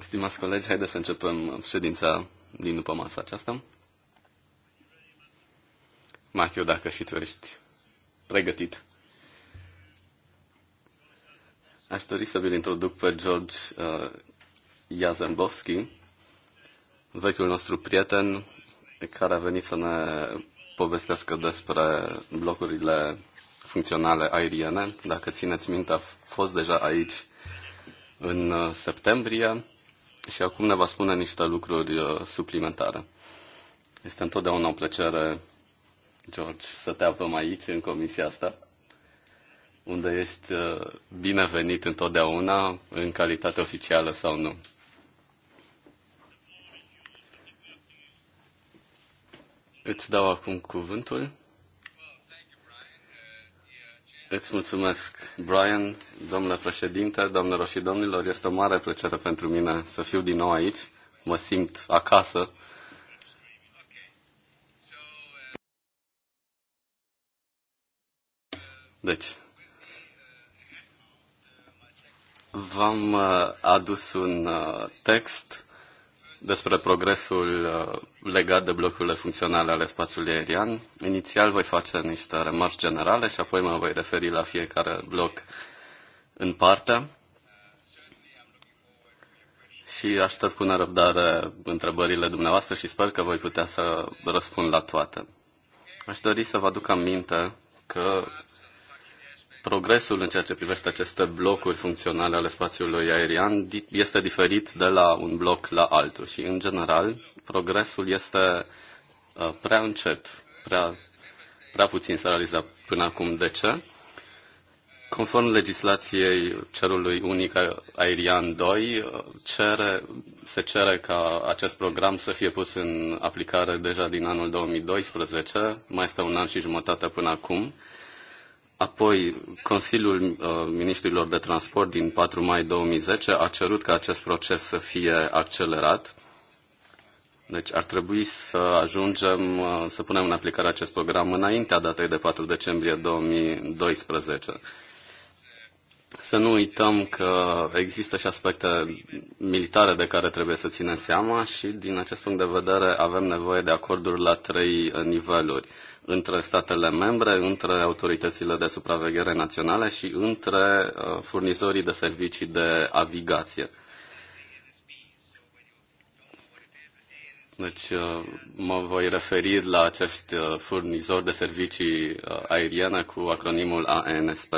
Stimați colegi, haideți să începem ședința din după masa aceasta. Matiu, dacă și tu ești pregătit. Aș dori să vi-l introduc pe George uh, Jazembowski, vechiul nostru prieten, care a venit să ne povestească despre blocurile funcționale aeriene. Dacă țineți minte, a fost deja aici în uh, septembrie și acum ne va spune niște lucruri uh, suplimentare. Este întotdeauna o plăcere, George, să te avem aici, în comisia asta, unde ești uh, binevenit întotdeauna, în calitate oficială sau nu. Îți dau acum cuvântul Îți mulțumesc, Brian, domnule președinte, doamnelor și domnilor. Este o mare plăcere pentru mine să fiu din nou aici. Mă simt acasă. Deci, v-am uh, adus un uh, text despre progresul uh, legat de blocurile funcționale ale spațiului aerian. Inițial voi face niște remarci generale și apoi mă voi referi la fiecare bloc în parte. Și aștept cu nerăbdare întrebările dumneavoastră și sper că voi putea să răspund la toate. Aș dori să vă aduc aminte că progresul în ceea ce privește aceste blocuri funcționale ale spațiului aerian este diferit de la un bloc la altul și, în general, progresul este uh, prea încet, prea, prea puțin s-a realizat până acum. De ce? Conform legislației cerului unic aerian 2, uh, cere, se cere ca acest program să fie pus în aplicare deja din anul 2012, mai este un an și jumătate până acum, Apoi, Consiliul uh, Ministrilor de Transport din 4 mai 2010 a cerut ca acest proces să fie accelerat. Deci ar trebui să ajungem uh, să punem în aplicare acest program înaintea datei de 4 decembrie 2012. Să nu uităm că există și aspecte militare de care trebuie să ținem seama și din acest punct de vedere avem nevoie de acorduri la trei niveluri între statele membre, între autoritățile de supraveghere naționale și între uh, furnizorii de servicii de avigație. Deci uh, mă voi referi la acești uh, furnizori de servicii aeriene cu acronimul ANSP.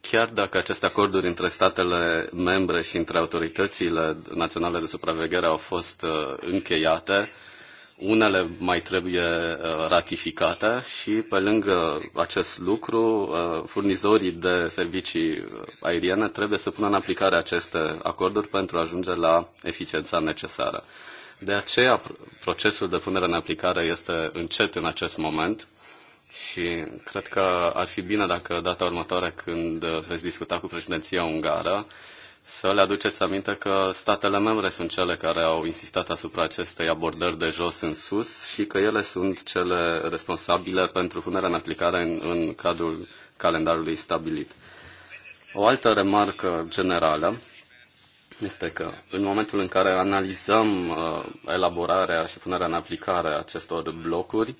chiar dacă aceste acorduri între statele membre și între autoritățile naționale de supraveghere au fost uh, încheiate, unele mai trebuie uh, ratificate și pe lângă acest lucru, uh, furnizorii de servicii aeriene trebuie să pună în aplicare aceste acorduri pentru a ajunge la eficiența necesară. De aceea, procesul de punere în aplicare este încet în acest moment și cred că ar fi bine dacă data următoare când veți discuta cu președinția ungară să le aduceți aminte că statele membre sunt cele care au insistat asupra acestei abordări de jos în sus și că ele sunt cele responsabile pentru punerea în aplicare în, în cadrul calendarului stabilit. O altă remarcă generală este că în momentul în care analizăm uh, elaborarea și punerea în aplicare acestor blocuri,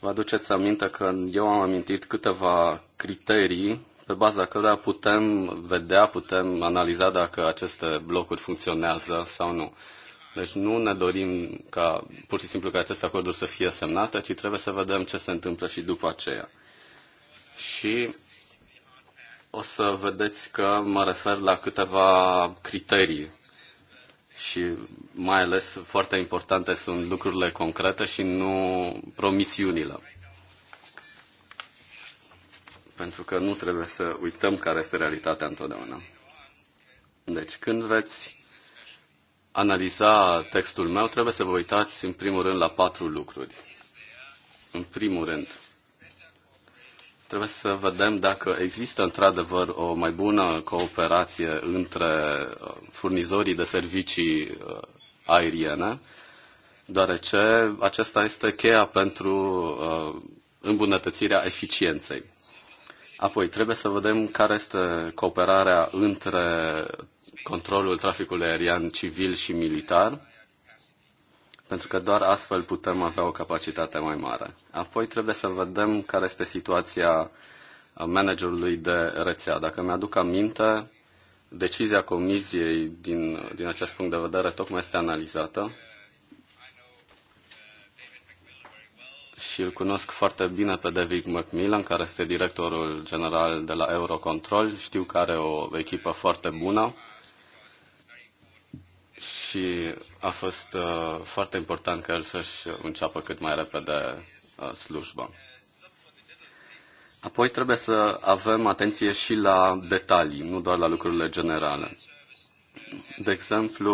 Vă aduceți aminte că eu am amintit câteva criterii pe baza cărora putem vedea, putem analiza dacă aceste blocuri funcționează sau nu. Deci nu ne dorim ca pur și simplu ca aceste acorduri să fie semnate, ci trebuie să vedem ce se întâmplă și după aceea. Și o să vedeți că mă refer la câteva criterii și mai ales foarte importante sunt lucrurile concrete și nu promisiunile. Pentru că nu trebuie să uităm care este realitatea întotdeauna. Deci, când veți analiza textul meu, trebuie să vă uitați în primul rând la patru lucruri. În primul rând, Trebuie să vedem dacă există într-adevăr o mai bună cooperație între uh, furnizorii de servicii uh, aeriene, deoarece acesta este cheia pentru uh, îmbunătățirea eficienței. Apoi, trebuie să vedem care este cooperarea între controlul traficului aerian civil și militar pentru că doar astfel putem avea o capacitate mai mare. Apoi trebuie să vedem care este situația managerului de rețea. Dacă mi-aduc aminte, decizia comisiei din, din acest punct de vedere tocmai este analizată și îl cunosc foarte bine pe David McMillan, care este directorul general de la Eurocontrol. Știu că are o echipă foarte bună și a fost uh, foarte important ca el să-și înceapă cât mai repede uh, slujba. Apoi trebuie să avem atenție și la detalii, nu doar la lucrurile generale. De exemplu,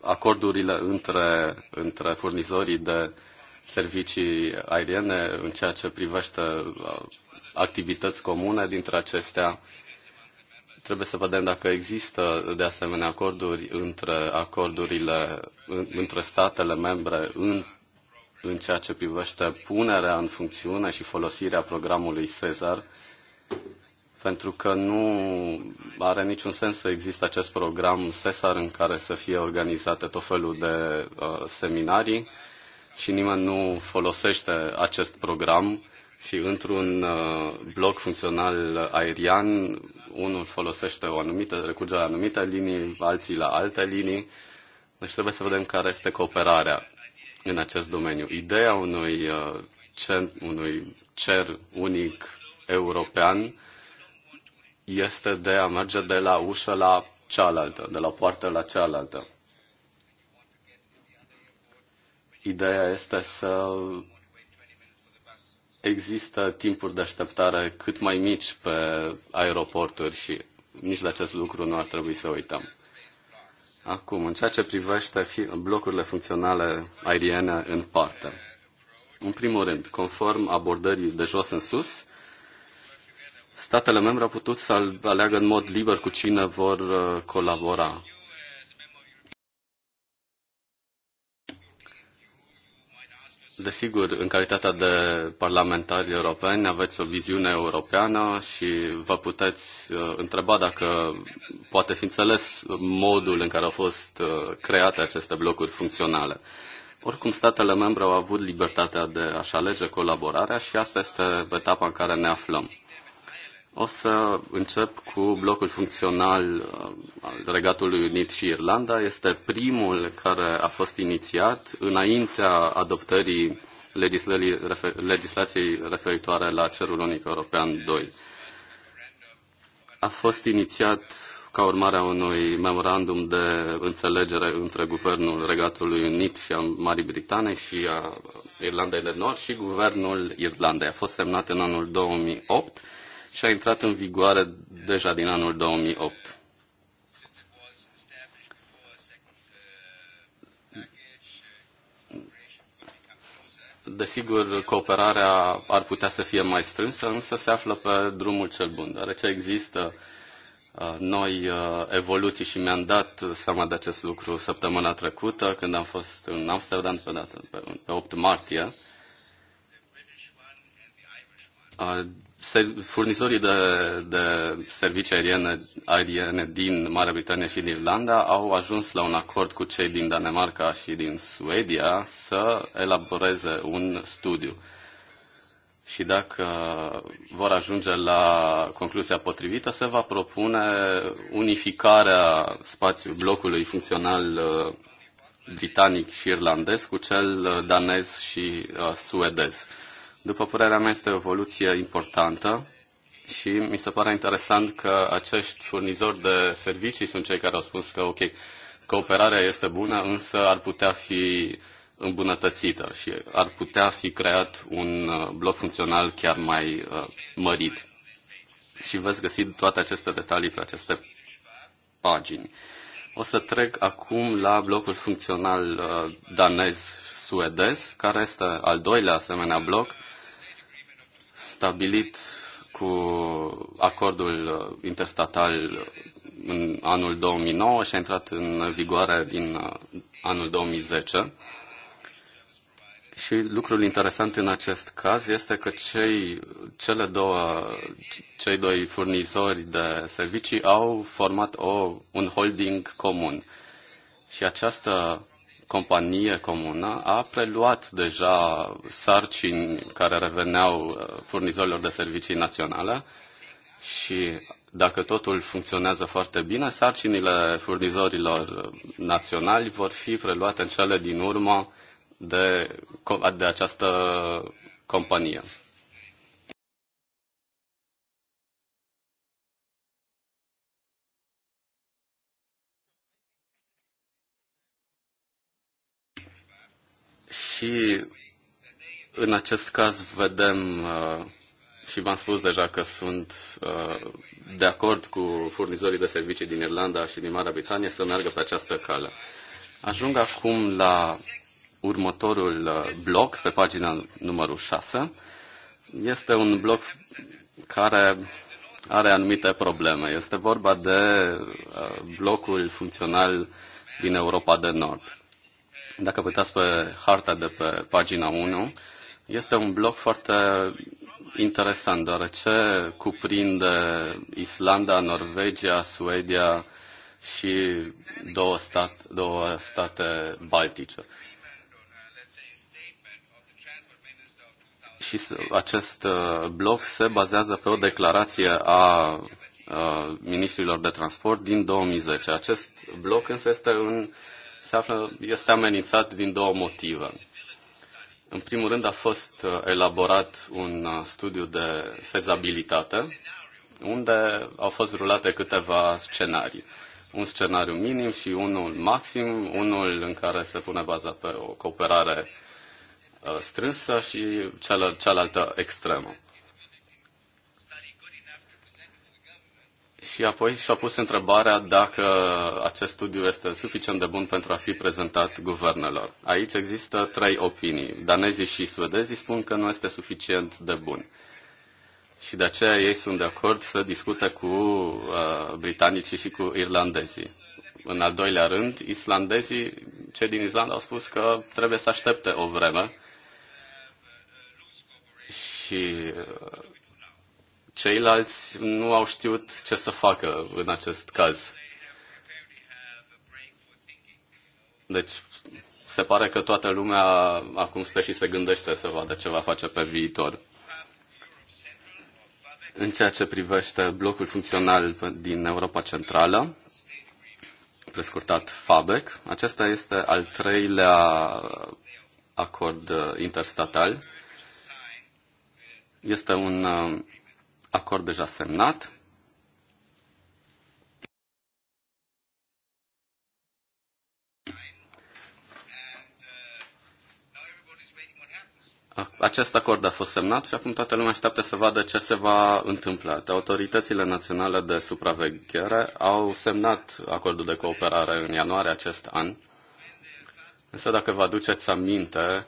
acordurile între, între furnizorii de servicii aeriene în ceea ce privește uh, activități comune dintre acestea, Trebuie să vedem dacă există de asemenea acorduri între acordurile între statele membre în, în ceea ce privește punerea în funcțiune și folosirea programului Cezar, pentru că nu are niciun sens să existe acest program Cesar în care să fie organizate tot felul de uh, seminarii și nimeni nu folosește acest program și într-un uh, bloc funcțional aerian unul folosește o anumită, recurge la anumite linii, alții la alte linii. Deci trebuie să vedem care este cooperarea în acest domeniu. Ideea unui, uh, cer, unui cer unic european este de a merge de la ușă la cealaltă, de la poartă la cealaltă. Ideea este să există timpuri de așteptare cât mai mici pe aeroporturi și nici la acest lucru nu ar trebui să uităm. Acum, în ceea ce privește blocurile funcționale aeriene în parte. În primul rând, conform abordării de jos în sus, statele membre au putut să aleagă în mod liber cu cine vor uh, colabora. Desigur, în calitatea de parlamentari europeni aveți o viziune europeană și vă puteți uh, întreba dacă poate fi înțeles modul în care au fost uh, create aceste blocuri funcționale. Oricum, statele membre au avut libertatea de a-și alege colaborarea și asta este etapa în care ne aflăm. O să încep cu blocul funcțional uh, al Regatului Unit și Irlanda. Este primul care a fost inițiat înaintea adoptării legislației referitoare la Cerul Unic European 2. A fost inițiat ca urmare a unui memorandum de înțelegere între Guvernul Regatului Unit și a Marii Britane și a Irlandei de Nord și Guvernul Irlandei. A fost semnat în anul 2008 și a intrat în vigoare deja din anul 2008. Desigur, cooperarea ar putea să fie mai strânsă, însă se află pe drumul cel bun, deoarece există uh, noi uh, evoluții și mi-am dat seama de acest lucru săptămâna trecută, când am fost în Amsterdam pe, dată, pe 8 martie. Uh, furnizorii de, de servicii aeriene, aeriene din Marea Britanie și din Irlanda au ajuns la un acord cu cei din Danemarca și din Suedia să elaboreze un studiu. Și dacă vor ajunge la concluzia potrivită, se va propune unificarea spațiului blocului funcțional uh, britanic și irlandez cu cel uh, danez și uh, suedez după părerea mea, este o evoluție importantă și mi se pare interesant că acești furnizori de servicii sunt cei care au spus că, ok, cooperarea este bună, însă ar putea fi îmbunătățită și ar putea fi creat un uh, bloc funcțional chiar mai uh, mărit. Și veți găsi toate aceste detalii pe aceste pagini. O să trec acum la blocul funcțional uh, danez-suedez, care este al doilea asemenea bloc stabilit cu acordul interstatal în anul 2009 și a intrat în vigoare din uh, anul 2010. Și lucrul interesant în acest caz este că cei, cele două, cei doi furnizori de servicii au format o, un holding comun. Și această companie comună a preluat deja sarcini care reveneau uh, furnizorilor de servicii naționale și dacă totul funcționează foarte bine, sarcinile furnizorilor naționali vor fi preluate în cele din urmă de, de această companie. Și în acest caz vedem, uh, și v-am spus deja că sunt uh, de acord cu furnizorii de servicii din Irlanda și din Marea Britanie să meargă pe această cale. Ajung acum la următorul uh, bloc, pe pagina numărul 6. Este un bloc care are anumite probleme. Este vorba de blocul funcțional din Europa de Nord. Dacă vă uitați pe harta de pe pagina 1, este un bloc foarte interesant, deoarece cuprinde Islanda, Norvegia, Suedia și două, stat, două state baltice. Și acest uh, bloc se bazează pe o declarație a uh, ministrilor de transport din 2010. Acest bloc însă este în se află, este amenințat din două motive. În primul rând a fost uh, elaborat un uh, studiu de fezabilitate, unde au fost rulate câteva scenarii. Un scenariu minim și unul maxim, unul în care se pune baza pe o cooperare uh, strânsă și cealaltă extremă. Și apoi și-a pus întrebarea dacă acest studiu este suficient de bun pentru a fi prezentat guvernelor. Aici există trei opinii. Danezii și suedezii spun că nu este suficient de bun. Și de aceea ei sunt de acord să discute cu uh, britanicii și cu irlandezii. În al doilea rând, islandezii, cei din Islanda, au spus că trebuie să aștepte o vreme și uh, ceilalți nu au știut ce să facă în acest caz. Deci, se pare că toată lumea acum stă și se gândește să vadă ce va face pe viitor. În ceea ce privește blocul funcțional din Europa Centrală, prescurtat FABEC, acesta este al treilea acord interstatal. Este un acord deja semnat. Acest acord a fost semnat și acum toată lumea așteaptă să vadă ce se va întâmpla. Autoritățile naționale de supraveghere au semnat acordul de cooperare în ianuarie acest an. Însă dacă vă aduceți aminte,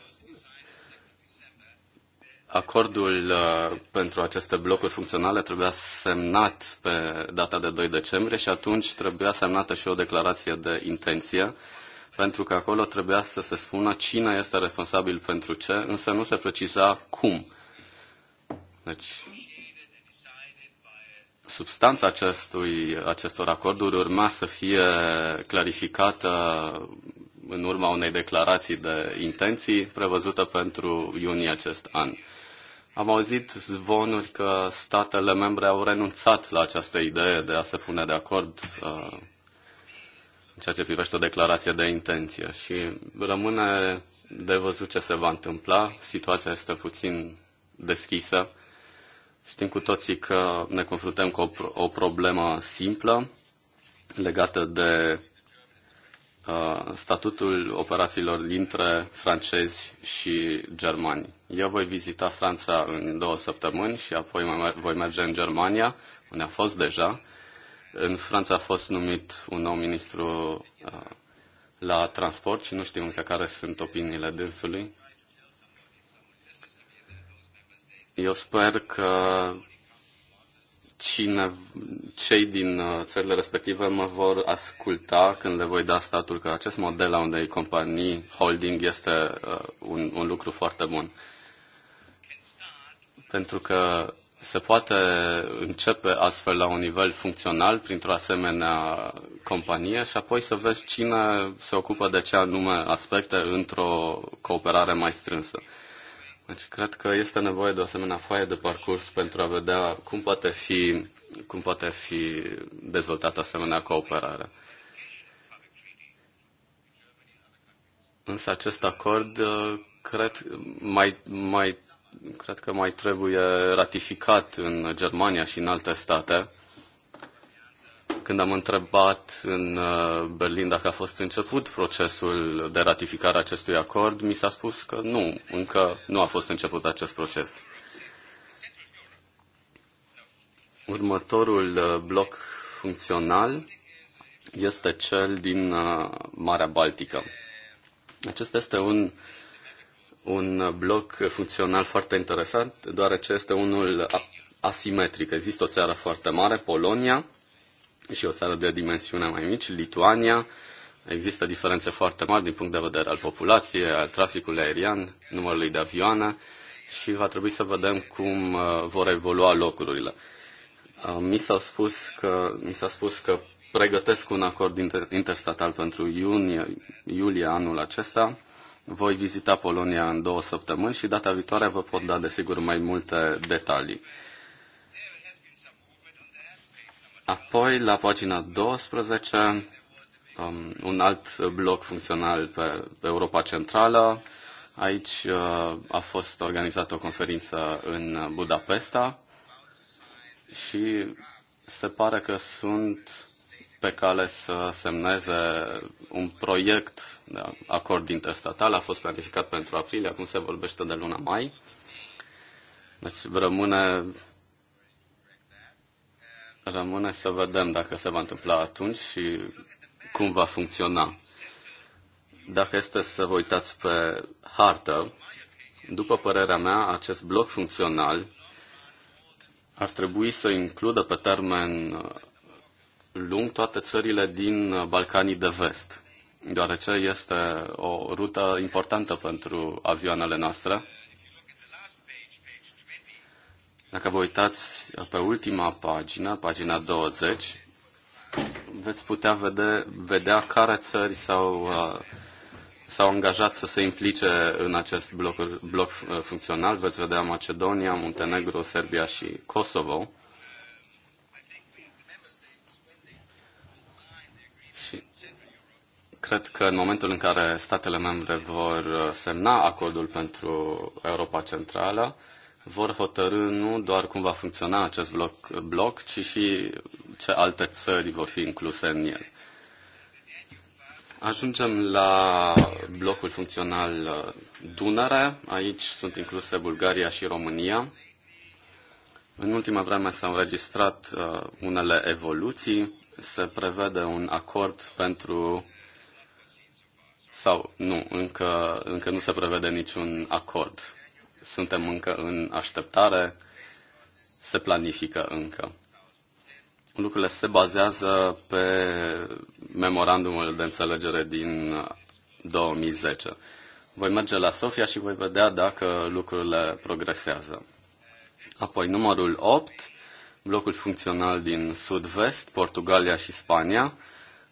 Acordul uh, pentru aceste blocuri funcționale trebuia semnat pe data de 2 decembrie și atunci trebuia semnată și o declarație de intenție, pentru că acolo trebuia să se spună cine este responsabil pentru ce, însă nu se preciza cum. Deci, substanța acestui, acestor acorduri urma să fie clarificată în urma unei declarații de intenții prevăzută pentru iunie acest an. Am auzit zvonuri că statele membre au renunțat la această idee de a se pune de acord uh, în ceea ce privește o declarație de intenție și rămâne de văzut ce se va întâmpla. Situația este puțin deschisă. Știm cu toții că ne confruntăm cu o, o problemă simplă legată de Uh, statutul operațiilor dintre francezi și germani. Eu voi vizita Franța în două săptămâni și apoi voi merge în Germania, unde a fost deja. În Franța a fost numit un nou ministru uh, la transport și nu știu încă care sunt opiniile dânsului. Eu sper că cine, cei din uh, țările respective mă vor asculta când le voi da statul că acest model a unei companii holding este uh, un, un lucru foarte bun. Pentru că se poate începe astfel la un nivel funcțional printr-o asemenea companie și apoi să vezi cine se ocupă de ce anume aspecte într-o cooperare mai strânsă. Deci cred că este nevoie de o asemenea foaie de parcurs pentru a vedea cum poate fi, cum poate fi dezvoltată asemenea cooperare. Însă acest acord uh, cred, mai, mai, cred că mai trebuie ratificat în Germania și în alte state când am întrebat în uh, Berlin dacă a fost început procesul de ratificare a acestui acord, mi s-a spus că nu, încă nu a fost început acest proces. Următorul uh, bloc funcțional este cel din uh, Marea Baltică. Acesta este un, un bloc funcțional foarte interesant, deoarece este unul asimetric. Există o țară foarte mare, Polonia, și o țară de dimensiune mai mici, Lituania. Există diferențe foarte mari din punct de vedere al populației, al traficului aerian, numărului de avioane și va trebui să vedem cum uh, vor evolua locurile. Uh, mi s-a spus că, mi s-a spus că pregătesc un acord inter- interstatal pentru iunie, iulie anul acesta. Voi vizita Polonia în două săptămâni și data viitoare vă pot da, desigur, mai multe detalii. Apoi, la pagina 12, um, un alt bloc funcțional pe Europa Centrală. Aici uh, a fost organizată o conferință în Budapesta și se pare că sunt pe cale să semneze un proiect de acord interstatal. A fost planificat pentru aprilie, acum se vorbește de luna mai. Deci rămâne Rămâne să vedem dacă se va întâmpla atunci și cum va funcționa. Dacă este să vă uitați pe hartă, după părerea mea, acest bloc funcțional ar trebui să includă pe termen lung toate țările din Balcanii de Vest, deoarece este o rută importantă pentru avioanele noastre dacă vă uitați pe ultima pagină, pagina 20, veți putea vede, vedea care țări s-au, uh, s-au angajat să se implice în acest bloc, bloc uh, funcțional. Veți vedea Macedonia, Muntenegru, Serbia și Kosovo. Și cred că în momentul în care statele membre vor uh, semna acordul pentru Europa Centrală, vor hotărâ nu doar cum va funcționa acest bloc, bloc ci și ce alte țări vor fi incluse în el. Ajungem la blocul funcțional uh, Dunăre. Aici sunt incluse Bulgaria și România. În ultima vreme s-au înregistrat uh, unele evoluții. Se prevede un acord pentru sau nu, încă, încă nu se prevede niciun acord suntem încă în așteptare, se planifică încă. Lucrurile se bazează pe memorandumul de înțelegere din 2010. Voi merge la Sofia și voi vedea dacă lucrurile progresează. Apoi numărul 8, blocul funcțional din sud-vest, Portugalia și Spania.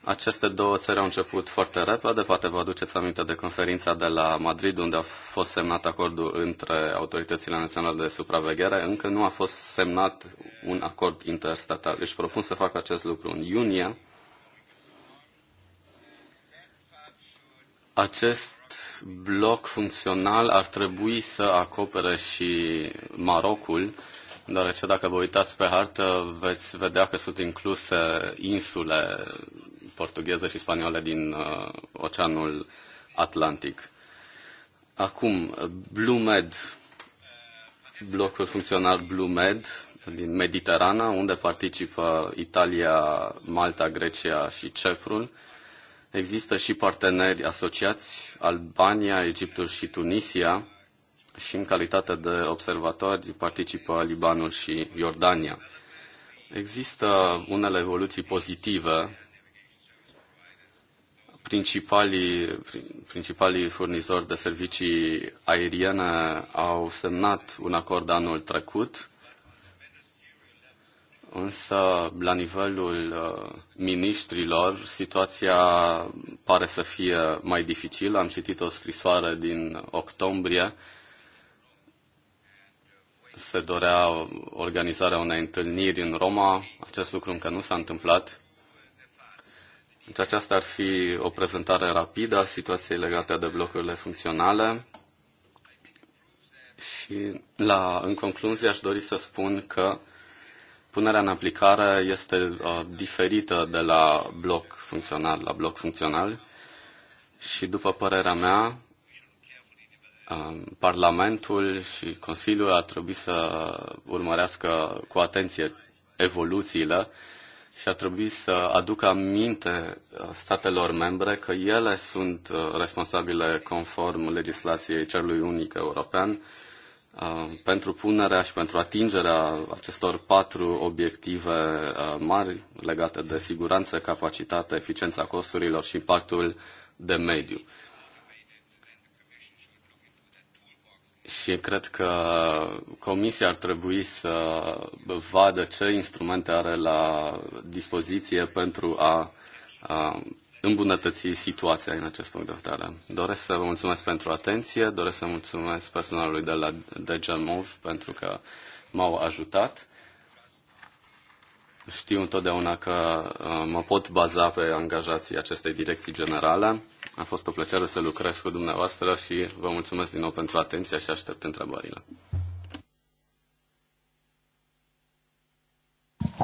Aceste două țări au început foarte repede, poate vă aduceți aminte de conferința de la Madrid, unde a fost semnat acordul între autoritățile naționale de supraveghere. Încă nu a fost semnat un acord interstatal. Își propun să facă acest lucru în iunie. Acest bloc funcțional ar trebui să acopere și Marocul, deoarece dacă vă uitați pe hartă veți vedea că sunt incluse insule portugheză și spaniolă din uh, Oceanul Atlantic. Acum, BlueMed, blocul funcțional BlueMed din Mediterana, unde participă Italia, Malta, Grecia și Ceprul. Există și parteneri asociați, Albania, Egiptul și Tunisia, și în calitate de observatori participă Libanul și Iordania. Există unele evoluții pozitive principalii, principalii furnizori de servicii aeriene au semnat un acord anul trecut, însă la nivelul uh, ministrilor situația pare să fie mai dificilă. Am citit o scrisoare din octombrie se dorea organizarea unei întâlniri în Roma. Acest lucru încă nu s-a întâmplat. Deci aceasta ar fi o prezentare rapidă a situației legate de blocurile funcționale. Și la, în concluzie aș dori să spun că punerea în aplicare este uh, diferită de la bloc funcțional la bloc funcțional și după părerea mea, uh, Parlamentul și Consiliul ar trebui să urmărească cu atenție evoluțiile și ar trebui să aducă aminte uh, statelor membre că ele sunt uh, responsabile conform legislației cerului unic european uh, pentru punerea și pentru atingerea acestor patru obiective mari legate de siguranță, capacitate, eficiența costurilor și impactul de mediu. și cred că Comisia ar trebui să vadă ce instrumente are la dispoziție pentru a, a îmbunătăți situația în acest punct de vedere. Doresc să vă mulțumesc pentru atenție, doresc să mulțumesc personalului de la DG pentru că m-au ajutat știu întotdeauna că uh, mă pot baza pe angajații acestei direcții generale. A fost o plăcere să lucrez cu dumneavoastră și vă mulțumesc din nou pentru atenție și aștept întrebările.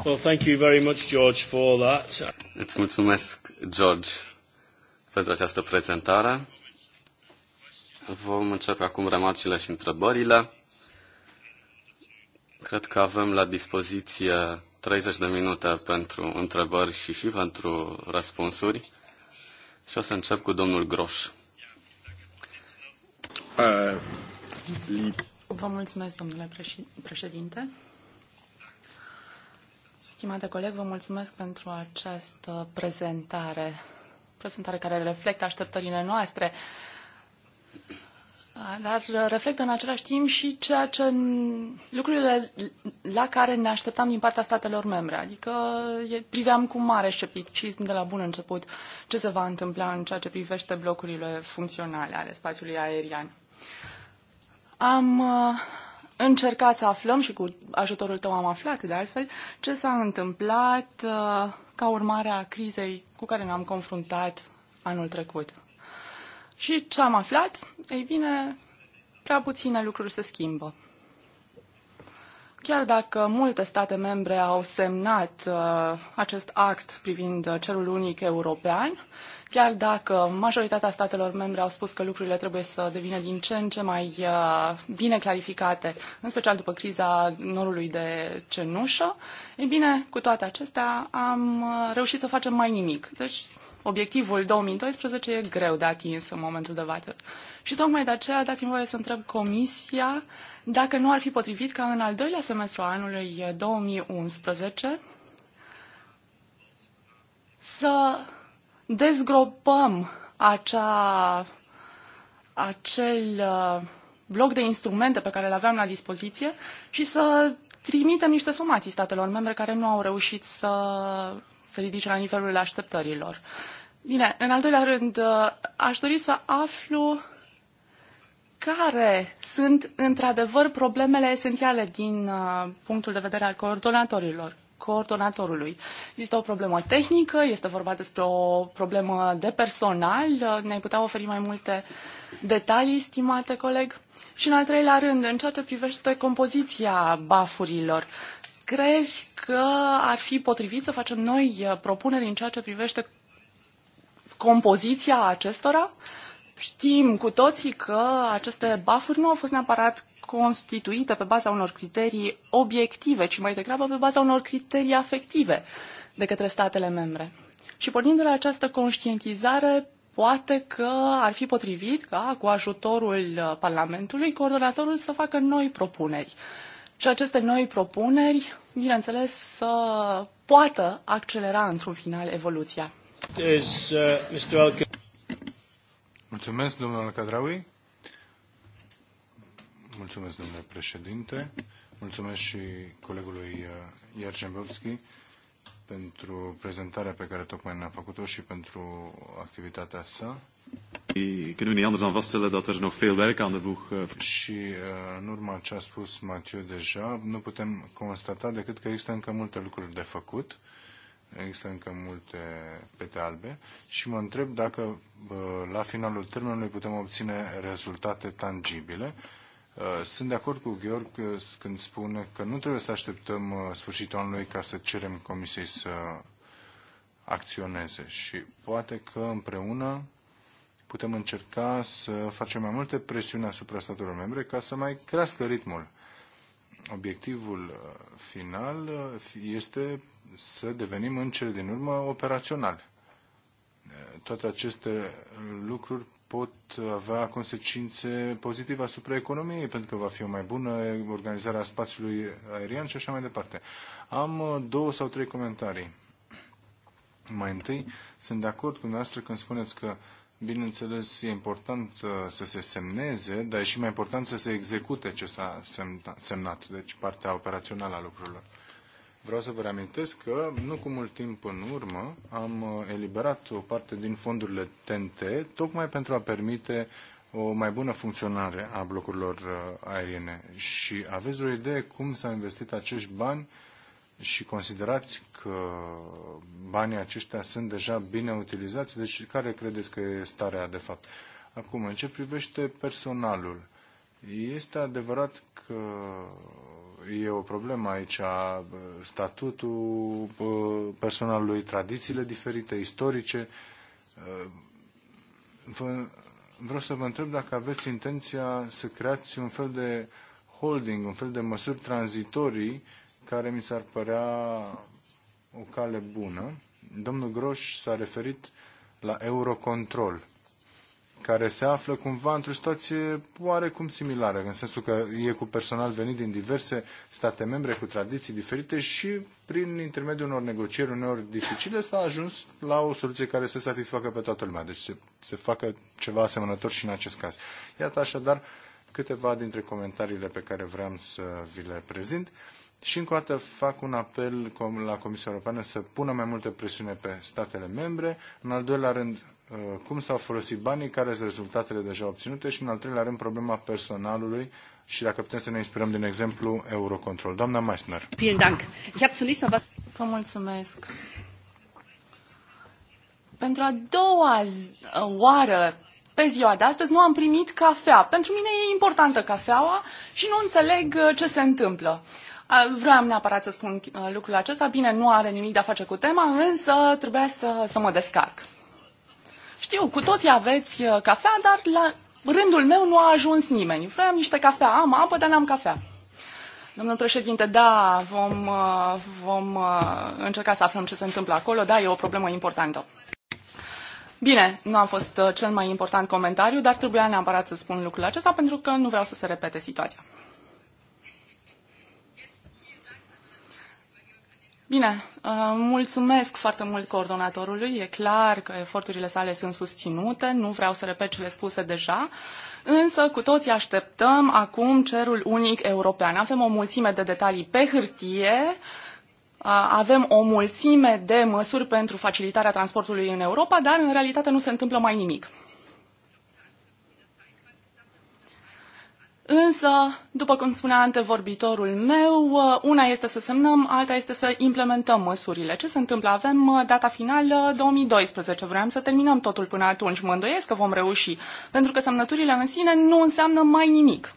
Well, thank you very much, George, for that. Îți mulțumesc, George, pentru această prezentare. Vom începe acum remarcile și întrebările. Cred că avem la dispoziție 30 de minute pentru întrebări și și pentru răspunsuri. Și o să încep cu domnul Groș. Uh, vă mulțumesc, domnule președinte. Stimate coleg, vă mulțumesc pentru această prezentare, prezentare care reflectă așteptările noastre dar uh, reflectă în același timp și ceea ce lucrurile la care ne așteptam din partea statelor membre. Adică priveam cu mare scepticism de la bun început ce se va întâmpla în ceea ce privește blocurile funcționale ale spațiului aerian. Am uh, încercat să aflăm și cu ajutorul tău am aflat, de altfel, ce s-a întâmplat uh, ca urmare a crizei cu care ne-am confruntat anul trecut. Și ce am aflat? Ei bine, prea puține lucruri se schimbă. Chiar dacă multe state membre au semnat uh, acest act privind uh, cerul unic european, chiar dacă majoritatea statelor membre au spus că lucrurile trebuie să devină din ce în ce mai uh, bine clarificate, în special după criza norului de cenușă, ei bine, cu toate acestea am uh, reușit să facem mai nimic. Deci Obiectivul 2012 e greu de atins în momentul de față. Și tocmai de aceea dați-mi voie să întreb Comisia dacă nu ar fi potrivit ca în al doilea semestru al anului 2011 să dezgropăm acea, acel uh, bloc de instrumente pe care le aveam la dispoziție și să trimitem niște sumații statelor membre care nu au reușit să se ridice la nivelul așteptărilor. Bine, în al doilea rând, uh, aș dori să aflu care sunt într-adevăr problemele esențiale din uh, punctul de vedere al coordonatorilor coordonatorului. Este o problemă tehnică, este vorba despre o problemă de personal. Uh, ne-ai putea oferi mai multe detalii, stimate coleg? Și în al treilea rând, în ceea ce privește compoziția bafurilor, crezi că ar fi potrivit să facem noi uh, propuneri în ceea ce privește compoziția acestora? Știm cu toții că aceste bafuri nu au fost neapărat constituite pe baza unor criterii obiective, ci mai degrabă pe baza unor criterii afective de către statele membre. Și pornind de la această conștientizare, poate că ar fi potrivit ca, cu ajutorul uh, Parlamentului, coordonatorul să facă noi propuneri. Uh, și aceste noi propuneri, bineînțeles, să poată accelera într-un final evoluția. Uh, Mulțumesc, domnule Cadraui. Mulțumesc, domnule președinte. Mulțumesc și colegului uh, Iarcembovski pentru prezentarea pe care tocmai ne-a făcut-o și pentru activitatea sa. Eh, kunnen we niet anders dan vaststellen dat er nog veel werk aan de boeg... Eh, și eh, în urma ce a spus Mathieu deja, nu putem constata decât că există încă multe lucruri de făcut, există încă multe pete albe și mă întreb dacă la finalul termenului putem obține rezultate tangibile. Sunt de acord cu Gheorg când spune că nu trebuie să așteptăm sfârșitul anului ca să cerem Comisiei să acționeze și poate că împreună putem încerca să facem mai multe presiuni asupra statelor membre ca să mai crească ritmul. Obiectivul uh, final uh, este să devenim în cele din urmă operaționali. Uh, toate aceste lucruri pot avea consecințe pozitive asupra economiei, pentru că va fi o mai bună organizare a spațiului aerian și așa mai departe. Am două sau trei comentarii. Mai întâi, sunt de acord cu dumneavoastră când spuneți că uh, Bineînțeles, e important uh, să se semneze, dar e și mai important să se execute ce s-a semnat, deci partea operațională a lucrurilor. Vreau să vă reamintesc că nu cu mult timp în urmă am uh, eliberat o parte din fondurile TNT tocmai pentru a permite o mai bună funcționare a blocurilor uh, aeriene. Și aveți o idee cum s-au investit acești bani și considerați că banii aceștia sunt deja bine utilizați, deci care credeți că e starea de fapt? Acum, în ce privește personalul, este adevărat că e o problemă aici, statutul personalului, tradițiile diferite, istorice. Vreau să vă întreb dacă aveți intenția să creați un fel de holding, un fel de măsuri tranzitorii care mi s-ar părea o cale bună. Domnul Groș s-a referit la Eurocontrol, care se află cumva într-o situație oarecum similară, în sensul că e cu personal venit din diverse state membre cu tradiții diferite și prin intermediul unor negocieri uneori dificile s-a ajuns la o soluție care să satisfacă pe toată lumea. Deci se, se facă ceva asemănător și în acest caz. Iată așadar câteva dintre comentariile pe care vreau să vi le prezint. Și încă o dată fac un apel la Comisia Europeană să pună mai multă presiune pe statele membre. În al doilea rând, uh, cum s-au folosit banii, care sunt rezultatele deja obținute și, în al treilea rând, problema personalului și dacă putem să ne inspirăm din exemplu Eurocontrol. Doamna Meissner. Vă mulțumesc. Pentru a doua oară pe ziua de astăzi nu am primit cafea. Pentru mine e importantă cafeaua și nu înțeleg uh, ce se întâmplă. Vreau neapărat să spun uh, lucrul acesta. Bine, nu are nimic de a face cu tema, însă trebuia să, să mă descarc. Știu, cu toții aveți uh, cafea, dar la rândul meu nu a ajuns nimeni. Vreau niște cafea, am apă, dar n-am cafea. Domnul președinte, da, vom, uh, vom încerca să aflăm ce se întâmplă acolo. Da, e o problemă importantă. Bine, nu a fost cel mai important comentariu, dar trebuia neapărat să spun lucrul acesta pentru că nu vreau să se repete situația. Bine, uh, mulțumesc foarte mult coordonatorului. E clar că eforturile sale sunt susținute. Nu vreau să repet cele spuse deja. Însă, cu toții așteptăm acum cerul unic european. Avem o mulțime de detalii pe hârtie, uh, avem o mulțime de măsuri pentru facilitarea transportului în Europa, dar în realitate nu se întâmplă mai nimic. Însă, după cum spunea antevorbitorul meu, uh, una este să semnăm, alta este să implementăm măsurile. Ce se întâmplă? Avem uh, data finală 2012. Uh, Vreau să terminăm totul până atunci. Mă îndoiesc că vom reuși, pentru că semnăturile în sine nu înseamnă mai nimic.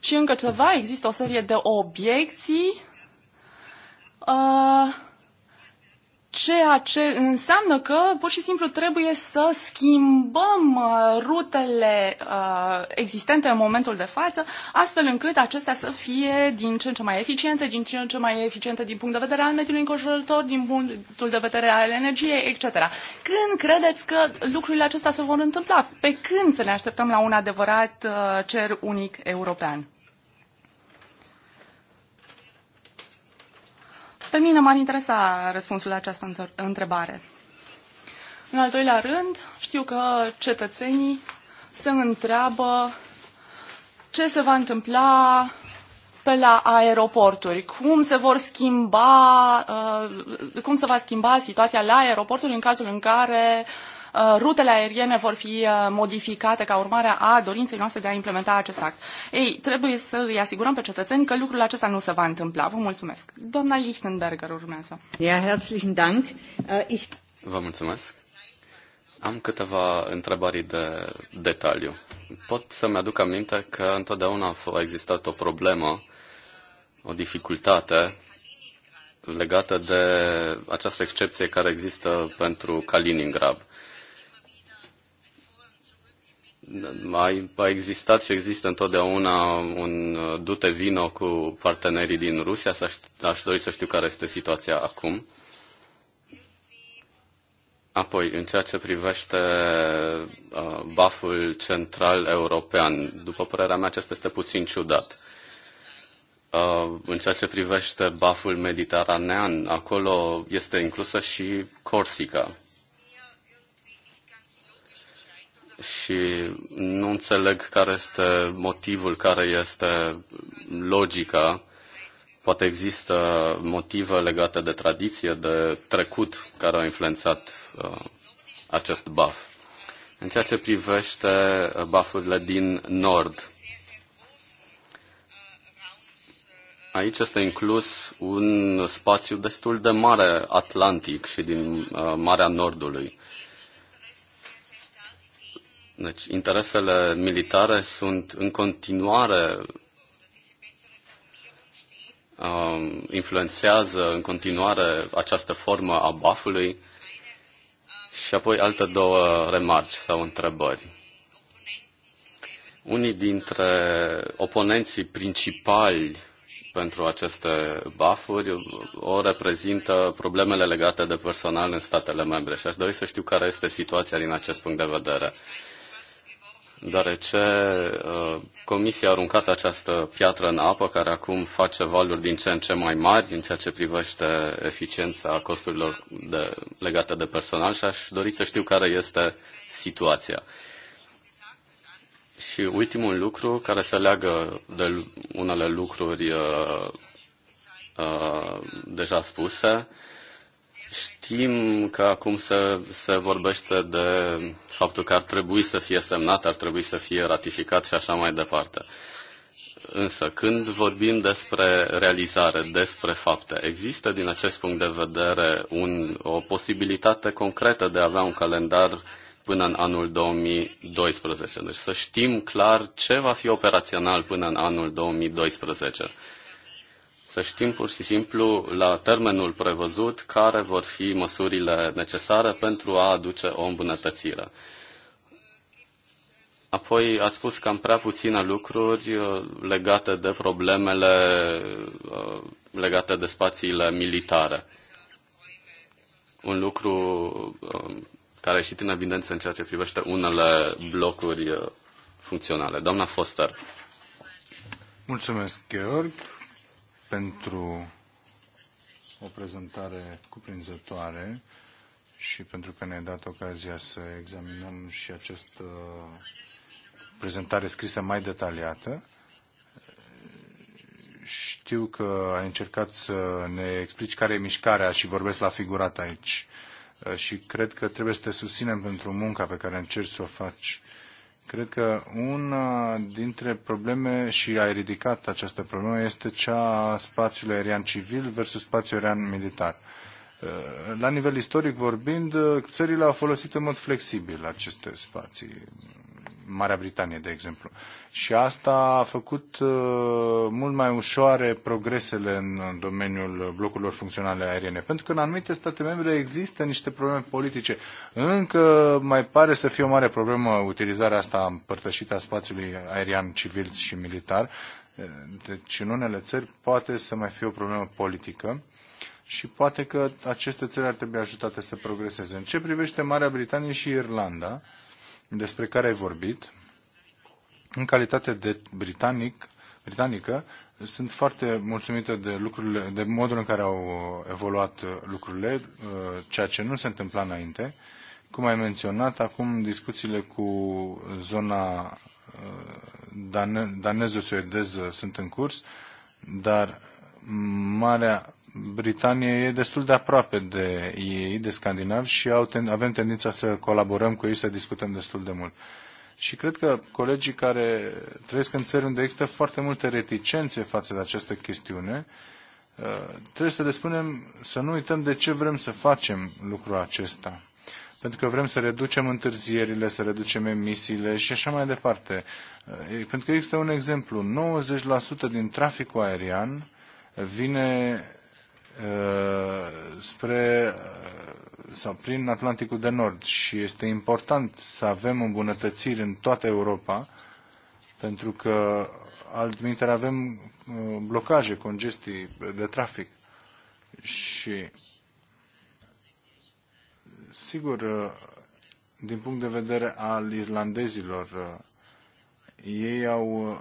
Și încă ceva, există o serie de obiecții. Uh, Ceea ce înseamnă că pur și simplu trebuie să schimbăm uh, rutele uh, existente în momentul de față, astfel încât acestea să fie din ce în ce mai eficiente, din ce în ce mai eficiente din punct de vedere al mediului înconjurător, din punctul de vedere al energiei, etc. Când credeți că lucrurile acestea se vor întâmpla? Pe când să ne așteptăm la un adevărat uh, cer unic european? Pe mine m-ar interesa răspunsul la această întrebare. În al doilea rând, știu că cetățenii se întreabă ce se va întâmpla pe la aeroporturi, cum se vor schimba, uh, cum se va schimba situația la aeroporturi în cazul în care uh, Uh, rutele aeriene vor fi uh, modificate ca urmare a dorinței noastre de a implementa acest act. Ei, trebuie să îi asigurăm pe cetățeni că lucrul acesta nu se va întâmpla. Vă mulțumesc. Doamna Lichtenberger urmează. Ja, herzlichen Dank. Uh, Vă mulțumesc. Am câteva întrebări de detaliu. Pot să-mi aduc aminte că întotdeauna a existat o problemă, o dificultate legată de această excepție care există pentru Kaliningrad mai a existat și există întotdeauna un dute vino cu partenerii din Rusia. Aș, aș dori să știu care este situația acum. Apoi, în ceea ce privește uh, baful central european, după părerea mea, acesta este puțin ciudat. Uh, în ceea ce privește baful mediteranean, acolo este inclusă și Corsica. și nu înțeleg care este motivul, care este logica. Poate există motive legate de tradiție, de trecut, care au influențat uh, acest baf. În ceea ce privește uh, bafurile din nord, aici este inclus un spațiu destul de mare atlantic și din uh, Marea Nordului. Deci interesele militare sunt în continuare um, influențează în continuare această formă a bafului și apoi alte două remarci sau întrebări. Unii dintre oponenții principali pentru aceste bafuri o reprezintă problemele legate de personal în statele membre și aș dori să știu care este situația din acest punct de vedere deoarece uh, Comisia a aruncat această piatră în apă, care acum face valuri din ce în ce mai mari în ceea ce privește eficiența costurilor de, legate de personal și aș dori să știu care este situația. Și ultimul lucru care se leagă de unele lucruri uh, uh, deja spuse, uh, Știm că acum se, se vorbește de faptul că ar trebui să fie semnat, ar trebui să fie ratificat și așa mai departe. Însă, când vorbim despre realizare, despre fapte, există din acest punct de vedere un, o posibilitate concretă de a avea un calendar până în anul 2012. Deci să știm clar ce va fi operațional până în anul 2012. Să știm pur și simplu la termenul prevăzut care vor fi măsurile necesare pentru a aduce o îmbunătățire. Apoi ați spus cam prea puține lucruri uh, legate de problemele uh, legate de spațiile militare. Un lucru uh, care a ieșit în evidență în ceea ce privește unele blocuri funcționale. Doamna Foster. Mulțumesc, Georg pentru o prezentare cuprinzătoare și pentru că ne-ai dat ocazia să examinăm și această prezentare scrisă mai detaliată. Știu că ai încercat să ne explici care e mișcarea și vorbesc la figurat aici. Și cred că trebuie să te susținem pentru munca pe care încerci să o faci Cred că una dintre probleme, și ai ridicat această problemă, este cea a spațiului aerian civil versus spațiul aerian militar. La nivel istoric vorbind, țările au folosit în mod flexibil aceste spații Marea Britanie, de exemplu. Și asta a făcut uh, mult mai ușoare progresele în domeniul blocurilor funcționale aeriene, pentru că în anumite state membre există niște probleme politice. Încă mai pare să fie o mare problemă utilizarea asta împărtășită a spațiului aerian civil și militar. Deci în unele țări poate să mai fie o problemă politică și poate că aceste țări ar trebui ajutate să progreseze. În ce privește Marea Britanie și Irlanda, despre care ai vorbit, în calitate de britanic, britanică, sunt foarte mulțumită de, lucrurile, de modul în care au evoluat lucrurile, uh, ceea ce nu se întâmpla înainte. Cum ai menționat, acum discuțiile cu zona uh, dane, danezo-suedeză sunt în curs, dar marea Britanie e destul de aproape de ei, de scandinavi, și au ten, avem tendința să colaborăm cu ei, să discutăm destul de mult. Și cred că colegii care trăiesc în țări unde există foarte multe reticențe față de această chestiune, uh, trebuie să le spunem să nu uităm de ce vrem să facem lucrul acesta. Pentru că vrem să reducem întârzierile, să reducem emisiile și așa mai departe. Uh, pentru că există un exemplu. 90% din traficul aerian vine Uh, spre uh, sau prin Atlanticul de Nord și este important să avem îmbunătățiri în toată Europa pentru că altminteri avem uh, blocaje, congestii de trafic și sigur din punct de vedere al irlandezilor ei au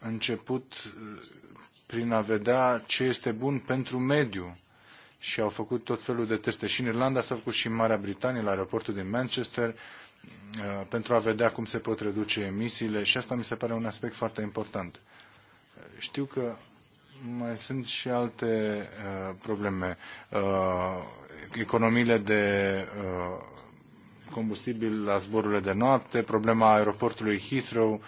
început prin a vedea ce este bun pentru mediu. Și au făcut tot felul de teste și în Irlanda, s-a făcut și în Marea Britanie, la aeroportul din Manchester, uh, pentru a vedea cum se pot reduce emisiile și asta mi se pare un aspect foarte important. Știu că mai sunt și alte uh, probleme. Uh, economiile de uh, combustibil la zborurile de noapte, problema aeroportului Heathrow,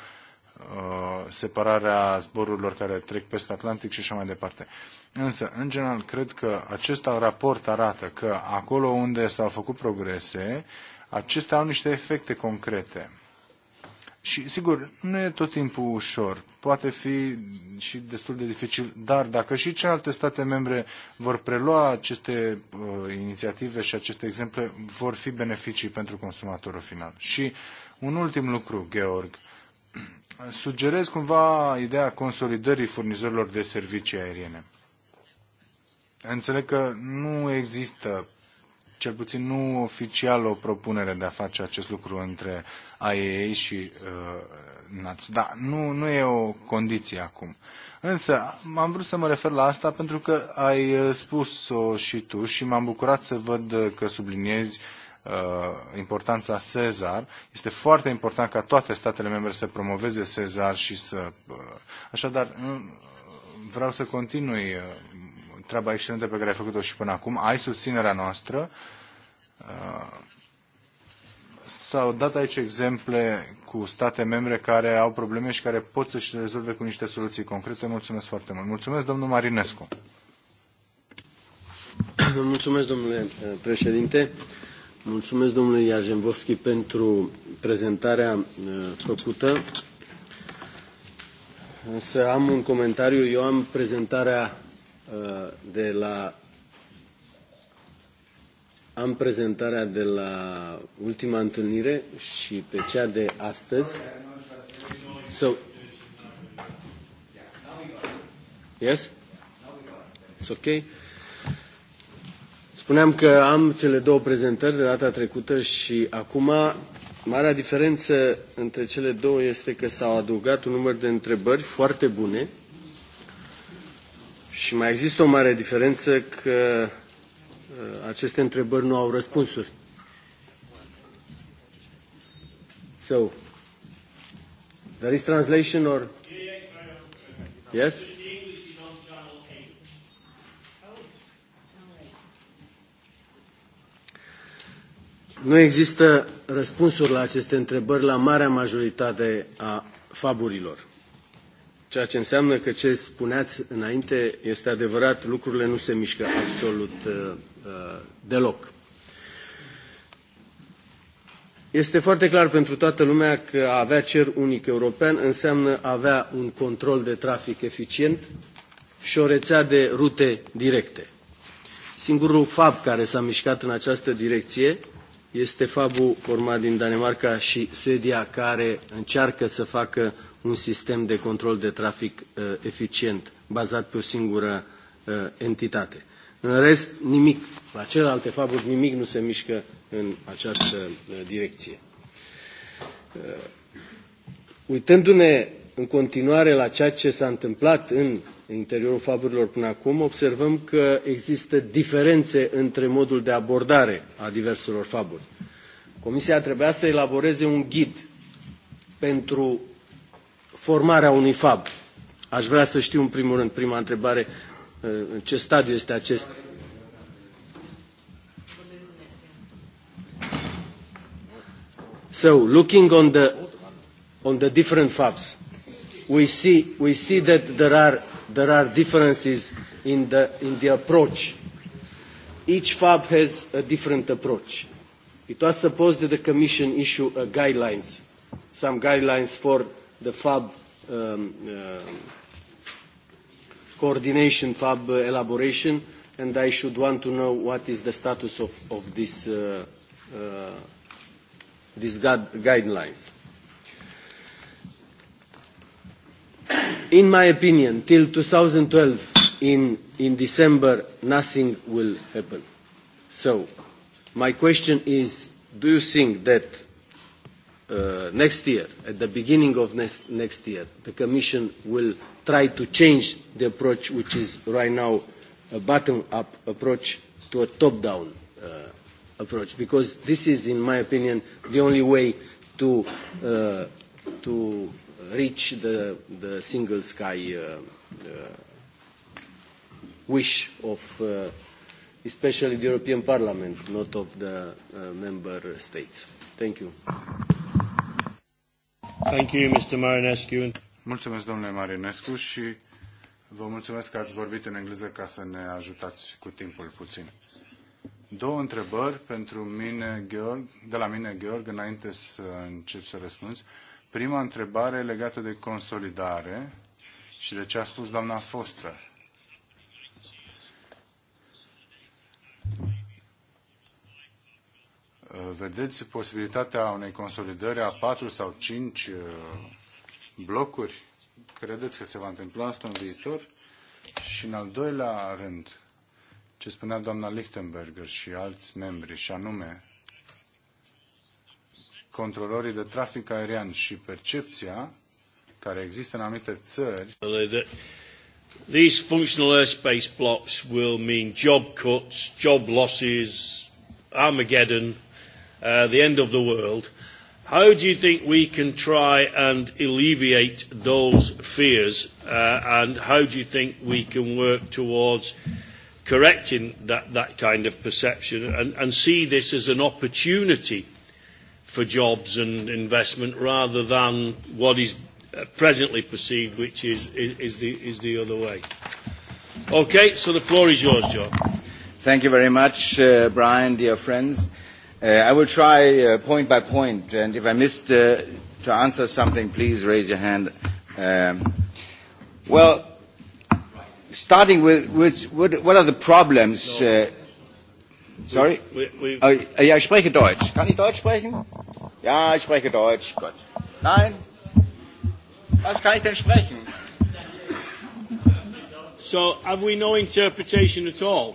Uh, separarea zborurilor care trec peste Atlantic și așa mai departe. Însă, în general, cred că acest raport arată că acolo unde s-au făcut progrese, acestea au niște efecte concrete. Și, sigur, nu e tot timpul ușor. Poate fi și destul de dificil, dar dacă și celelalte state membre vor prelua aceste uh, inițiative și aceste exemple, vor fi beneficii pentru consumatorul final. Și un ultim lucru, Georg sugerez cumva ideea consolidării furnizorilor de servicii aeriene. Înțeleg că nu există, cel puțin nu oficial, o propunere de a face acest lucru între AEA și uh, NATS. Da, nu, nu e o condiție acum. Însă, am vrut să mă refer la asta pentru că ai uh, spus-o și tu și m-am bucurat să văd că subliniezi uh, Uh, importanța Sezar. Este foarte important ca toate statele membre să promoveze Sezar și să... Uh, așadar, vreau să continui uh, treaba excelentă pe care ai făcut-o și până acum. Ai susținerea noastră. S-au dat aici exemple cu state membre care au probleme și care pot să-și rezolve cu niște soluții concrete. Mulțumesc foarte mult. Mulțumesc, domnul Marinescu. Mulțumesc, domnule președinte. Mulțumesc domnului Iajembovski pentru prezentarea uh, făcută. Însă am un comentariu. Eu am prezentarea uh, de la am prezentarea de la ultima întâlnire și pe cea de astăzi. So, yes? It's okay. Spuneam că am cele două prezentări de data trecută și acum. Marea diferență între cele două este că s-au adăugat un număr de întrebări foarte bune și mai există o mare diferență că uh, aceste întrebări nu au răspunsuri. So, there is translation or... Yes? Nu există răspunsuri la aceste întrebări la marea majoritate a faburilor. Ceea ce înseamnă că ce spuneați înainte este adevărat, lucrurile nu se mișcă absolut uh, uh, deloc. Este foarte clar pentru toată lumea că a avea cer unic european înseamnă a avea un control de trafic eficient și o rețea de rute directe. Singurul fapt care s-a mișcat în această direcție este fabul format din Danemarca și Suedia care încearcă să facă un sistem de control de trafic uh, eficient, bazat pe o singură uh, entitate. În rest, nimic. La celelalte faburi, nimic nu se mișcă în această uh, direcție. Uh, uitându-ne în continuare la ceea ce s-a întâmplat în în interiorul faburilor până acum, observăm că există diferențe între modul de abordare a diverselor faburi. Comisia trebuia să elaboreze un ghid pentru formarea unui fab. Aș vrea să știu, în primul rând, prima întrebare, uh, în ce stadiu este acest So, looking on the, on the different fabs, we see, we see that there are there are differences in the, in the approach. Each FAB has a different approach. It was supposed that the Commission issue a uh, guidelines, some guidelines for the FAB um, uh, coordination, FAB uh, elaboration, and I should want to know what is the status of, of this, uh, uh, these guidelines. in my opinion, till 2012, in, in December, nothing will happen. So, my question is, do you think that uh, next year, at the beginning of next, next year, the Commission will try to change the approach, which is right now a bottom-up approach, to a top-down uh, approach? Because this is, in my opinion, the only way to, uh, to reach the, the single sky uh, uh, wish of uh, especially the European Parliament, not of the uh, member states. Thank you. Thank you, Mr. Marinescu. Mulțumesc, domnule Marinescu, și vă mulțumesc că ați vorbit în engleză ca să ne ajutați cu timpul puțin. Două întrebări pentru mine, Georg, de la mine, Georg, înainte să încep să răspunzi. Uh, Prima întrebare legată de consolidare și de ce a spus doamna Foster. Vedeți posibilitatea unei consolidări a patru sau cinci uh, blocuri? Credeți că se va întâmpla asta în viitor? Și în al doilea rând, ce spunea doamna Lichtenberger și alți membri, și anume controlorii de trafic aerian și percepția care există în anumite țări. These functional airspace blocks will mean job cuts, job losses, Armageddon, uh, the end of the world. How do you think we can try and alleviate those fears? Uh, and how do you think we can work towards correcting that, that kind of perception and, and see this as an opportunity for jobs and investment rather than what is uh, presently perceived, which is, is, the, is the other way. Okay, so the floor is yours, John. Thank you very much, uh, Brian, dear friends. Uh, I will try uh, point by point, and if I missed uh, to answer something, please raise your hand. Um, well, starting with, with what, what are the problems uh, Sorry? We, we, oh, ja, ich spreche Deutsch. Kann ich Deutsch sprechen? Ja, ich spreche Deutsch. Gut. Nein? Was kann ich denn sprechen? So, have we no interpretation at all?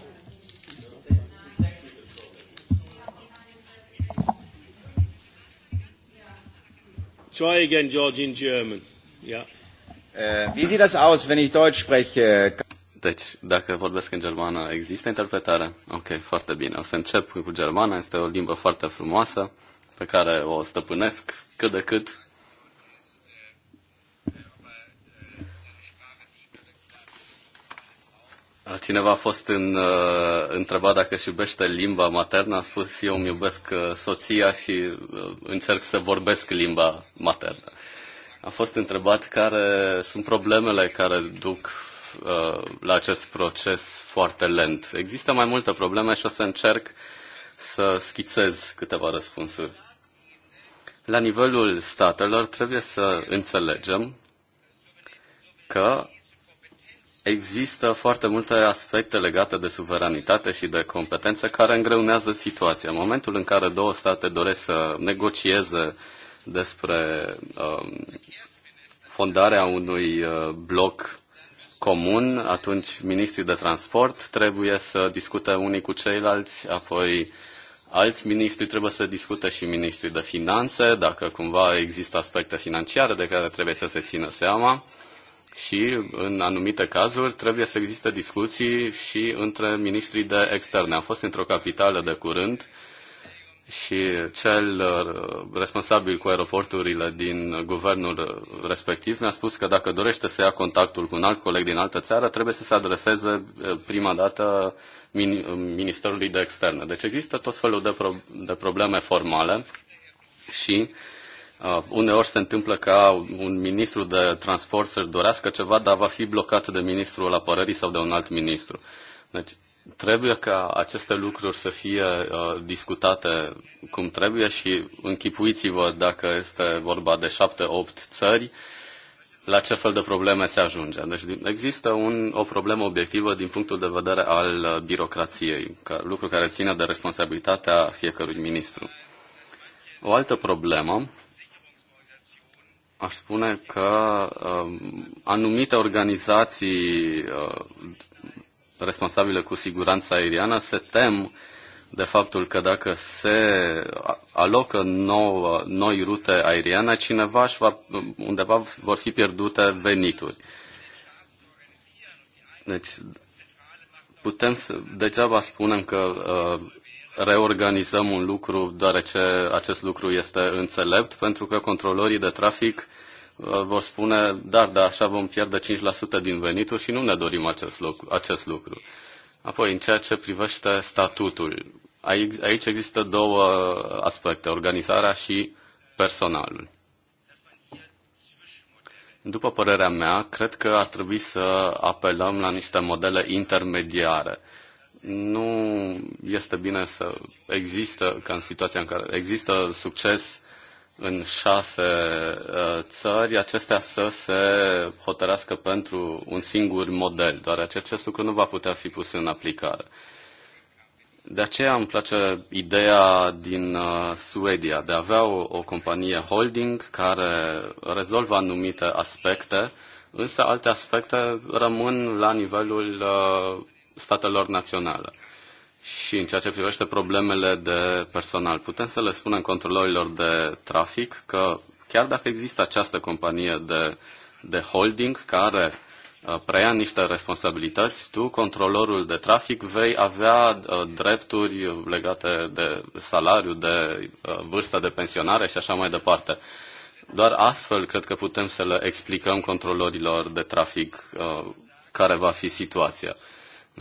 Try again, George, in German. Yeah. Äh, wie sieht das aus, wenn ich Deutsch spreche? Deci, dacă vorbesc în germană, există interpretare? Ok, foarte bine. O să încep cu germana, este o limbă foarte frumoasă, pe care o stăpânesc cât de cât. Cineva a fost în, uh, întrebat dacă își iubește limba maternă, a spus eu îmi iubesc uh, soția și uh, încerc să vorbesc limba maternă. A fost întrebat care sunt problemele care duc Uh, la acest proces foarte lent. Există mai multe probleme și o să încerc să schițez câteva răspunsuri. La nivelul statelor trebuie să înțelegem că există foarte multe aspecte legate de suveranitate și de competență care îngreunează situația. În momentul în care două state doresc să negocieze despre um, fondarea unui uh, bloc comun, atunci ministrii de transport trebuie să discute unii cu ceilalți, apoi alți ministri trebuie să discute și ministrii de finanțe, dacă cumva există aspecte financiare de care trebuie să se țină seama și în anumite cazuri trebuie să existe discuții și între ministrii de externe. Am fost într-o capitală de curând și cel uh, responsabil cu aeroporturile din guvernul respectiv mi-a spus că dacă dorește să ia contactul cu un alt coleg din altă țară, trebuie să se adreseze uh, prima dată uh, Ministerului de Externe. Deci există tot felul de, pro- de probleme formale și uh, uneori se întâmplă ca un ministru de transport să-și dorească ceva, dar va fi blocat de ministrul apărării sau de un alt ministru. Deci Trebuie ca aceste lucruri să fie uh, discutate cum trebuie și închipuiți-vă dacă este vorba de șapte-opt țări, la ce fel de probleme se ajunge. Deci există un, o problemă obiectivă din punctul de vedere al uh, birocrației, ca, lucru care ține de responsabilitatea fiecărui ministru. O altă problemă aș spune că uh, anumite organizații uh, responsabilă cu siguranța aeriană se tem de faptul că dacă se alocă nouă, noi rute aeriene, cineva va, undeva vor fi pierdute venituri. Deci, putem să, degeaba spunem că uh, reorganizăm un lucru, deoarece acest lucru este înțelept, pentru că controlorii de trafic uh, vor spune, dar da, așa vom pierde 5% din venituri și nu ne dorim acest lucru. Acest lucru. Apoi, în ceea ce privește statutul, aici, există două aspecte, organizarea și personalul. După părerea mea, cred că ar trebui să apelăm la niște modele intermediare. Nu este bine să există, ca în situația în care există succes în șase uh, țări, acestea să se hotărească pentru un singur model, doar acest lucru nu va putea fi pus în aplicare. De aceea îmi place ideea din uh, Suedia de a avea o, o companie holding care rezolvă anumite aspecte, însă alte aspecte rămân la nivelul uh, statelor naționale. Și în ceea ce privește problemele de personal, putem să le spunem controlorilor de trafic că chiar dacă există această companie de, de holding care uh, preia niște responsabilități, tu, controlorul de trafic, vei avea uh, drepturi legate de salariu, de uh, vârsta de pensionare și așa mai departe. Doar astfel cred că putem să le explicăm controlorilor de trafic care va fi situația.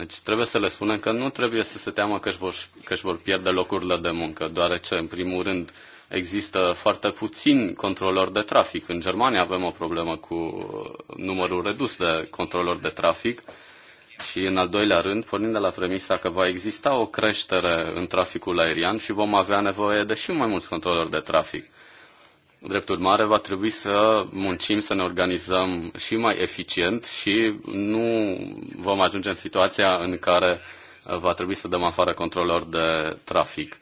Deci trebuie să le spunem că nu trebuie să se teamă că își vor, că își vor pierde locurile de muncă, deoarece, în primul rând, există foarte puțini controlori de trafic. În Germania avem o problemă cu numărul redus de controlori de trafic și, în al doilea rând, pornind de la premisa că va exista o creștere în traficul aerian și vom avea nevoie de și mai mulți controlori de trafic. Drept urmare, va trebui să muncim, să ne organizăm și mai eficient și nu vom ajunge în situația în care uh, va trebui să dăm afară controlor de trafic.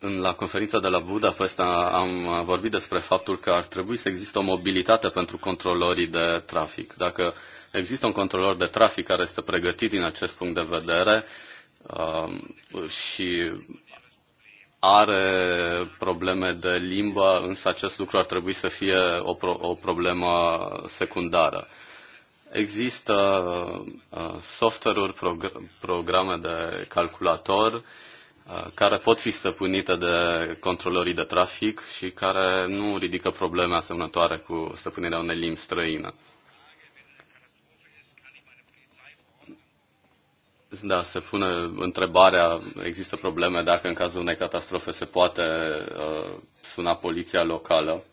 În la conferința de la Budapest am uh, vorbit despre faptul că ar trebui să există o mobilitate pentru controlorii de trafic. Dacă există un controlor de trafic care este pregătit din acest punct de vedere, uh, și are probleme de limbă, însă acest lucru ar trebui să fie o, pro- o problemă secundară. Există uh, software-uri, progr- programe de calculator uh, care pot fi stăpânite de controlorii de trafic și care nu ridică probleme asemănătoare cu stăpânirea unei limbi străine. Da, se pune întrebarea, există probleme dacă în cazul unei catastrofe se poate uh, suna poliția locală.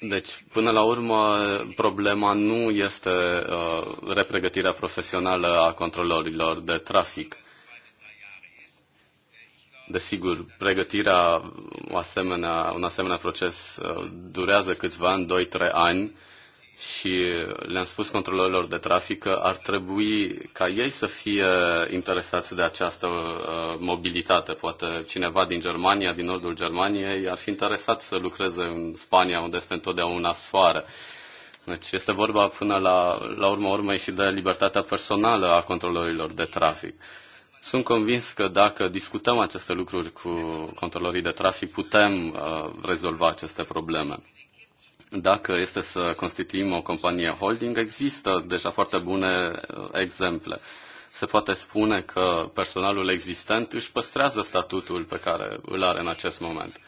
Deci, până la urmă, problema nu este uh, repregătirea profesională a controlorilor de trafic. Desigur, pregătirea o asemenea, un asemenea proces uh, durează câțiva ani, 2-3 ani și le-am spus controlorilor de trafic că ar trebui ca ei să fie interesați de această uh, mobilitate. Poate cineva din Germania, din nordul Germaniei, ar fi interesat să lucreze în Spania, unde este întotdeauna soare. Deci este vorba până la, la urmă urmei și de libertatea personală a controlorilor de trafic. Sunt convins că dacă discutăm aceste lucruri cu controlorii de trafic, putem uh, rezolva aceste probleme. Dacă este să constituim o companie holding, există deja foarte bune uh, exemple. Se poate spune că personalul existent își păstrează statutul pe care îl are în acest moment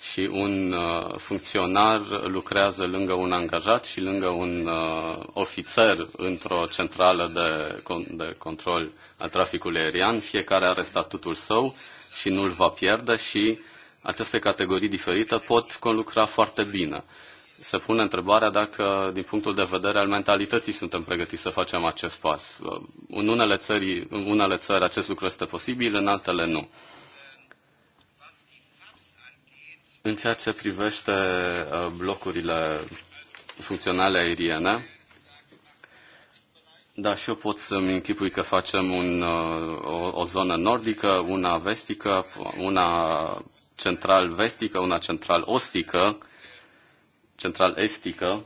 și un uh, funcționar lucrează lângă un angajat și lângă un uh, ofițer într-o centrală de, de control al traficului aerian, fiecare are statutul său și nu-l va pierde și aceste categorii diferite pot conlucra foarte bine. Se pune întrebarea dacă, din punctul de vedere al mentalității, suntem pregătiți să facem acest pas. În unele țări, în unele țări acest lucru este posibil, în altele nu. În ceea ce privește uh, blocurile funcționale aeriene, da, și eu pot să-mi închipui că facem un, uh, o, o zonă nordică, una vestică, una central vestică, una central ostică, central estică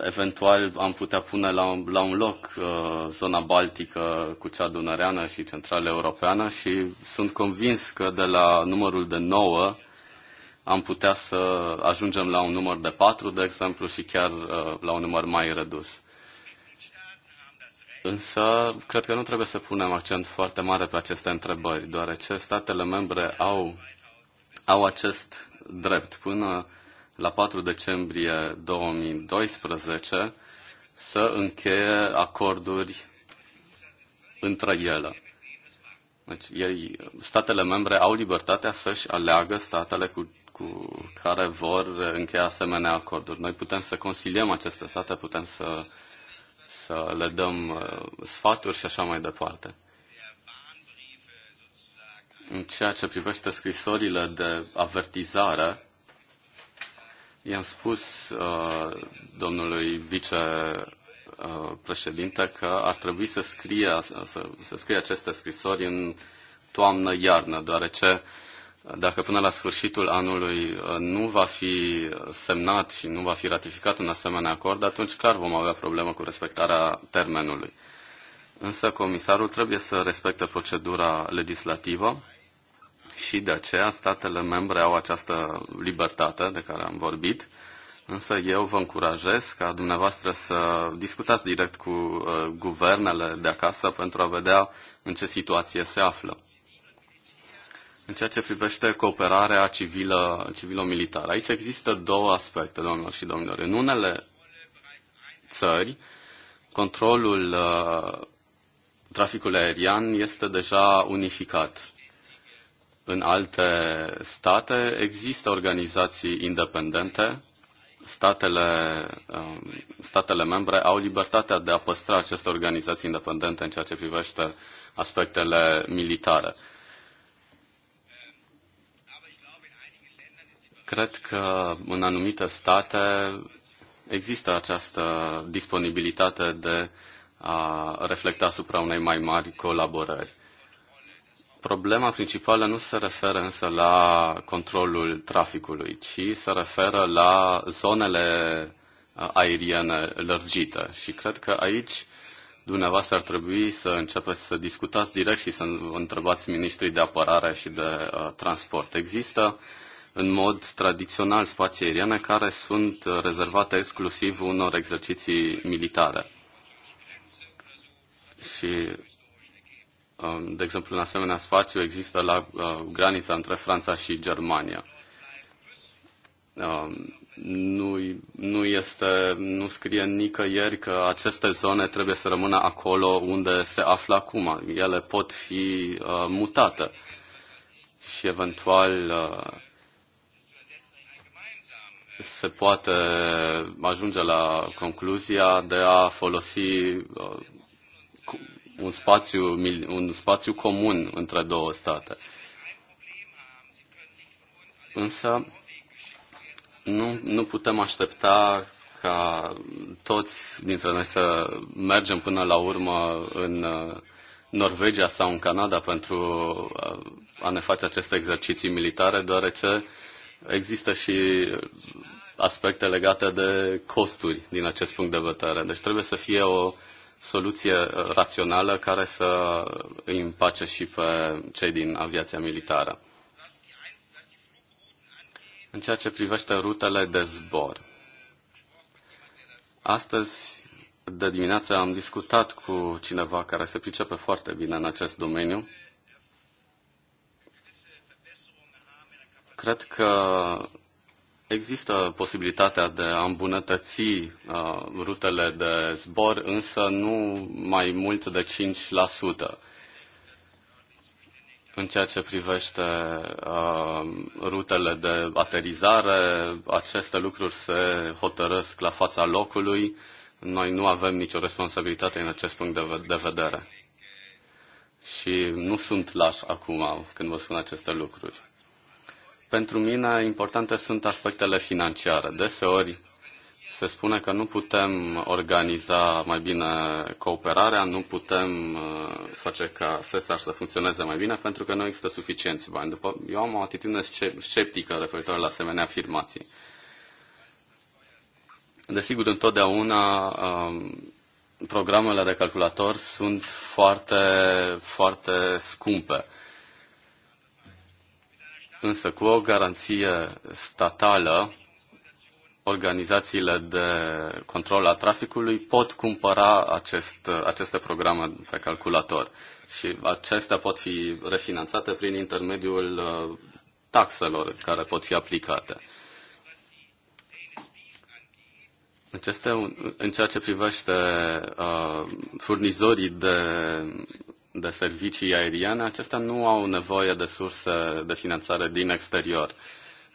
Eventual am putea pune la, la un loc uh, zona baltică cu cea dunăreană și centrală europeană și sunt convins că de la numărul de 9 am putea să ajungem la un număr de 4, de exemplu, și chiar uh, la un număr mai redus. Însă, cred că nu trebuie să punem accent foarte mare pe aceste întrebări, deoarece statele membre au, au acest drept. Până la 4 decembrie 2012 să încheie acorduri între ele. Deci, ei, statele membre au libertatea să-și aleagă statele cu, cu care vor încheia asemenea acorduri. Noi putem să consiliem aceste state, putem să, să le dăm uh, sfaturi și așa mai departe. În ceea ce privește scrisorile de avertizare, I-am spus uh, domnului vicepreședinte uh, că ar trebui să scrie, să, să scrie aceste scrisori în toamnă-iarnă, deoarece uh, dacă până la sfârșitul anului uh, nu va fi semnat și nu va fi ratificat un asemenea acord, atunci clar vom avea problemă cu respectarea termenului. Însă comisarul trebuie să respecte procedura legislativă și de aceea statele membre au această libertate de care am vorbit, însă eu vă încurajez ca dumneavoastră să discutați direct cu uh, guvernele de acasă pentru a vedea în ce situație se află. În ceea ce privește cooperarea civilă, civilo-militară, aici există două aspecte, domnilor și domnilor. În unele țări, controlul uh, traficul aerian este deja unificat. În alte state există organizații independente. Statele, um, statele membre au libertatea de a păstra aceste organizații independente în ceea ce privește aspectele militare. Cred că în anumite state există această disponibilitate de a reflecta asupra unei mai mari colaborări. Problema principală nu se referă însă la controlul traficului, ci se referă la zonele aeriene lărgite. Și cred că aici dumneavoastră ar trebui să începeți să discutați direct și să întrebați ministrii de apărare și de uh, transport. Există în mod tradițional spații aeriene care sunt rezervate exclusiv unor exerciții militare. Și Um, de exemplu, în asemenea spațiu există la uh, granița între Franța și Germania. Um, nu, nu, este, nu scrie nicăieri că aceste zone trebuie să rămână acolo unde se află acum. Ele pot fi uh, mutate și eventual uh, se poate ajunge la concluzia de a folosi un spațiu, un spațiu comun între două state. Însă nu, nu putem aștepta ca toți dintre noi să mergem până la urmă în uh, Norvegia sau în Canada pentru uh, a ne face aceste exerciții militare, deoarece există și aspecte legate de costuri din acest punct de vedere. Deci trebuie să fie o soluție uh, rațională care să îi împace și pe cei din aviația militară. În ceea ce privește rutele de zbor, astăzi de dimineață am discutat cu cineva care se pricepe foarte bine în acest domeniu. Cred că Există posibilitatea de a îmbunătăți uh, rutele de zbor, însă nu mai mult de 5%. În ceea ce privește uh, rutele de aterizare, aceste lucruri se hotărăsc la fața locului. Noi nu avem nicio responsabilitate în acest punct de, de vedere. Și nu sunt lași acum când vă spun aceste lucruri. Pentru mine importante sunt aspectele financiare. Deseori se spune că nu putem organiza mai bine cooperarea, nu putem uh, face ca SESAR să funcționeze mai bine pentru că nu există suficienți bani. După, eu am o atitudine sceptică referitor la asemenea afirmații. Desigur, întotdeauna um, programele de calculator sunt foarte, foarte scumpe Însă cu o garanție statală, organizațiile de control a traficului pot cumpăra acest, aceste programe pe calculator și acestea pot fi refinanțate prin intermediul uh, taxelor care pot fi aplicate. Acestea, în ceea ce privește uh, furnizorii de de servicii aeriene, acestea nu au nevoie de surse de finanțare din exterior,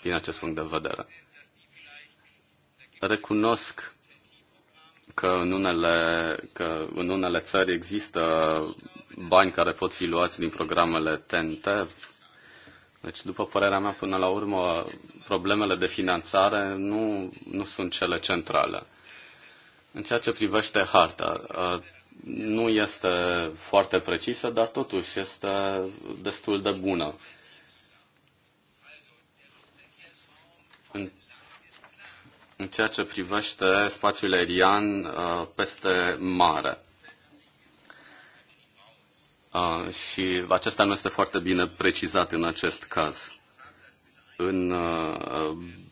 din acest punct de vedere. Recunosc că în unele, că în unele țări există bani care pot fi luați din programele TNT. Deci, după părerea mea, până la urmă, problemele de finanțare nu, nu sunt cele centrale. În ceea ce privește harta, nu este foarte precisă, dar totuși este destul de bună. În, în ceea ce privește spațiul aerian uh, peste mare. Uh, și acesta nu este foarte bine precizat în acest caz în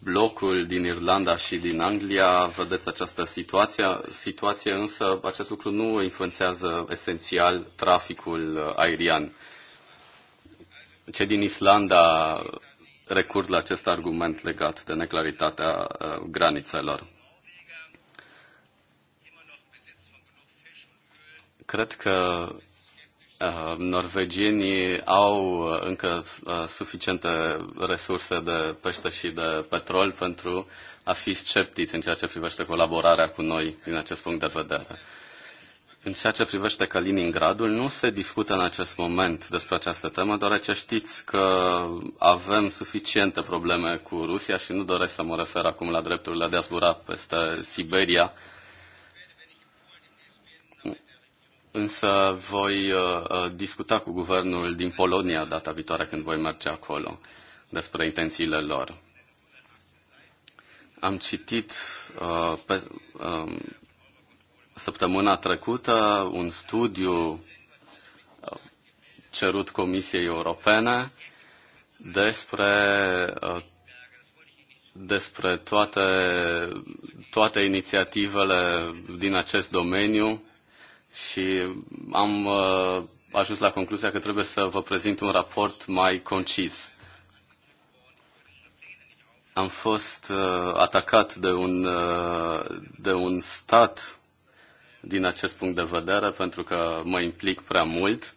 blocul uh, din Irlanda și din Anglia vedeți această situație, situație însă acest lucru nu influențează esențial traficul uh, aerian. Cei din Islanda recurg la acest argument legat de neclaritatea uh, granițelor. Cred că Uh, norvegienii au uh, încă uh, suficiente resurse de pește și de petrol pentru a fi sceptiți în ceea ce privește colaborarea cu noi din acest punct de vedere. În ceea ce privește Kaliningradul, nu se discută în acest moment despre această temă, deoarece știți că avem suficiente probleme cu Rusia și nu doresc să mă refer acum la drepturile de a zbura peste Siberia însă voi uh, uh, discuta cu guvernul din Polonia data viitoare când voi merge acolo despre intențiile lor. Am citit uh, pe, uh, săptămâna trecută un studiu uh, cerut Comisiei Europene despre, despre toate, toate inițiativele din acest domeniu și am uh, ajuns la concluzia că trebuie să vă prezint un raport mai concis. Am fost uh, atacat de un, uh, de un stat din acest punct de vedere pentru că mă implic prea mult.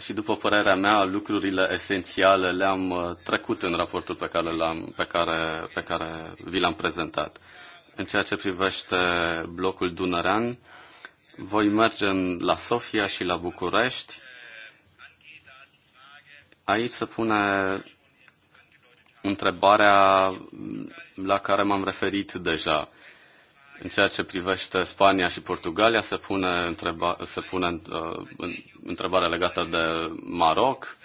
Și după părerea mea, lucrurile esențiale le-am uh, trecut în raportul pe care, l-am, pe care, pe care vi l-am prezentat. În ceea ce privește blocul Dunăran, voi merge la Sofia și la București. Aici se pune întrebarea la care m-am referit deja. În ceea ce privește Spania și Portugalia, se pune, întreba, se pune uh, întrebarea legată de Maroc.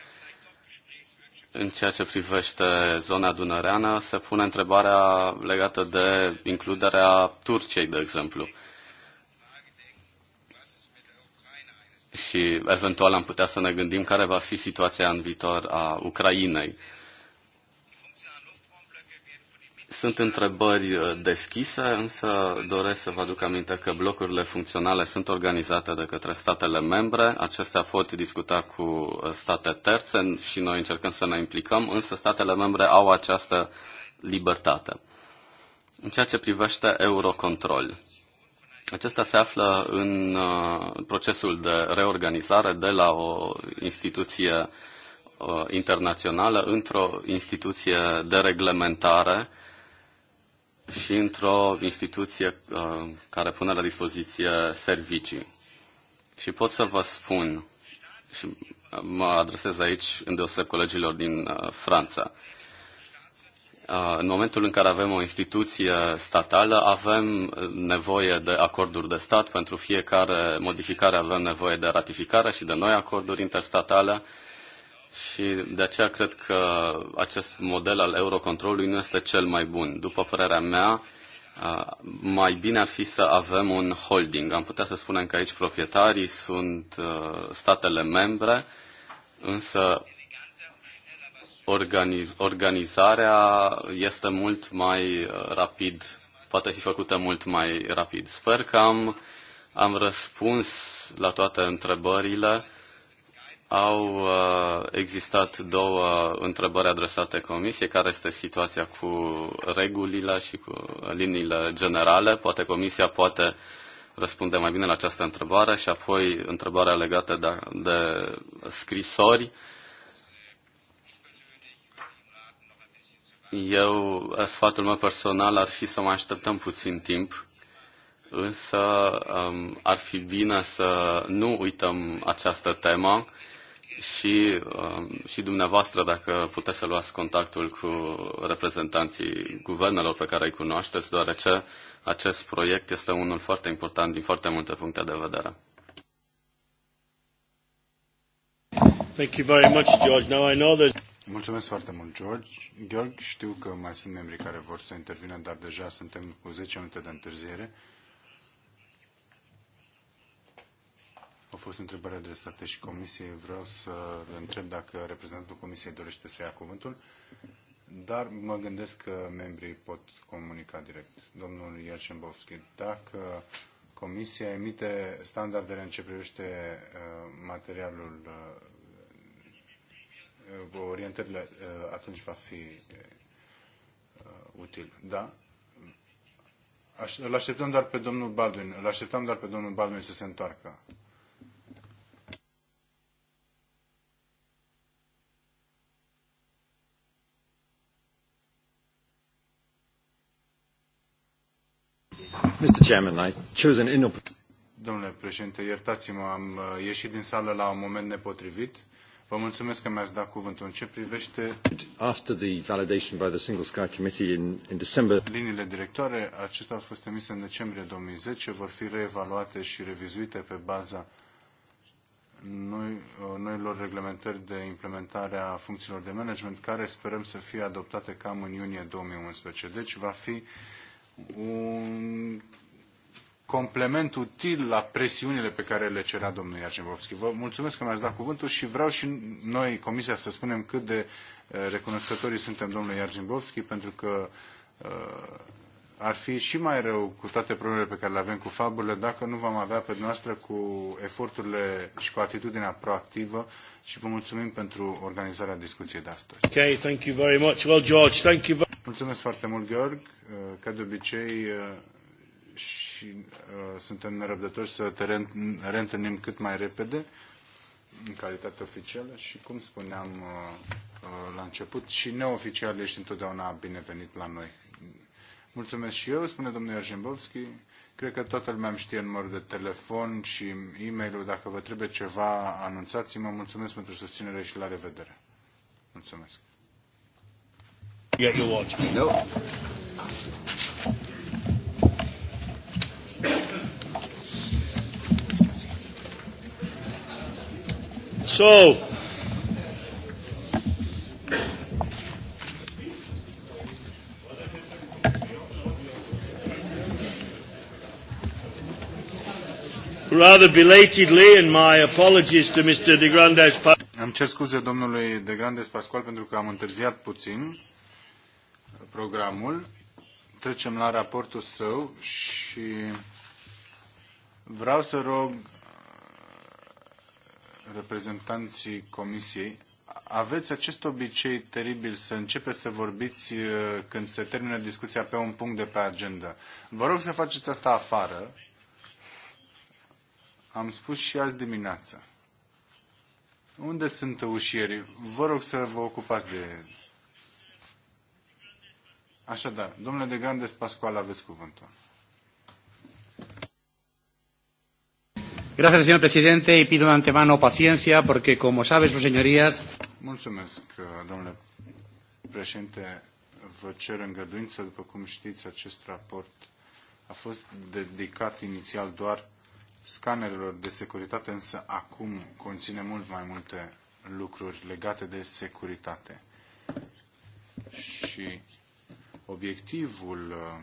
În ceea ce privește zona dunăreană, se pune întrebarea legată de includerea Turciei, de exemplu. Și eventual am putea să ne gândim care va fi situația în viitor a Ucrainei sunt întrebări uh, deschise, însă doresc să vă aduc aminte că blocurile funcționale sunt organizate de către statele membre. Acestea pot discuta cu uh, state terțe și noi încercăm să ne implicăm, însă statele membre au această libertate. În ceea ce privește Eurocontrol, acesta se află în uh, procesul de reorganizare de la o instituție internațională într-o instituție de reglementare și într-o instituție uh, care pune la dispoziție servicii. Și pot să vă spun, și uh, mă adresez aici îndeoseb colegilor din uh, Franța, uh, în momentul în care avem o instituție statală, avem uh, nevoie de acorduri de stat. Pentru fiecare modificare avem nevoie de ratificare și de noi acorduri interstatale. Uh, și de aceea cred că acest model al eurocontrolului nu este cel mai bun. După părerea mea, mai bine ar fi să avem un holding. Am putea să spunem că aici proprietarii sunt statele membre, însă organiz- organizarea este mult mai rapid, poate fi făcută mult mai rapid. Sper că am, am răspuns la toate întrebările au uh, existat două întrebări adresate Comisiei. Care este situația cu regulile și cu liniile generale? Poate Comisia poate răspunde mai bine la această întrebare și apoi întrebarea legată de, de scrisori. Eu, sfatul meu personal ar fi să mai așteptăm puțin timp, însă um, ar fi bine să nu uităm această temă și, um, și dumneavoastră, dacă puteți să luați contactul cu reprezentanții guvernelor pe care îi cunoașteți, deoarece acest proiect este unul foarte important din foarte multe puncte de vedere. Thank you very much, George. Now I know Mulțumesc foarte mult, George. George, știu că mai sunt membri care vor să intervină, dar deja suntem cu 10 minute de întârziere A fost întrebări adresate și Comisiei. Vreau să le întreb dacă reprezentantul Comisiei dorește să ia cuvântul, dar mă gândesc că membrii pot comunica direct. Domnul Ierșembovski, dacă Comisia emite standardele în ce privește uh, materialul, uh, uh, orientările, atunci va fi util. Da? îl așteptăm doar pe domnul Baldwin. Îl așteptăm doar pe domnul Baldwin să se întoarcă. Domnule președinte, iertați-mă, am uh, ieșit din sală la un moment nepotrivit. Vă mulțumesc că mi-ați dat cuvântul. În ce privește After the validation by the Single Sky Committee in, in December... liniile directoare, acestea au fost emise în decembrie 2010, vor fi reevaluate și revizuite pe baza noi, uh, noilor reglementări de implementare a funcțiilor de management, care sperăm să fie adoptate cam în iunie 2011. Deci va fi un complement util la presiunile pe care le cerea domnul Iarcevovski. Vă mulțumesc că mi-ați dat cuvântul și vreau și noi, Comisia, să spunem cât de eh, recunoscătorii suntem domnului Iarcevovski, pentru că eh, ar fi și mai rău cu toate problemele pe care le avem cu faburile dacă nu vom avea pe noastră cu eforturile și cu atitudinea proactivă și vă mulțumim pentru organizarea discuției de astăzi. Okay, thank you very much. Well, George, thank you. Mulțumesc foarte mult, Georg. Uh, ca de obicei, uh, și uh, suntem nerăbdători să te reîntâlnim cât mai repede în calitate oficială și, cum spuneam uh, uh, la început, și neoficial ești întotdeauna binevenit la noi. Mulțumesc și eu, spune domnul Iarzembovski. Cred că toată lumea îmi știe numărul de telefon și e mail Dacă vă trebuie ceva, anunțați-mă. Mulțumesc pentru susținere și la revedere. Mulțumesc. Yeah, No. So, rather belatedly, and my apologies to Mr. De Grandes Pascual. Am cer scuze domnului De Grandes Pascual pentru că am întârziat puțin programul. Trecem la raportul său și vreau să rog uh, reprezentanții comisiei, aveți acest obicei teribil să începeți să vorbiți uh, când se termină discuția pe un punct de pe agenda. Vă rog să faceți asta afară, am spus și azi dimineață. Unde sunt ușierii? Vă rog să vă ocupați de... Așadar, domnule de Grandes Pascual, aveți cuvântul. Gracias, señor presidente, y pido de antemano paciencia porque, como saben sus señorías... Mulțumesc, domnule președinte. Vă cer îngăduință. După cum știți, acest raport a fost dedicat inițial doar scanerelor de securitate, însă acum conține mult mai multe lucruri legate de securitate. Și obiectivul uh,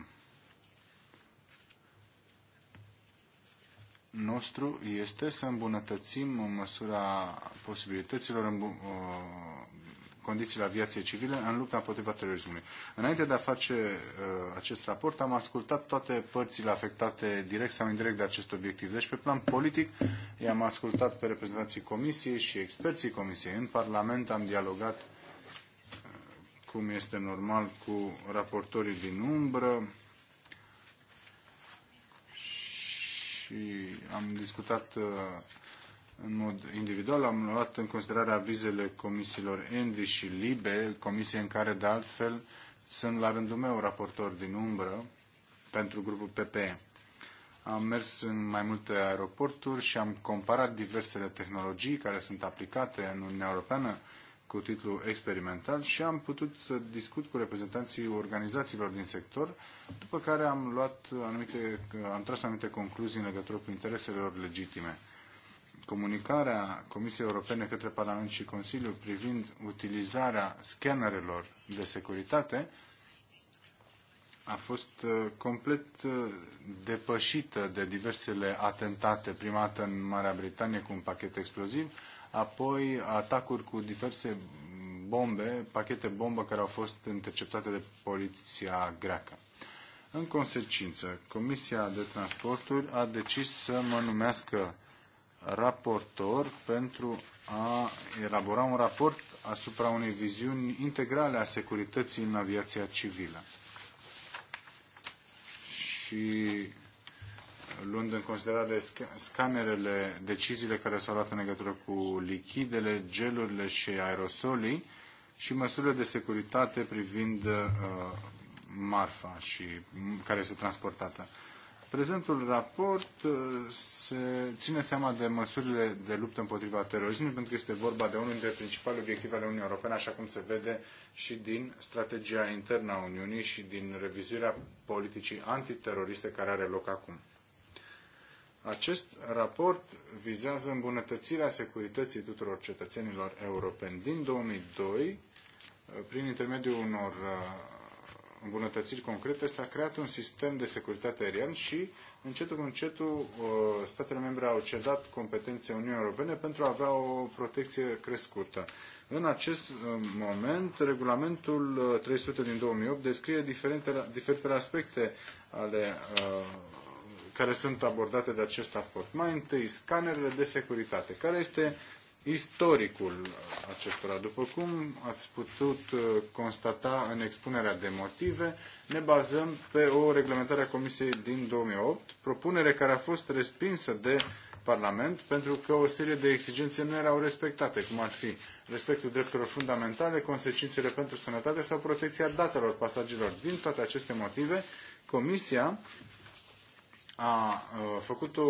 nostru este să îmbunătățim în măsura posibilităților uh, condițiile aviației civile în lupta împotriva terorismului. Înainte de a face uh, acest raport, am ascultat toate părțile afectate direct sau indirect de acest obiectiv. Deci, pe plan politic, i-am ascultat pe reprezentanții Comisiei și experții Comisiei. În Parlament am dialogat, uh, cum este normal, cu raportorii din umbră și am discutat uh, în mod individual. Am luat în considerare avizele comisiilor Envi și Libe, comisie în care, de altfel, sunt la rândul meu raportor din umbră pentru grupul PPE. Am mers în mai multe aeroporturi și am comparat diversele tehnologii care sunt aplicate în Uniunea Europeană cu titlu experimental și am putut să discut cu reprezentanții organizațiilor din sector, după care am luat anumite, am tras anumite concluzii în legătură cu intereselor legitime comunicarea Comisiei Europene către Parlament și Consiliu privind utilizarea scanerelor de securitate a fost uh, complet uh, depășită de diversele atentate, prima dată în Marea Britanie cu un pachet exploziv, apoi atacuri cu diverse bombe, pachete bombă care au fost interceptate de poliția greacă. În consecință, Comisia de Transporturi a decis să mă numească raportor pentru a elabora un raport asupra unei viziuni integrale a securității în aviația civilă. Și luând în considerare scanerele, deciziile care s-au luat în legătură cu lichidele, gelurile și aerosolii și măsurile de securitate privind uh, marfa și care este transportată. Prezentul raport uh, se ține seama de măsurile de luptă împotriva terorismului, pentru că este vorba de unul dintre principalele obiective ale Uniunii Europene, așa cum se vede și din strategia internă a Uniunii și din revizuirea politicii antiteroriste care are loc acum. Acest raport vizează îmbunătățirea securității tuturor cetățenilor europeni. Din 2002, prin intermediul unor uh, îmbunătățiri concrete, s-a creat un sistem de securitate aerian și încetul cu încetul uh, statele membre au cedat competențe Uniunii Europene pentru a avea o protecție crescută. În acest uh, moment, regulamentul 300 uh, din 2008 descrie diferitele, diferite aspecte ale, care sunt abordate de acest raport. Mai întâi, scanerele de securitate. Care este istoricul acestora. După cum ați putut uh, constata în expunerea de motive, ne bazăm pe o reglementare a Comisiei din 2008, propunere care a fost respinsă de Parlament pentru că o serie de exigențe nu erau respectate, cum ar fi respectul drepturilor fundamentale, consecințele pentru sănătate sau protecția datelor pasagerilor. Din toate aceste motive, Comisia a făcut o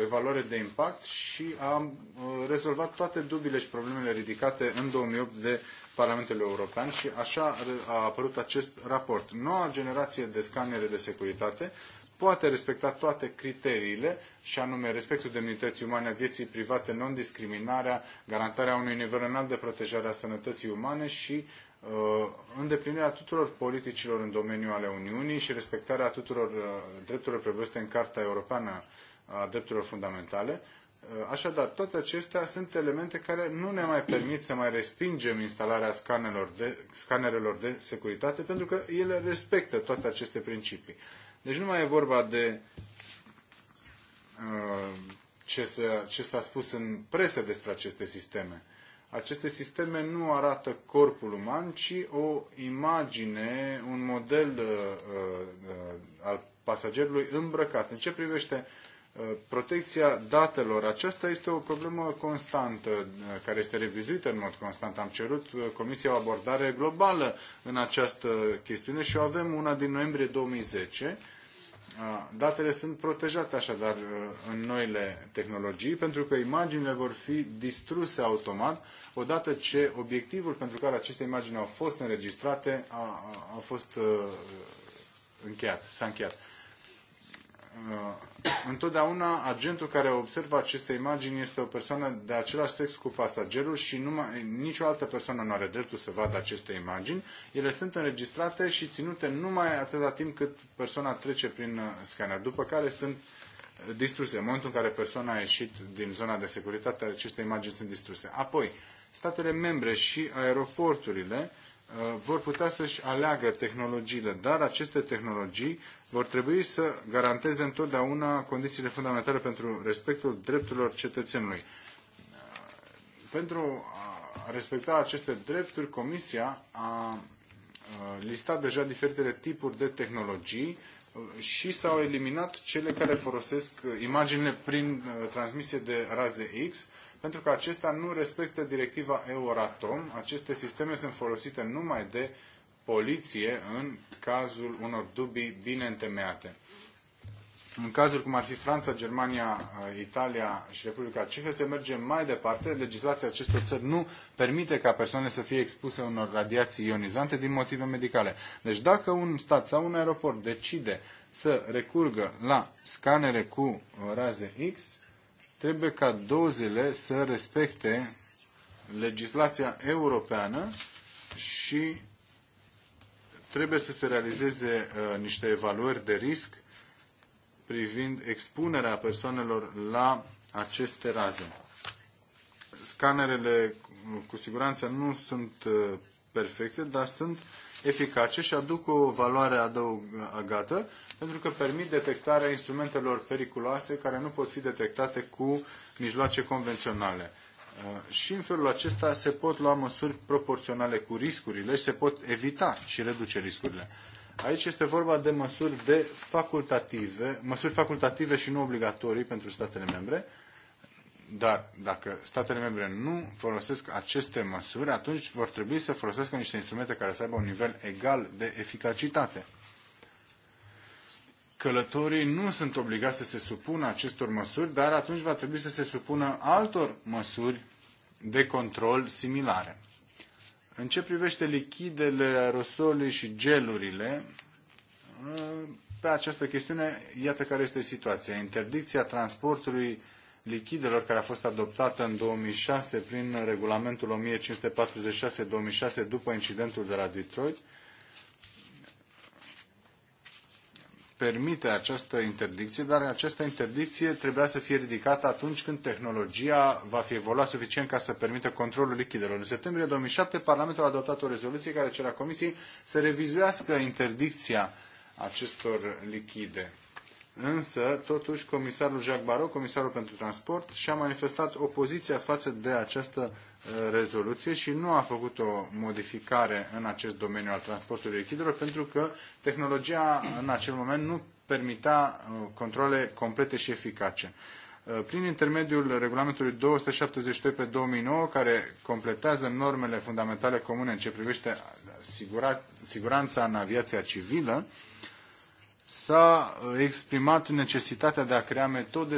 evaluare de impact și a rezolvat toate dubile și problemele ridicate în 2008 de Parlamentul European și așa a apărut acest raport. Noua generație de scanere de securitate poate respecta toate criteriile, și anume respectul demnității umane, vieții private, non-discriminarea, garantarea unui nivel înalt de protejare a sănătății umane și Uh, îndeplinirea tuturor politicilor în domeniul ale Uniunii și respectarea tuturor uh, drepturilor prevăzute în Carta Europeană a Drepturilor Fundamentale. Uh, așadar, toate acestea sunt elemente care nu ne mai permit să mai respingem instalarea scanerelor de, scanerelor de securitate, pentru că ele respectă toate aceste principii. Deci nu mai e vorba de ce s-a spus în presă despre aceste sisteme aceste sisteme nu arată corpul uman, ci o imagine, un model uh, uh, al pasagerului îmbrăcat. În ce privește uh, protecția datelor. Aceasta este o problemă constantă, uh, care este revizuită în mod constant. Am cerut uh, Comisia o abordare globală în această chestiune și o avem una din noiembrie 2010 Datele sunt protejate așadar uh, în noile tehnologii, pentru că imaginile vor fi distruse automat odată ce obiectivul pentru care aceste imagini au fost înregistrate a, a, a fost uh, încheiat, s-a încheiat. Uh, întotdeauna agentul care observă aceste imagini este o persoană de același sex cu pasagerul și numai, nicio altă persoană nu are dreptul să vadă aceste imagini. Ele sunt înregistrate și ținute numai atâta timp cât persoana trece prin uh, scanner, după care sunt uh, distruse. În momentul în care persoana a ieșit din zona de securitate, aceste imagini sunt distruse. Apoi, statele membre și aeroporturile uh, Uh, vor putea să-și aleagă tehnologiile, dar aceste tehnologii vor trebui să garanteze întotdeauna condițiile fundamentale pentru respectul drepturilor cetățenului. Uh, pentru a respecta aceste drepturi, Comisia a uh, listat deja diferitele tipuri de tehnologii și s-au eliminat cele care folosesc imaginile prin transmisie de raze X, pentru că acesta nu respectă directiva Euratom. Aceste sisteme sunt folosite numai de poliție în cazul unor dubii bine întemeiate. În cazuri cum ar fi Franța, Germania, uh, Italia și Republica Cehă, se merge mai departe. Legislația acestor țări nu permite ca persoane să fie expuse unor radiații ionizante din motive medicale. Deci dacă un stat sau un aeroport decide să recurgă la scanere cu uh, raze X, trebuie ca dozele să respecte legislația europeană și trebuie să se realizeze uh, niște evaluări de risc privind expunerea persoanelor la aceste raze. Scanerele cu siguranță nu sunt uh, perfecte, dar sunt eficace și aduc o valoare adăugată pentru că permit detectarea instrumentelor periculoase care nu pot fi detectate cu mijloace convenționale. Uh, și în felul acesta se pot lua măsuri proporționale cu riscurile și se pot evita și reduce riscurile. Aici este vorba de măsuri de facultative, măsuri facultative și nu obligatorii pentru statele membre, dar dacă statele membre nu folosesc aceste măsuri, atunci vor trebui să folosească niște instrumente care să aibă un nivel egal de eficacitate călătorii nu sunt obligați să se supună acestor măsuri, dar atunci va trebui să se supună altor măsuri de control similare. În ce privește lichidele, aerosolii și gelurile, pe această chestiune, iată care este situația. Interdicția transportului lichidelor care a fost adoptată în 2006 prin regulamentul 1546-2006 după incidentul de la Detroit permite această interdicție, dar această interdicție trebuia să fie ridicată atunci când tehnologia va fi evoluat suficient ca să permită controlul lichidelor. În septembrie 2007, Parlamentul a adoptat o rezoluție care cerea Comisiei să revizuiască interdicția acestor lichide. Însă, totuși, comisarul Jacques Barrot, comisarul pentru transport, și-a manifestat opoziția față de această rezoluție și nu a făcut o modificare în acest domeniu al transportului lichidelor pentru că tehnologia în acel moment nu permita uh, controle complete și eficace. Uh, prin intermediul regulamentului 272 pe 2009, care completează normele fundamentale comune în ce privește sigura, siguranța în aviația civilă, s-a uh, exprimat necesitatea de a crea metode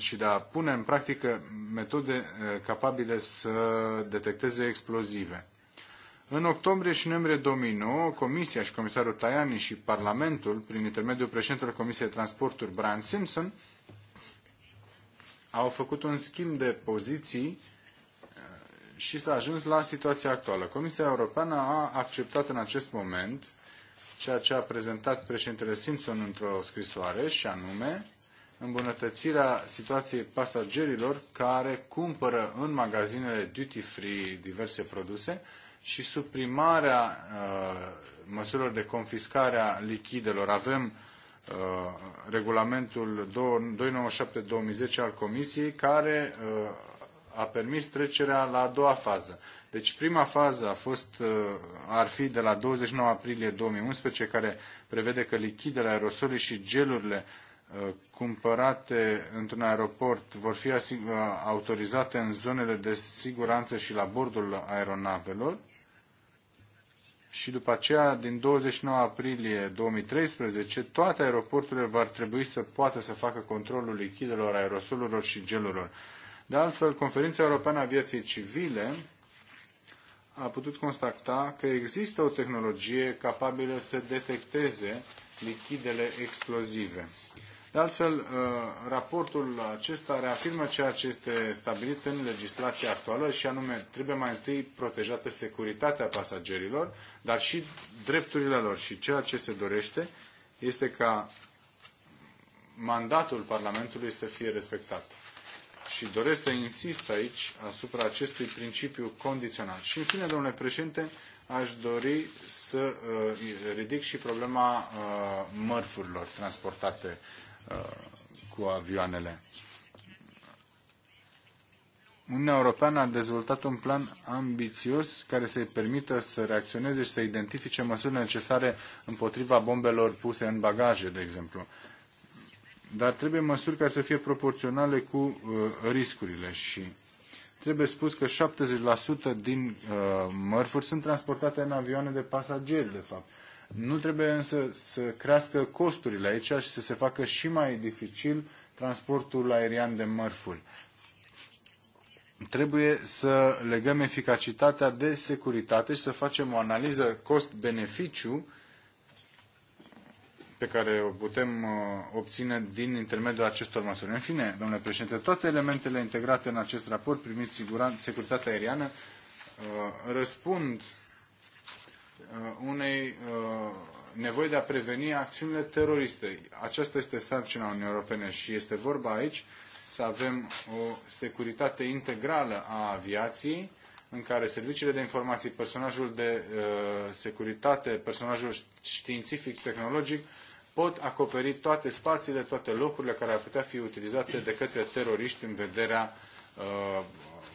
și de a pune în practică metode eh, capabile să detecteze explozive. În octombrie și noiembrie 2009, Comisia și Comisarul Tajani și Parlamentul, prin intermediul președintelui Comisiei de Transporturi, Brian Simpson, au făcut un schimb de poziții eh, și s-a ajuns la situația actuală. Comisia Europeană a acceptat în acest moment ceea ce a prezentat președintele Simpson într-o scrisoare, și anume îmbunătățirea situației pasagerilor care cumpără în magazinele duty free diverse produse și suprimarea uh, măsurilor de confiscare a lichidelor. Avem uh, regulamentul 297-2010 al Comisiei care uh, a permis trecerea la a doua fază. Deci prima fază a fost, uh, ar fi de la 29 aprilie 2011, care prevede că lichidele, aerosolii și gelurile Uh, cumpărate într-un aeroport vor fi uh, autorizate în zonele de siguranță și la bordul aeronavelor și după aceea, din 29 aprilie 2013, toate aeroporturile vor trebui să poată să facă controlul lichidelor, aerosolurilor și gelurilor. De altfel, Conferința Europeană a Vieții Civile a putut constata că există o tehnologie capabilă să detecteze lichidele explozive. De altfel, uh, raportul acesta reafirmă ceea ce este stabilit în legislația actuală și anume trebuie mai întâi protejată securitatea pasagerilor, dar și drepturile lor. Și ceea ce se dorește este ca mandatul Parlamentului să fie respectat. Și doresc să insist aici asupra acestui principiu condițional. Și în fine, domnule președinte, aș dori să uh, ridic și problema uh, mărfurilor transportate Uh, cu avioanele. Uniunea Europeană a dezvoltat un plan ambițios care să-i permită să reacționeze și să identifice măsurile necesare împotriva bombelor puse în bagaje, de exemplu. Dar trebuie măsuri care să fie proporționale cu uh, riscurile și trebuie spus că 70% din uh, mărfuri sunt transportate în avioane de pasageri, de fapt. Nu trebuie însă să crească costurile aici și să se facă și mai dificil transportul aerian de mărfuri. Trebuie să legăm eficacitatea de securitate și să facem o analiză cost-beneficiu pe care o putem uh, obține din intermediul acestor măsuri. În fine, domnule președinte, toate elementele integrate în acest raport privind securitatea aeriană uh, răspund Uh, unei uh, nevoi de a preveni acțiunile teroriste. Aceasta este sarcina Uniunii Europene și este vorba aici să avem o securitate integrală a aviației în care serviciile de informații, personajul de uh, securitate, personajul științific, tehnologic pot acoperi toate spațiile, toate locurile care ar putea fi utilizate de către teroriști în vederea uh,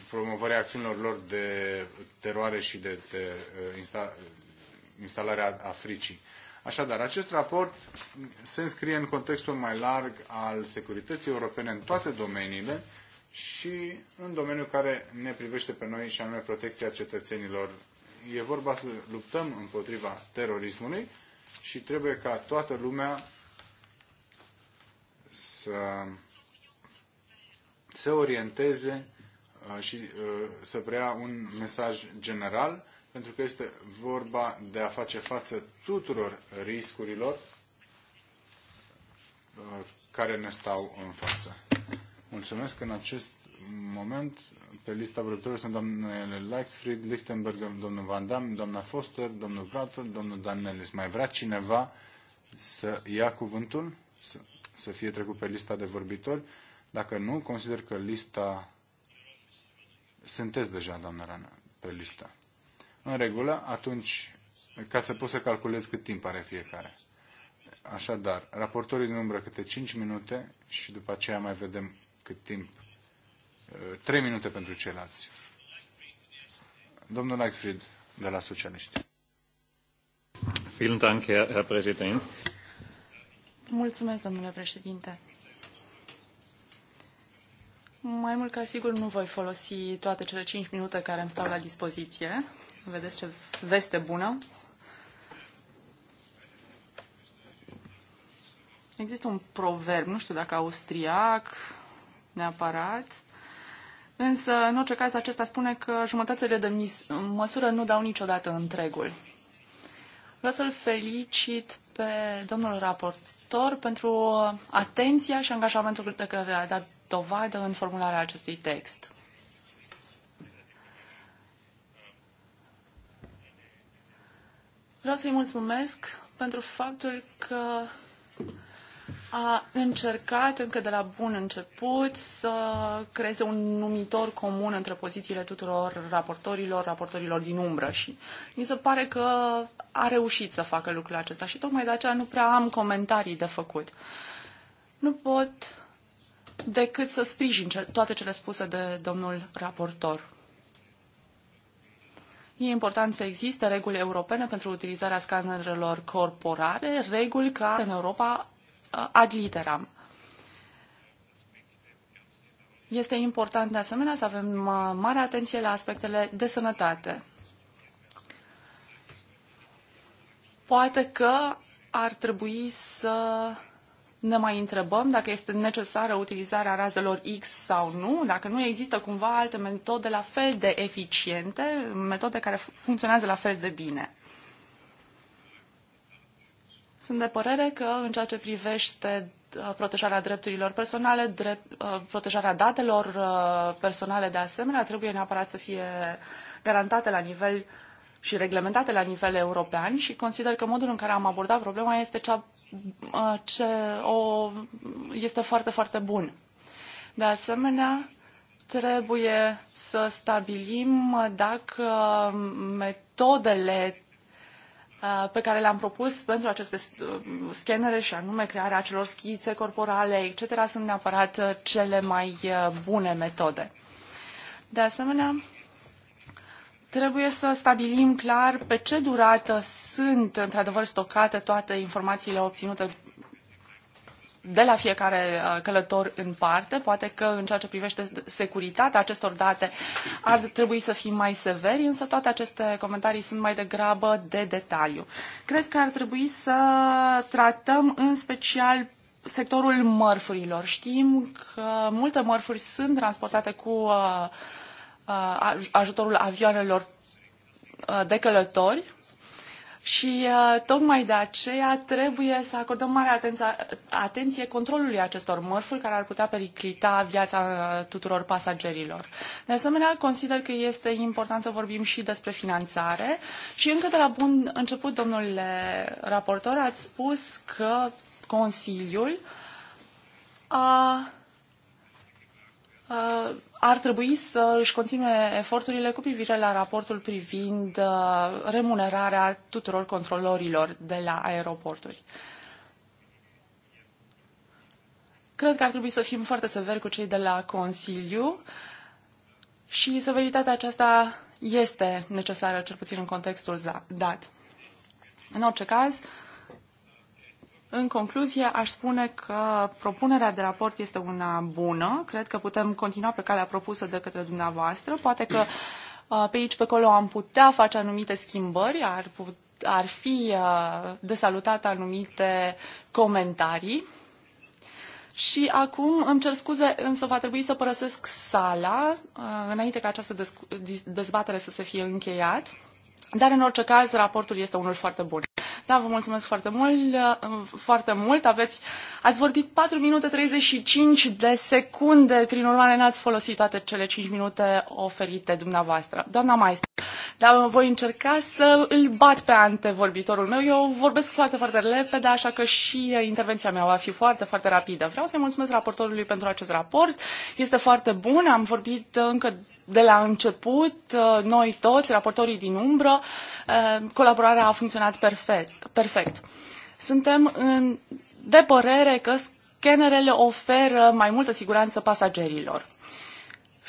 promovării acțiunilor lor de teroare și de, de uh, instalarea Africii. Așadar, acest raport se înscrie în contextul mai larg al securității europene în toate domeniile și în domeniul care ne privește pe noi și anume protecția cetățenilor. E vorba să luptăm împotriva terorismului și trebuie ca toată lumea să se orienteze uh, și uh, să preia un mesaj general pentru că este vorba de a face față tuturor riscurilor uh, care ne stau în față. Mulțumesc în acest moment. Pe lista vorbitorilor sunt doamnele Lightfried, Lichtenberg, domnul Van Damme, doamna Foster, domnul Pratt, domnul Danelis. Mai vrea cineva să ia cuvântul, să, să fie trecut pe lista de vorbitori? Dacă nu, consider că lista... Sunteți deja, doamna Rana, pe lista în regulă, atunci, ca să pot să calculez cât timp are fiecare. Așadar, raportorii din umbră câte 5 minute și după aceea mai vedem cât timp. 3 uh, minute pentru ceilalți. Domnul Lightfried, de la Socialiști. Vielen Dank, Herr Präsident. Mulțumesc, domnule președinte. Mai mult ca sigur nu voi folosi toate cele 5 minute care îmi stau la dispoziție. Vedeți ce veste bună. Există un proverb, nu știu dacă austriac neapărat, însă în orice caz acesta spune că jumătățile de mis- măsură nu dau niciodată întregul. Vreau să-l felicit pe domnul raportor pentru atenția și angajamentul de care a dat dovadă în formularea acestui text. Vreau să-i mulțumesc pentru faptul că a încercat încă de la bun început să creeze un numitor comun între pozițiile tuturor raportorilor, raportorilor din umbră și mi se pare că a reușit să facă lucrul acesta și tocmai de aceea nu prea am comentarii de făcut. Nu pot decât să sprijin toate cele spuse de domnul raportor. E important să existe reguli europene pentru utilizarea scanerelor corporale, reguli ca în Europa ad literam. Este important de asemenea să avem mare atenție la aspectele de sănătate. Poate că ar trebui să ne mai întrebăm dacă este necesară utilizarea razelor X sau nu, dacă nu există cumva alte metode la fel de eficiente, metode care funcționează la fel de bine. Sunt de părere că în ceea ce privește uh, protejarea drepturilor personale, drept, uh, protejarea datelor uh, personale de asemenea, trebuie neapărat să fie garantate la nivel și reglementate la nivel european și consider că modul în care am abordat problema este, cea, uh, ce o, este foarte, foarte bun. De asemenea, trebuie să stabilim dacă metodele uh, pe care le-am propus pentru aceste uh, scanere și anume crearea acelor schițe corporale, etc., sunt neapărat cele mai bune metode. De asemenea, Trebuie să stabilim clar pe ce durată sunt într-adevăr stocate toate informațiile obținute de la fiecare uh, călător în parte. Poate că în ceea ce privește securitatea acestor date ar trebui să fim mai severi, însă toate aceste comentarii sunt mai degrabă de detaliu. Cred că ar trebui să tratăm în special sectorul mărfurilor. Știm că multe mărfuri sunt transportate cu uh, Uh, ajutorul avioanelor uh, de călători și uh, tocmai de aceea trebuie să acordăm mare atenție, atenție controlului acestor mărfuri care ar putea periclita viața tuturor pasagerilor. De asemenea, consider că este important să vorbim și despre finanțare și încă de la bun început, domnule raportor, ați spus că Consiliul a, a ar trebui să își continue eforturile cu privire la raportul privind uh, remunerarea tuturor controlorilor de la aeroporturi. Cred că ar trebui să fim foarte severi cu cei de la Consiliu și severitatea aceasta este necesară, cel puțin în contextul dat. În orice caz, în concluzie, aș spune că propunerea de raport este una bună. Cred că putem continua pe calea propusă de către dumneavoastră. Poate că uh, pe aici, pe acolo am putea face anumite schimbări, ar, put, ar fi uh, de salutat anumite comentarii. Și acum îmi cer scuze, însă va trebui să părăsesc sala uh, înainte ca această dezbatere să se fie încheiat. Dar, în orice caz, raportul este unul foarte bun. Da, vă mulțumesc foarte mult. Uh, foarte mult. Aveți, ați vorbit 4 minute 35 de secunde. Prin urmare, n-ați folosit toate cele 5 minute oferite dumneavoastră. Doamna Maestră, dar voi încerca să îl bat pe antevorbitorul meu. Eu vorbesc foarte, foarte repede, așa că și uh, intervenția mea va fi foarte, foarte rapidă. Vreau să-i mulțumesc raportorului pentru acest raport. Este foarte bun. Am vorbit uh, încă de la început, uh, noi toți, raportorii din umbră, uh, colaborarea a funcționat perfect. perfect. Suntem în, de părere că scanerele oferă mai multă siguranță pasagerilor.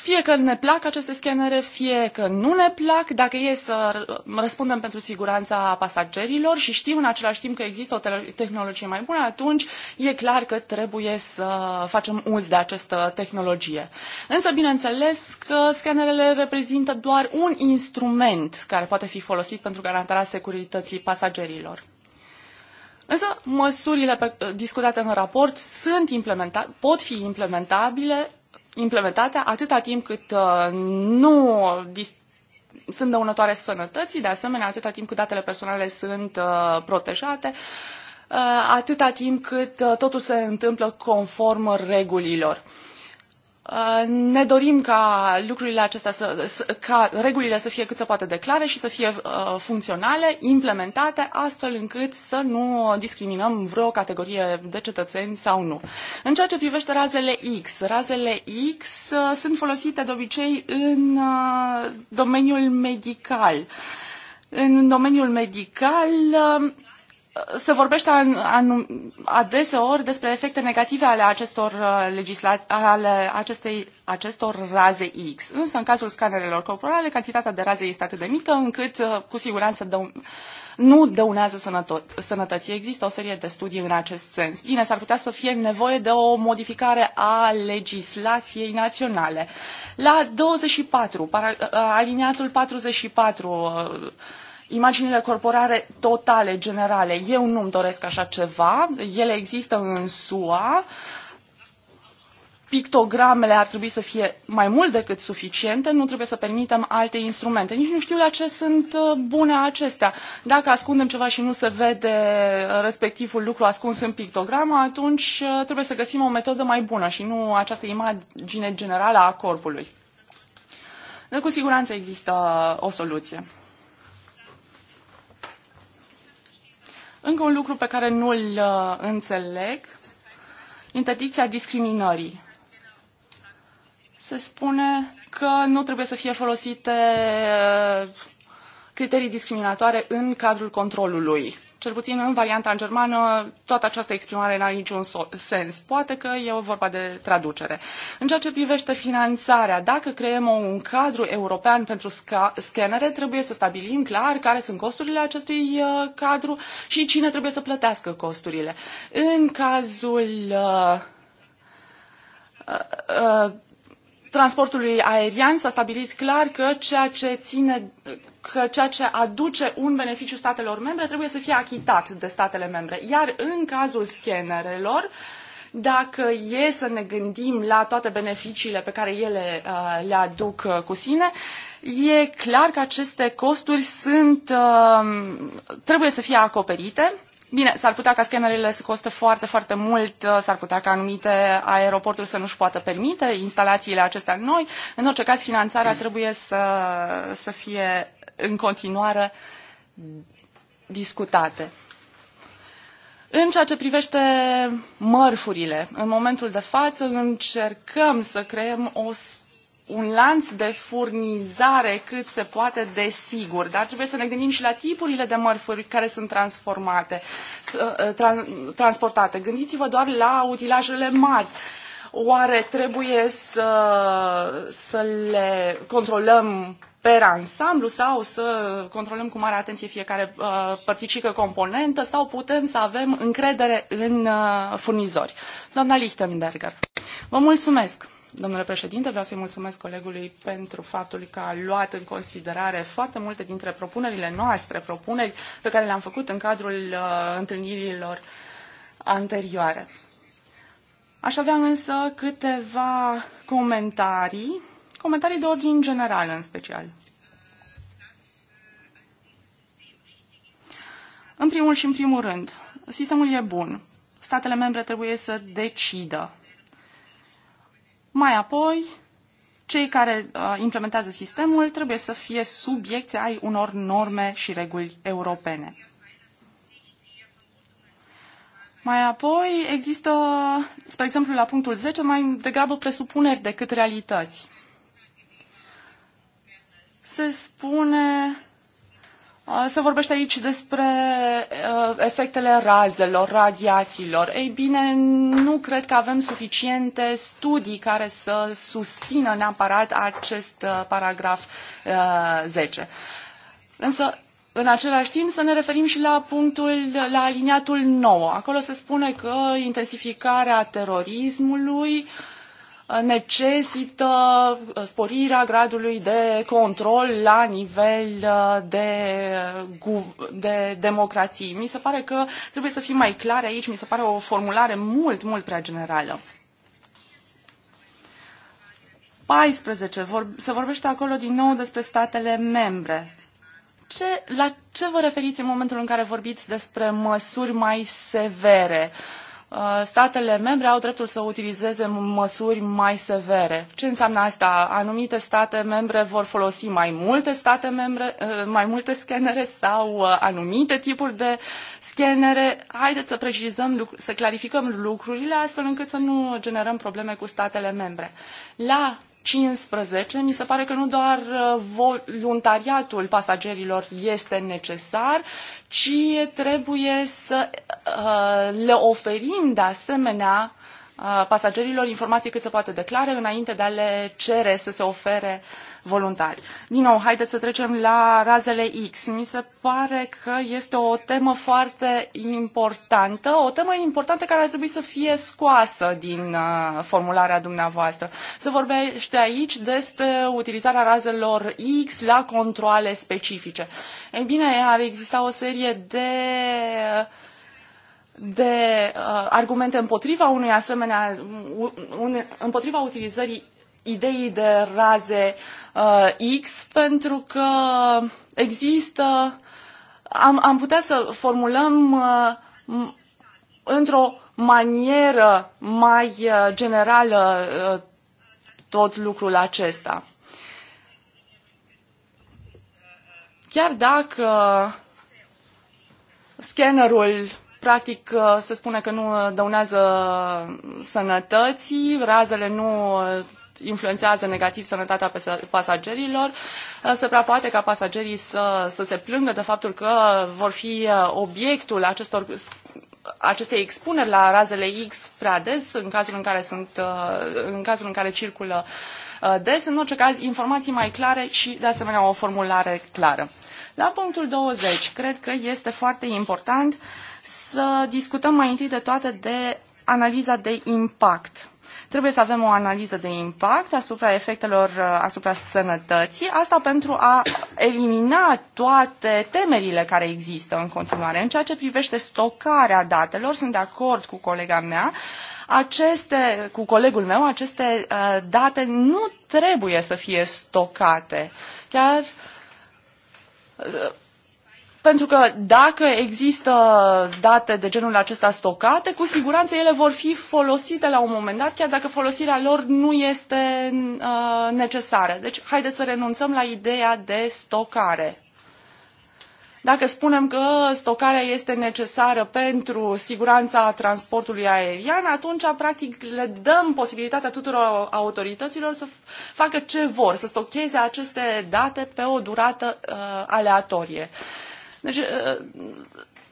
Fie că ne plac aceste scanere, fie că nu ne plac, dacă e să răspundem pentru siguranța pasagerilor și știm în același timp că există o tehnologie mai bună, atunci e clar că trebuie să facem uz de această tehnologie. Însă, bineînțeles că scanerele reprezintă doar un instrument care poate fi folosit pentru garantarea securității pasagerilor. Însă, măsurile discutate în raport sunt implementa- pot fi implementabile implementate atâta timp cât uh, nu sunt dăunătoare sănătății, de asemenea atâta timp cât datele personale sunt uh, protejate, uh, atâta timp cât totul se întâmplă conform regulilor. Uh, ne dorim ca lucrurile acestea să, ca regulile să fie cât se poate de clare și să fie uh, funcționale, implementate, astfel încât să nu discriminăm vreo categorie de cetățeni sau nu. În ceea ce privește razele X, razele X uh, sunt folosite de obicei în domeniul medical. În domeniul medical se vorbește an, an, adeseori despre efecte negative ale acestor, uh, legisla, ale acestei, acestor raze X. Însă, în cazul scanerelor corporale, cantitatea de raze este atât de mică încât, uh, cu siguranță, dă, nu dăunează sănăto- sănătății. Există o serie de studii în acest sens. Bine, s-ar putea să fie nevoie de o modificare a legislației naționale. La 24, para, uh, aliniatul 44, imaginile corporare totale, generale. Eu nu-mi doresc așa ceva. Ele există în SUA. Pictogramele ar trebui să fie mai mult decât suficiente, nu trebuie să permitem alte instrumente. Nici nu știu la ce sunt uh, bune acestea. Dacă ascundem ceva și nu se vede uh, respectivul lucru ascuns în pictogramă, atunci uh, trebuie să găsim o metodă mai bună și nu această imagine generală a corpului. Dar cu siguranță există o soluție. Încă un lucru pe care nu îl uh, înțeleg, interdicția discriminării. Se spune că nu trebuie să fie folosite uh, criterii discriminatoare în cadrul controlului. Cel puțin în varianta în germană, toată această exprimare n-are niciun sens. Poate că e o vorba de traducere. În ceea ce privește finanțarea, dacă creăm un cadru european pentru scanere, trebuie să stabilim clar care sunt costurile acestui uh, cadru și cine trebuie să plătească costurile. În cazul uh, uh, transportului aerian s-a stabilit clar că ceea ce ține că ceea ce aduce un beneficiu statelor membre trebuie să fie achitat de statele membre. Iar în cazul scanerelor, dacă e să ne gândim la toate beneficiile pe care ele uh, le aduc uh, cu sine, e clar că aceste costuri sunt, uh, trebuie să fie acoperite Bine, s-ar putea ca scanerele să costă foarte, foarte mult, uh, s-ar putea ca anumite aeroporturi să nu-și poată permite instalațiile acestea noi. În orice caz, finanțarea trebuie să, să fie în continuare discutate. În ceea ce privește mărfurile, în momentul de față încercăm să creăm o un lanț de furnizare cât se poate de sigur, dar trebuie să ne gândim și la tipurile de mărfuri care sunt transformate, uh, uh, tra transportate. Gândiți-vă doar la utilajele mari. Oare trebuie să, să le controlăm pe ansamblu sau să controlăm cu mare atenție fiecare uh, părticică componentă sau putem să avem încredere în uh, furnizori. Doamna Lichtenberger, vă mulțumesc! Domnule președinte, vreau să-i mulțumesc colegului pentru faptul că a luat în considerare foarte multe dintre propunerile noastre, propuneri pe care le-am făcut în cadrul uh, întâlnirilor anterioare. Aș avea însă câteva comentarii, comentarii de ordin general în special. În primul și în primul rând, sistemul e bun. Statele membre trebuie să decidă mai apoi, cei care uh, implementează sistemul trebuie să fie subiecte ai unor norme și reguli europene. Mai apoi există, spre exemplu, la punctul 10, mai degrabă presupuneri decât realități. Se spune se vorbește aici despre efectele razelor, radiațiilor. Ei bine, nu cred că avem suficiente studii care să susțină neapărat acest paragraf 10. Însă, în același timp, să ne referim și la punctul, la aliniatul 9. Acolo se spune că intensificarea terorismului uh, Uh, necesită uh, sporirea gradului de control la nivel uh, de, de democrații. Mi se pare că trebuie să fim mai clare aici, mi se pare o formulare mult, mult prea generală. 14. Vor, se vorbește acolo din nou despre statele membre. Ce, la ce vă referiți în momentul în care vorbiți despre măsuri mai severe? Uh, Uh, statele membre au dreptul să utilizeze măsuri mai severe. Ce înseamnă asta? Anumite state membre vor folosi mai multe state membre, uh, mai multe scanere sau uh, anumite tipuri de scanere. Haideți să precizăm, să clarificăm lucrurile astfel încât să nu generăm probleme cu statele membre. La 15, mi se pare că nu doar uh, voluntariatul pasagerilor este necesar, ci trebuie să uh, le oferim de asemenea uh, pasagerilor informații cât se poate declare înainte de a le cere să se ofere uh, voluntari. Din nou, haideți să trecem la razele X. Mi se pare că este o temă foarte importantă, o temă importantă care ar trebui să fie scoasă din uh, formularea dumneavoastră. Se vorbește aici despre utilizarea razelor X la controle specifice. Ei bine, ar exista o serie de de uh, argumente împotriva unui asemenea un, un, împotriva utilizării ideii de raze uh, X pentru că există, am, am putea să formulăm uh, într-o manieră mai uh, generală uh, tot lucrul acesta. Chiar dacă scannerul practic uh, se spune că nu dăunează sănătății, razele nu uh, influențează negativ sănătatea pasagerilor, uh, se prea poate ca pasagerii să, să se plângă de faptul că vor fi uh, obiectul acestor acestei expuneri la razele X prea des, în cazul în care, sunt, uh, în cazul în care circulă des, în orice caz, informații mai clare și, de asemenea, o formulare clară. La punctul 20, cred că este foarte important să discutăm mai întâi de toate de analiza de impact. Trebuie să avem o analiză de impact asupra efectelor uh, asupra sănătății, asta pentru a elimina toate temerile care există în continuare. În ceea ce privește stocarea datelor, sunt de acord cu colega mea, aceste, cu colegul meu, aceste uh, date nu trebuie să fie stocate. Chiar uh, pentru că dacă există date de genul acesta stocate, cu siguranță ele vor fi folosite la un moment dat, chiar dacă folosirea lor nu este uh, necesară. Deci, haideți să renunțăm la ideea de stocare. Dacă spunem că stocarea este necesară pentru siguranța transportului aerian, atunci, practic, le dăm posibilitatea tuturor autorităților să facă ce vor, să stocheze aceste date pe o durată uh, aleatorie. Uh, deci, uh,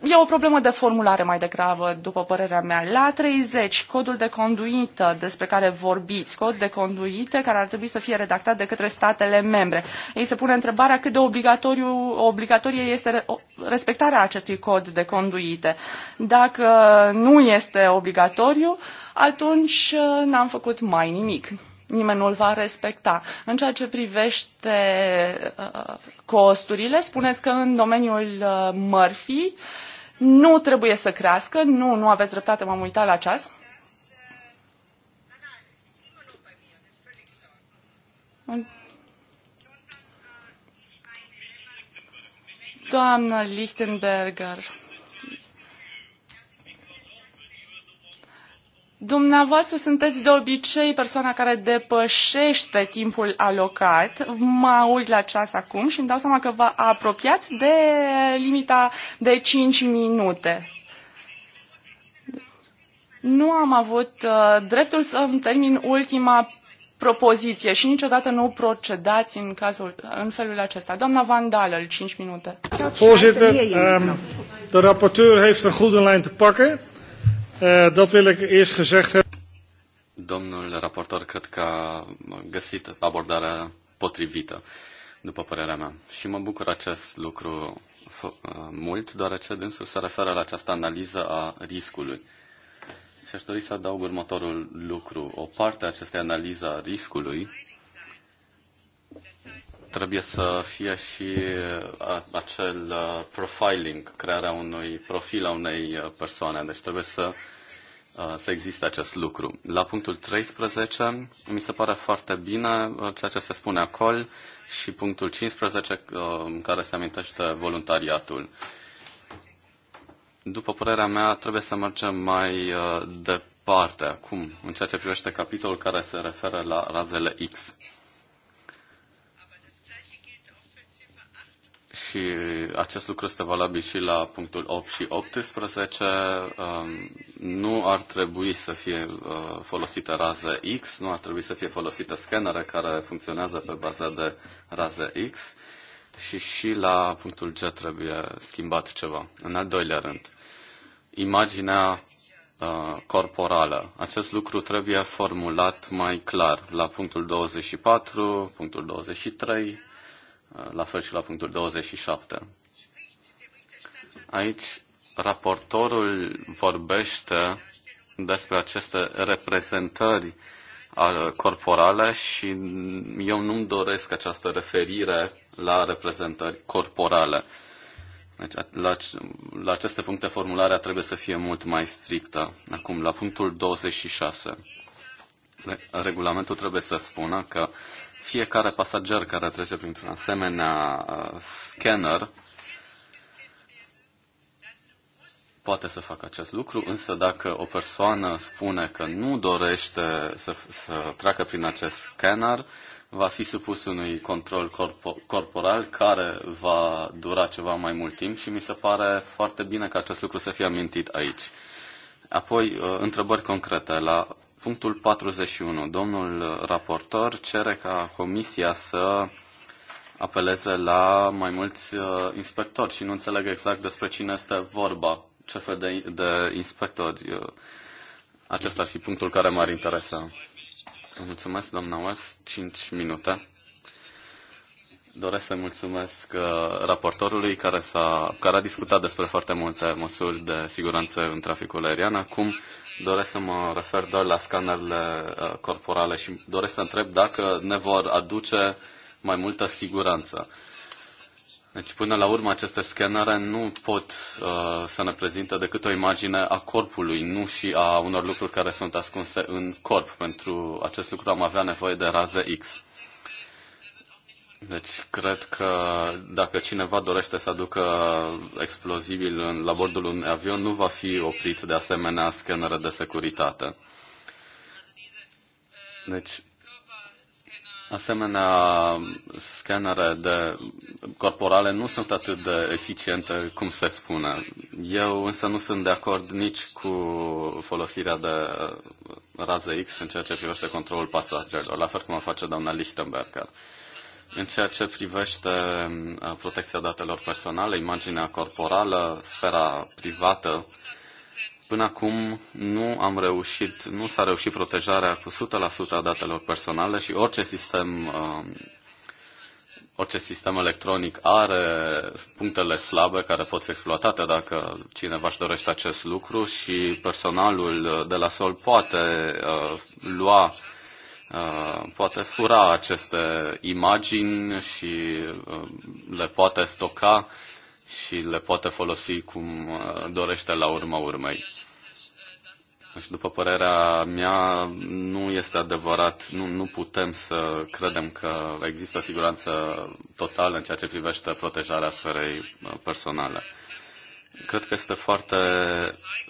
e o problemă de formulare mai degrabă, după părerea mea. La 30, codul de conduită despre care vorbiți, cod de conduită care ar trebui să fie redactat de către statele membre. Ei se pune întrebarea cât de obligatoriu, obligatorie este respectarea acestui cod de conduită. Dacă nu este obligatoriu, atunci uh, n-am făcut mai nimic nimeni nu îl va respecta. În ceea ce privește uh, costurile, spuneți că în domeniul uh, mărfii nu trebuie să crească, nu, nu aveți dreptate, m-am uitat la ceas. Doamnă Lichtenberger, Dumneavoastră sunteți de obicei persoana care depășește timpul alocat. Mă uit la ceas acum și îmi dau seama că vă apropiați de limita de 5 minute. Nu am avut uh, dreptul să îmi termin ultima propoziție și niciodată nu procedați în, cazul, în felul acesta. Doamna Vandală, 5 minute. Voorzitter, de ehm, de rapporteur heeft een goede lijn te pakken. Eh, dat wil ik eerst gezegd hebben. Domnul raportor, cred că a găsit abordarea potrivită, după părerea mea. Și mă bucur acest lucru eh, mult, deoarece dânsul se referă la această analiză a riscului. Și aș dori să adaug următorul lucru. O parte a acestei analize a riscului trebuie să fie și uh, acel uh, profiling, crearea unui profil a unei uh, persoane. Deci trebuie să, să existe acest lucru. La punctul 13, mi se pare foarte bine ceea ce se spune acolo și punctul 15, în care se amintește voluntariatul. După părerea mea, trebuie să mergem mai departe acum, în ceea ce privește capitolul care se referă la razele X. și acest lucru este valabil și la punctul 8 și 18, um, nu ar trebui să fie uh, folosite raze X, nu ar trebui să fie folosite scanere care funcționează pe bază de raze X și și la punctul G trebuie schimbat ceva. În al doilea rând, imaginea uh, corporală. Acest lucru trebuie formulat mai clar la punctul 24, punctul 23, la fel și la punctul 27. Aici raportorul vorbește despre aceste reprezentări corporale și eu nu-mi doresc această referire la reprezentări corporale. Deci, la, la aceste puncte formularea trebuie să fie mult mai strictă. Acum, la punctul 26, regulamentul trebuie să spună că uh, fiecare pasager care trece printr-un asemenea uh, scanner poate să facă acest lucru, însă dacă o persoană spune că nu dorește să, să treacă prin acest scanner, va fi supus unui control corpo- corporal care va dura ceva mai mult timp și mi se pare foarte bine că acest lucru să fie amintit aici. Apoi, uh, întrebări concrete la Punctul 41. Domnul raportor cere ca comisia să apeleze la mai mulți uh, inspectori și nu înțeleg exact despre cine este vorba, ce fel de, de inspectori. Uh, acesta ar fi punctul care m-ar interesa. Mulțumesc, doamna West. 5 minute. Doresc să mulțumesc uh, raportorului care, s-a, care a discutat despre foarte multe măsuri de siguranță în traficul aerian. Acum Doresc să mă refer doar la scanerele uh, corporale și doresc să întreb dacă ne vor aduce mai multă siguranță. Deci, până la urmă, aceste scanere nu pot uh, să ne prezinte decât o imagine a corpului, nu și a unor lucruri care sunt ascunse în corp. Pentru acest lucru am avea nevoie de raze X. Deci, cred că dacă cineva dorește să aducă explozibil în, la bordul unui avion, nu va fi oprit de asemenea scanere de securitate. Deci, asemenea scanere de corporale nu sunt atât de eficiente cum se spune. Eu însă nu sunt de acord nici cu folosirea de raze X în ceea ce privește controlul pasagerilor, la fel cum o face doamna Lichtenberger. În ceea ce privește mm, protecția datelor personale, imaginea corporală, sfera privată, până acum nu am reușit, nu s-a reușit protejarea cu 100% a datelor personale și orice sistem mm, orice sistem electronic are punctele slabe care pot fi exploatate dacă cineva își dorește acest lucru și personalul de la sol poate mm, lua Uh, poate fura aceste imagini și uh, le poate stoca și le poate folosi cum uh, dorește la urma urmei. Și deci, după părerea mea, nu este adevărat, nu, nu putem să credem că există siguranță totală în ceea ce privește protejarea sferei personale. Cred că este foarte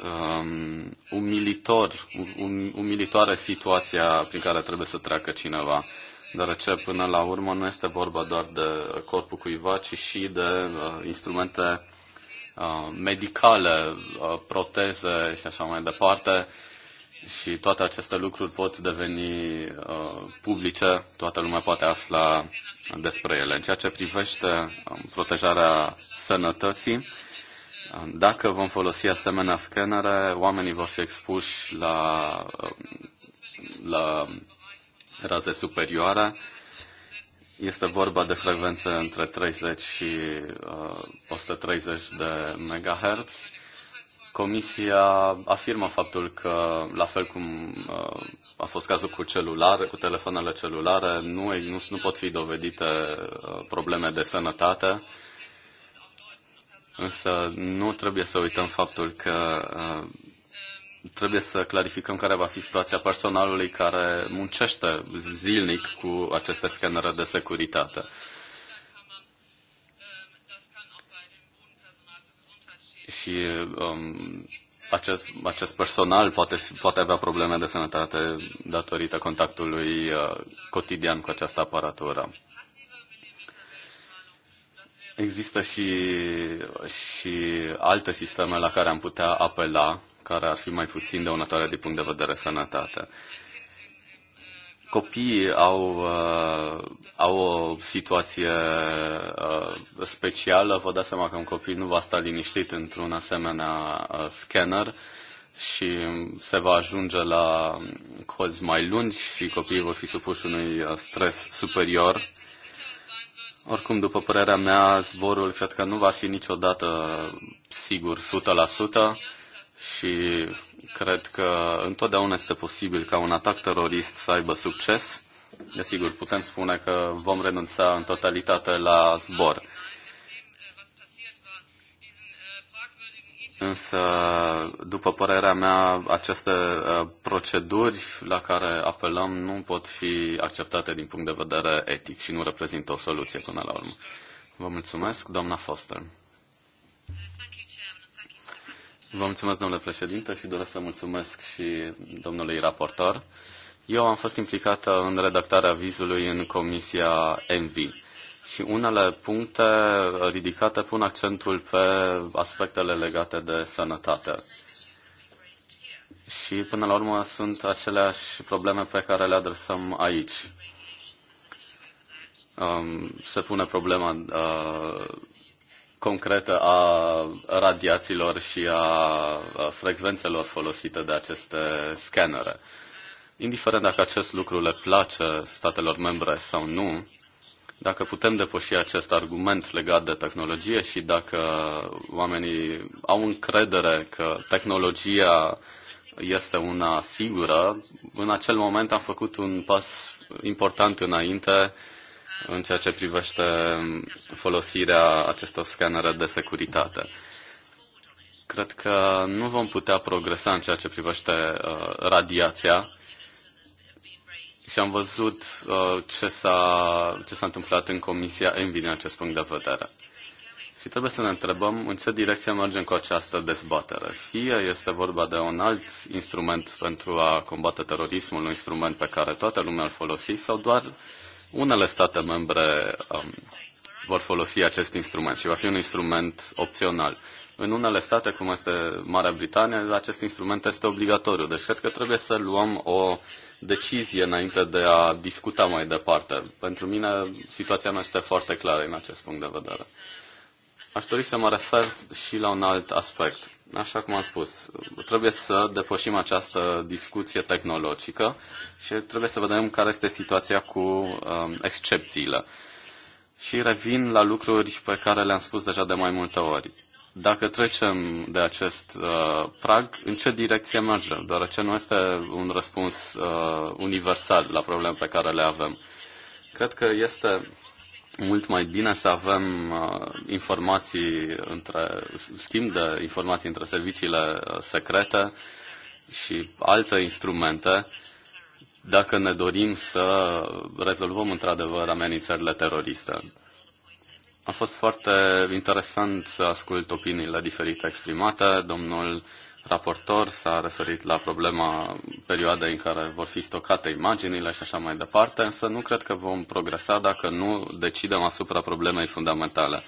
um, umilitor, um, umilitoare situația prin care trebuie să treacă cineva, deoarece până la urmă nu este vorba doar de corpul cuiva, ci și de uh, instrumente uh, medicale, uh, proteze și așa mai departe. Și toate aceste lucruri pot deveni uh, publice, toată lumea poate afla despre ele. În ceea ce privește um, protejarea sănătății, dacă vom folosi asemenea scanere, oamenii vor fi expuși la, la raze superioare. Este vorba de frecvențe între 30 și 130 uh, de MHz. Comisia afirmă faptul că, la fel cum uh, a fost cazul cu celulare, cu telefoanele celulare, nu, nu, nu pot fi dovedite uh, probleme de sănătate. Însă nu trebuie să uităm faptul că uh, trebuie să clarificăm care va fi situația personalului care muncește zilnic cu aceste scanere de securitate. Și um, acest, acest personal poate, fi, poate avea probleme de sănătate datorită contactului uh, cotidian cu această aparatură. Există și, și alte sisteme la care am putea apela, care ar fi mai puțin dăunătoare din punct de vedere sănătate. Copiii au, uh, au o situație uh, specială. Vă dați seama că un copil nu va sta liniștit într-un asemenea uh, scanner și se va ajunge la cozi mai lungi și copiii vor fi supuși unui uh, stres superior oricum, după părerea mea, zborul cred că nu va fi niciodată sigur 100% și cred că întotdeauna este posibil ca un atac terorist să aibă succes. Desigur, putem spune că vom renunța în totalitate la zbor. Însă, după părerea mea, aceste uh, proceduri la care apelăm nu pot fi acceptate din punct de vedere etic și nu reprezintă o soluție până la urmă. Vă mulțumesc, doamna Foster. Vă mulțumesc, domnule președinte, și doresc să mulțumesc și domnului raportor. Eu am fost implicată în redactarea vizului în Comisia ENVI și unele puncte ridicate pun accentul pe aspectele legate de sănătate. Și până la urmă sunt aceleași probleme pe care le adresăm aici. Um, se pune problema uh, concretă a radiațiilor și a frecvențelor folosite de aceste scanere. Indiferent dacă acest lucru le place statelor membre sau nu, dacă putem depăși acest argument legat de tehnologie și dacă oamenii au încredere că tehnologia este una sigură, în acel moment am făcut un pas important înainte în ceea ce privește folosirea acestor scanere de securitate. Cred că nu vom putea progresa în ceea ce privește uh, radiația și am văzut uh, ce, s-a, ce s-a întâmplat în Comisia Envi din acest punct de vedere. Și trebuie să ne întrebăm în ce direcție mergem cu această dezbatere. Fie este vorba de un alt instrument pentru a combate terorismul, un instrument pe care toată lumea îl folosi, sau doar unele state membre um, vor folosi acest instrument și va fi un instrument opțional. În unele state, cum este Marea Britanie, acest instrument este obligatoriu. Deci cred că trebuie să luăm o decizie înainte de a discuta mai departe. Pentru mine situația nu este foarte clară în acest punct de vedere. Aș dori să mă refer și la un alt aspect. Așa cum am spus, trebuie să depășim această discuție tehnologică și trebuie să vedem care este situația cu um, excepțiile. Și revin la lucruri pe care le-am spus deja de mai multe ori. Dacă trecem de acest uh, prag, în ce direcție mergem? Deoarece nu este un răspuns uh, universal la problemele pe care le avem. Cred că este mult mai bine să avem uh, informații între, schimb de informații între serviciile uh, secrete și alte instrumente dacă ne dorim să rezolvăm într-adevăr amenințările teroriste. A fost foarte interesant să ascult opiniile diferite exprimate. Domnul raportor s-a referit la problema perioadei în care vor fi stocate imaginile și așa mai departe, însă nu cred că vom progresa dacă nu decidem asupra problemei fundamentale.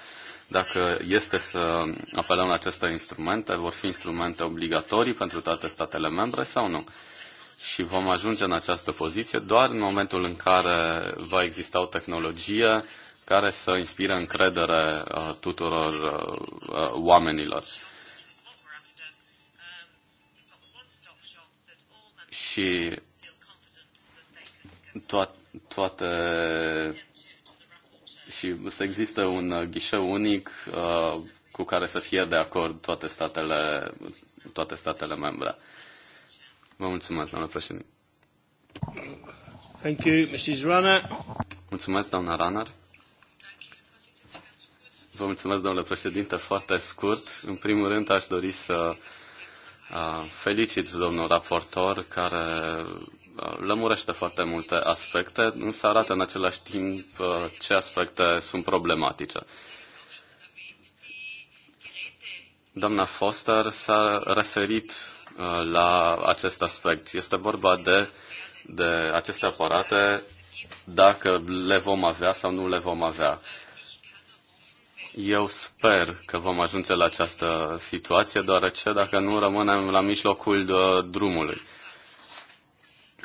Dacă este să apelăm la aceste instrumente, vor fi instrumente obligatorii pentru toate statele membre sau nu? Și vom ajunge în această poziție doar în momentul în care va exista o tehnologie care să inspire încredere uh, tuturor uh, uh, oamenilor. Și to- toate și să existe un ghișeu unic uh, cu care să fie de acord toate statele, toate statele membre. Vă mulțumesc, doamnă președinte. Thank you, Mrs. Runner. Mulțumesc, doamnă Runner. Vă mulțumesc, domnule președinte, foarte scurt. În primul rând, aș dori să felicit domnul raportor care lămurește foarte multe aspecte, însă arată în același timp ce aspecte sunt problematice. Doamna Foster s-a referit la acest aspect. Este vorba de, de aceste aparate, dacă le vom avea sau nu le vom avea. Eu sper că vom ajunge la această situație, deoarece dacă nu rămânem la mijlocul uh, drumului.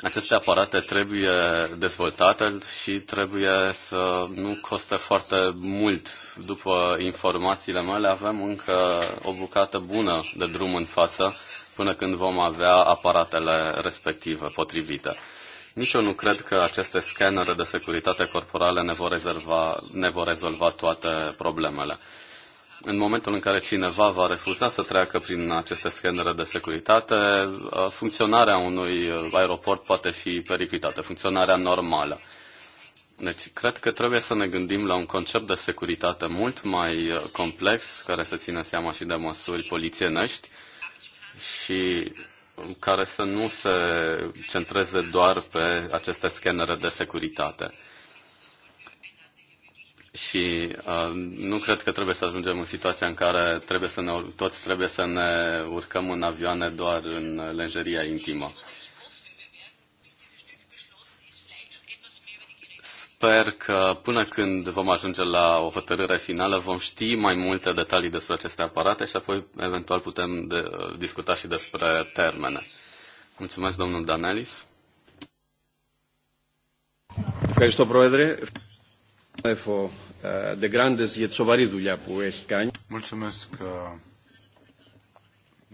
Aceste aparate trebuie dezvoltate și trebuie să nu coste foarte mult. După informațiile mele, avem încă o bucată bună de drum în față până când vom avea aparatele respective potrivite. Nici eu nu cred că aceste scanere de securitate corporală ne vor, rezerva, ne vor rezolva toate problemele. În momentul în care cineva va refuza să treacă prin aceste scanere de securitate, ă, funcționarea unui aeroport poate fi periclitată, funcționarea normală. Deci, cred că trebuie să ne gândim la un concept de securitate mult mai complex, care să țină seama și de măsuri polițienești și care să nu se centreze doar pe aceste scanere de securitate. Și uh, nu cred că trebuie să ajungem în situația în care trebuie să ne, toți trebuie să ne urcăm în avioane doar în lenjeria intimă. Uh, Sper că până când vom ajunge la o hotărâre finală vom ști mai multe detalii despre aceste aparate și apoi eventual putem de, discuta și despre termene. Mulțumesc, domnul Danelis. De Mulțumesc,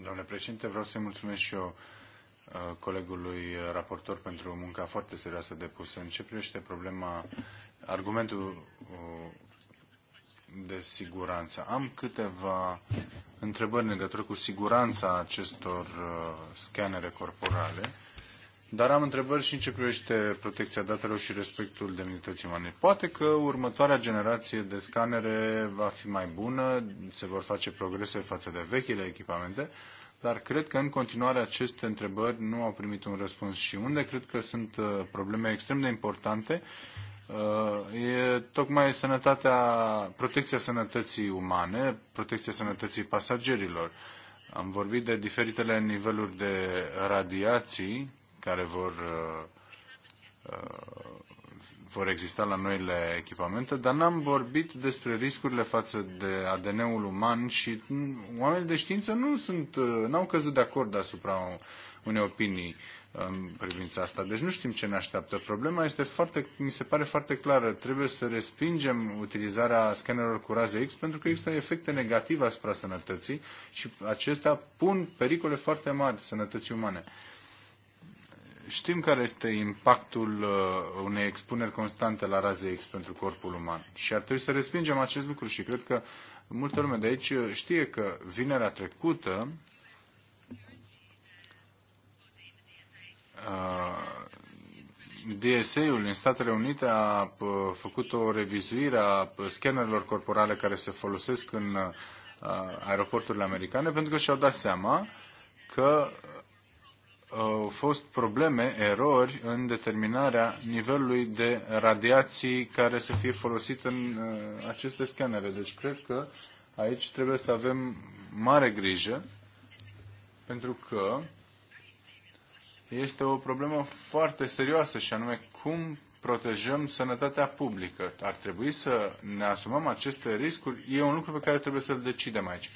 domnule președinte. Vreau să-i mulțumesc și eu colegului raportor pentru munca foarte serioasă depusă. În ce privește problema, argumentul de siguranță. Am câteva întrebări în legătură cu siguranța acestor scanere corporale, dar am întrebări și în ce privește protecția datelor și respectul demnității umane. Poate că următoarea generație de scanere va fi mai bună, se vor face progrese față de vechile echipamente, dar cred că în continuare aceste întrebări nu au primit un răspuns și unde cred că sunt uh, probleme extrem de importante uh, e tocmai sănătatea, protecția sănătății umane, protecția sănătății pasagerilor. Am vorbit de diferitele niveluri de radiații care vor uh, vor exista la noile echipamente, dar n-am vorbit despre riscurile față de ADN-ul uman și oamenii de știință nu sunt, n-au căzut de acord asupra unei opinii um, în privința asta. Deci nu știm ce ne așteaptă. Problema este foarte, mi se pare foarte clară. Trebuie să respingem utilizarea scanerelor cu raze X pentru că există efecte negative asupra sănătății și acestea pun pericole foarte mari sănătății umane. Știm care este impactul uh, unei expuneri constante la raze X pentru corpul uman și ar trebui să respingem acest lucru și cred că multă lume de aici uh, știe că vinerea trecută uh, DSA-ul în Statele Unite a făcut o revizuire a scanerelor corporale care se folosesc în aeroporturile americane pentru că și-au dat seama că au fost probleme, erori în determinarea nivelului de radiații care să fie folosit în uh, aceste scanere. Deci cred că aici trebuie să avem mare grijă pentru că este o problemă foarte serioasă și anume cum protejăm sănătatea publică. Ar trebui să ne asumăm aceste riscuri. E un lucru pe care trebuie să-l decidem aici.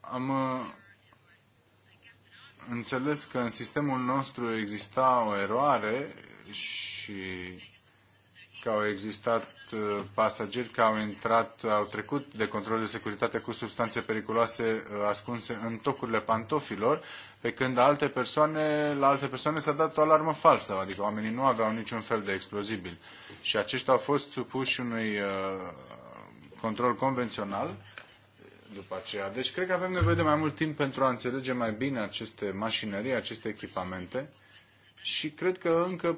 Am uh, înțeles că în sistemul nostru exista o eroare și că au existat uh, pasageri care au intrat, au trecut de control de securitate cu substanțe periculoase uh, ascunse în tocurile pantofilor, pe când alte persoane, la alte persoane s-a dat o alarmă falsă, adică oamenii nu aveau niciun fel de explozibil. Și aceștia au fost supuși unui uh, control convențional după aceea. Deci cred că avem nevoie de mai mult timp pentru a înțelege mai bine aceste mașinării, aceste echipamente și cred că încă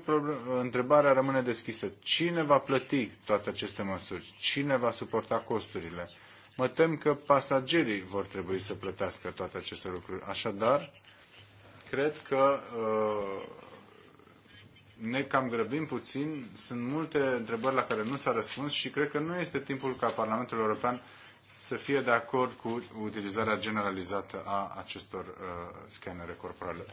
întrebarea rămâne deschisă. Cine va plăti toate aceste măsuri? Cine va suporta costurile? Mă tem că pasagerii vor trebui să plătească toate aceste lucruri. Așadar, cred că uh, ne cam grăbim puțin, sunt multe întrebări la care nu s-a răspuns și cred că nu este timpul ca Parlamentul European să fie de acord cu utilizarea generalizată a acestor uh, scanere corporale.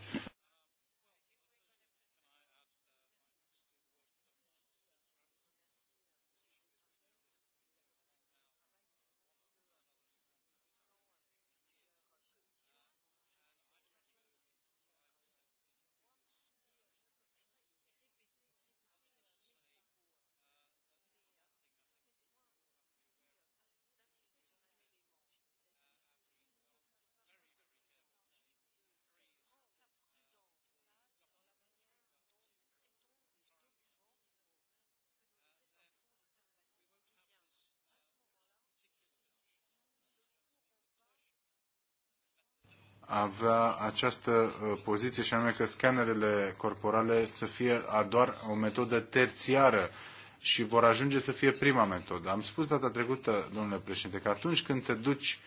avea această uh, poziție și anume că scanerele corporale să fie doar o metodă terțiară și vor ajunge să fie prima metodă. Am spus data trecută, domnule președinte, că atunci când te duci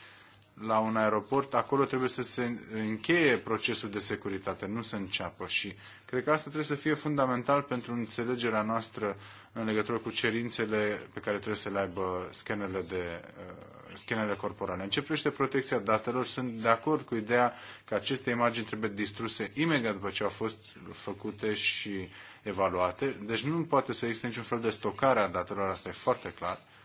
la un aeroport, acolo trebuie să se încheie procesul de securitate, nu să înceapă. Și cred că asta trebuie să fie fundamental pentru înțelegerea noastră în legătură cu cerințele pe care trebuie să le aibă scanerele, de, uh, scanerele corporale. În ce privește protecția datelor, sunt de acord cu ideea că aceste imagini trebuie distruse imediat după ce au fost făcute și evaluate. Deci nu poate să existe niciun fel de stocare a datelor, asta e foarte clar. Uh,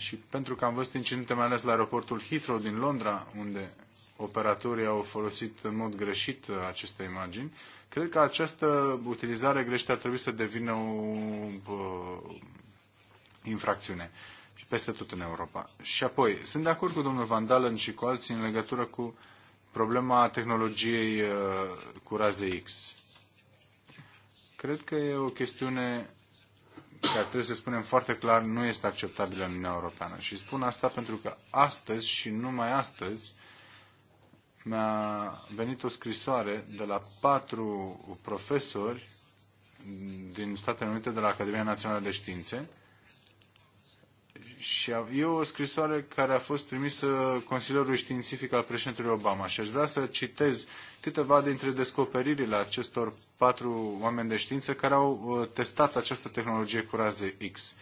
și pentru că am văzut incidente mai ales la aeroportul Heathrow din Londra, unde operatorii au folosit în mod greșit aceste imagini, cred că această utilizare greșită ar trebui să devină o uh, infracțiune și peste tot în Europa. Și apoi, sunt de acord cu domnul Van Dalen și cu alții în legătură cu problema tehnologiei uh, cu raze X. Cred că e o chestiune care trebuie să spunem foarte clar nu este acceptabilă în Uniunea Europeană. Și spun asta pentru că astăzi și numai astăzi mi-a venit o scrisoare de la patru profesori din Statele Unite de la Academia Națională de Științe și e o scrisoare care a fost trimisă Consiliului Științific al președintelui Obama și aș vrea să citez câteva dintre descoperirile acestor patru oameni de știință care au uh, testat această tehnologie cu raze X.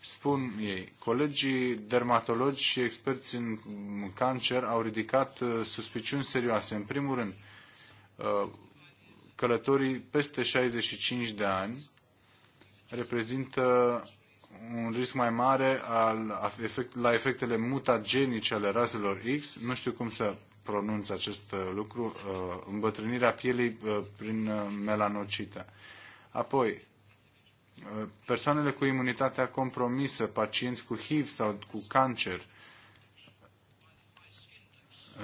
Spun ei, colegii dermatologi și experți în cancer au ridicat uh, suspiciuni serioase. În primul rând, uh, călătorii peste 65 de ani reprezintă un risc mai mare al efect, la efectele mutagenice ale razelor X. Nu știu cum să pronunț acest uh, lucru, uh, îmbătrânirea pielii uh, prin melanocită. Apoi, persoanele cu imunitatea compromisă, pacienți cu HIV sau cu cancer,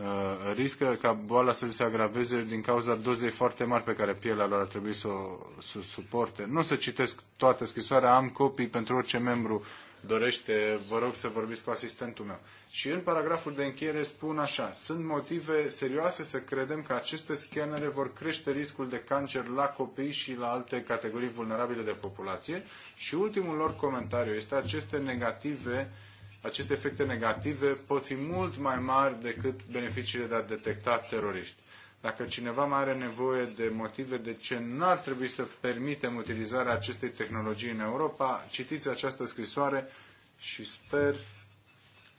Uh, riscă ca boala să se agraveze din cauza dozei foarte mari pe care pielea lor ar trebui să o să suporte. Nu o să citesc toată scrisoarea, am copii pentru orice membru dorește, vă rog să vorbiți cu asistentul meu. Și în paragraful de încheiere spun așa, sunt motive serioase să credem că aceste scanere vor crește riscul de cancer la copii și la alte categorii vulnerabile de populație. Și ultimul lor comentariu este aceste negative uh, aceste efecte negative pot fi mult mai mari decât beneficiile de a detecta teroriști. Dacă cineva mai are nevoie de motive de ce n-ar trebui să permitem utilizarea acestei tehnologii în Europa, citiți această scrisoare și sper,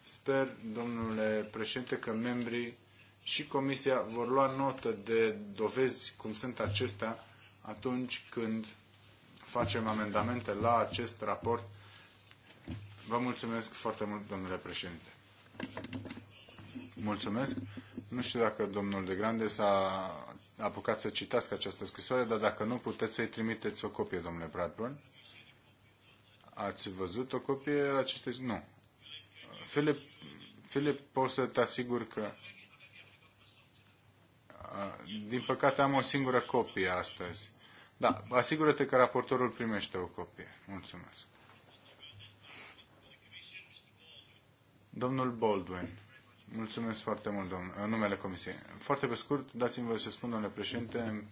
sper, domnule președinte, că membrii și Comisia vor lua notă de dovezi cum sunt acestea atunci când facem amendamente la acest raport Vă mulțumesc foarte mult, domnule președinte. Mulțumesc. Nu știu dacă domnul de Grande s-a apucat să citească această scrisoare, dar dacă nu, puteți să-i trimiteți o copie, domnule Bradburn. Ați văzut o copie acestei? Nu. Filip, Filip, pot să te asigur că... Din păcate am o singură copie astăzi. Da, asigură-te că raportorul primește o copie. Mulțumesc. Domnul Baldwin. Mulțumesc foarte mult, domn, în numele Comisiei. Foarte pe scurt, dați-mi voi să spun, domnule președinte,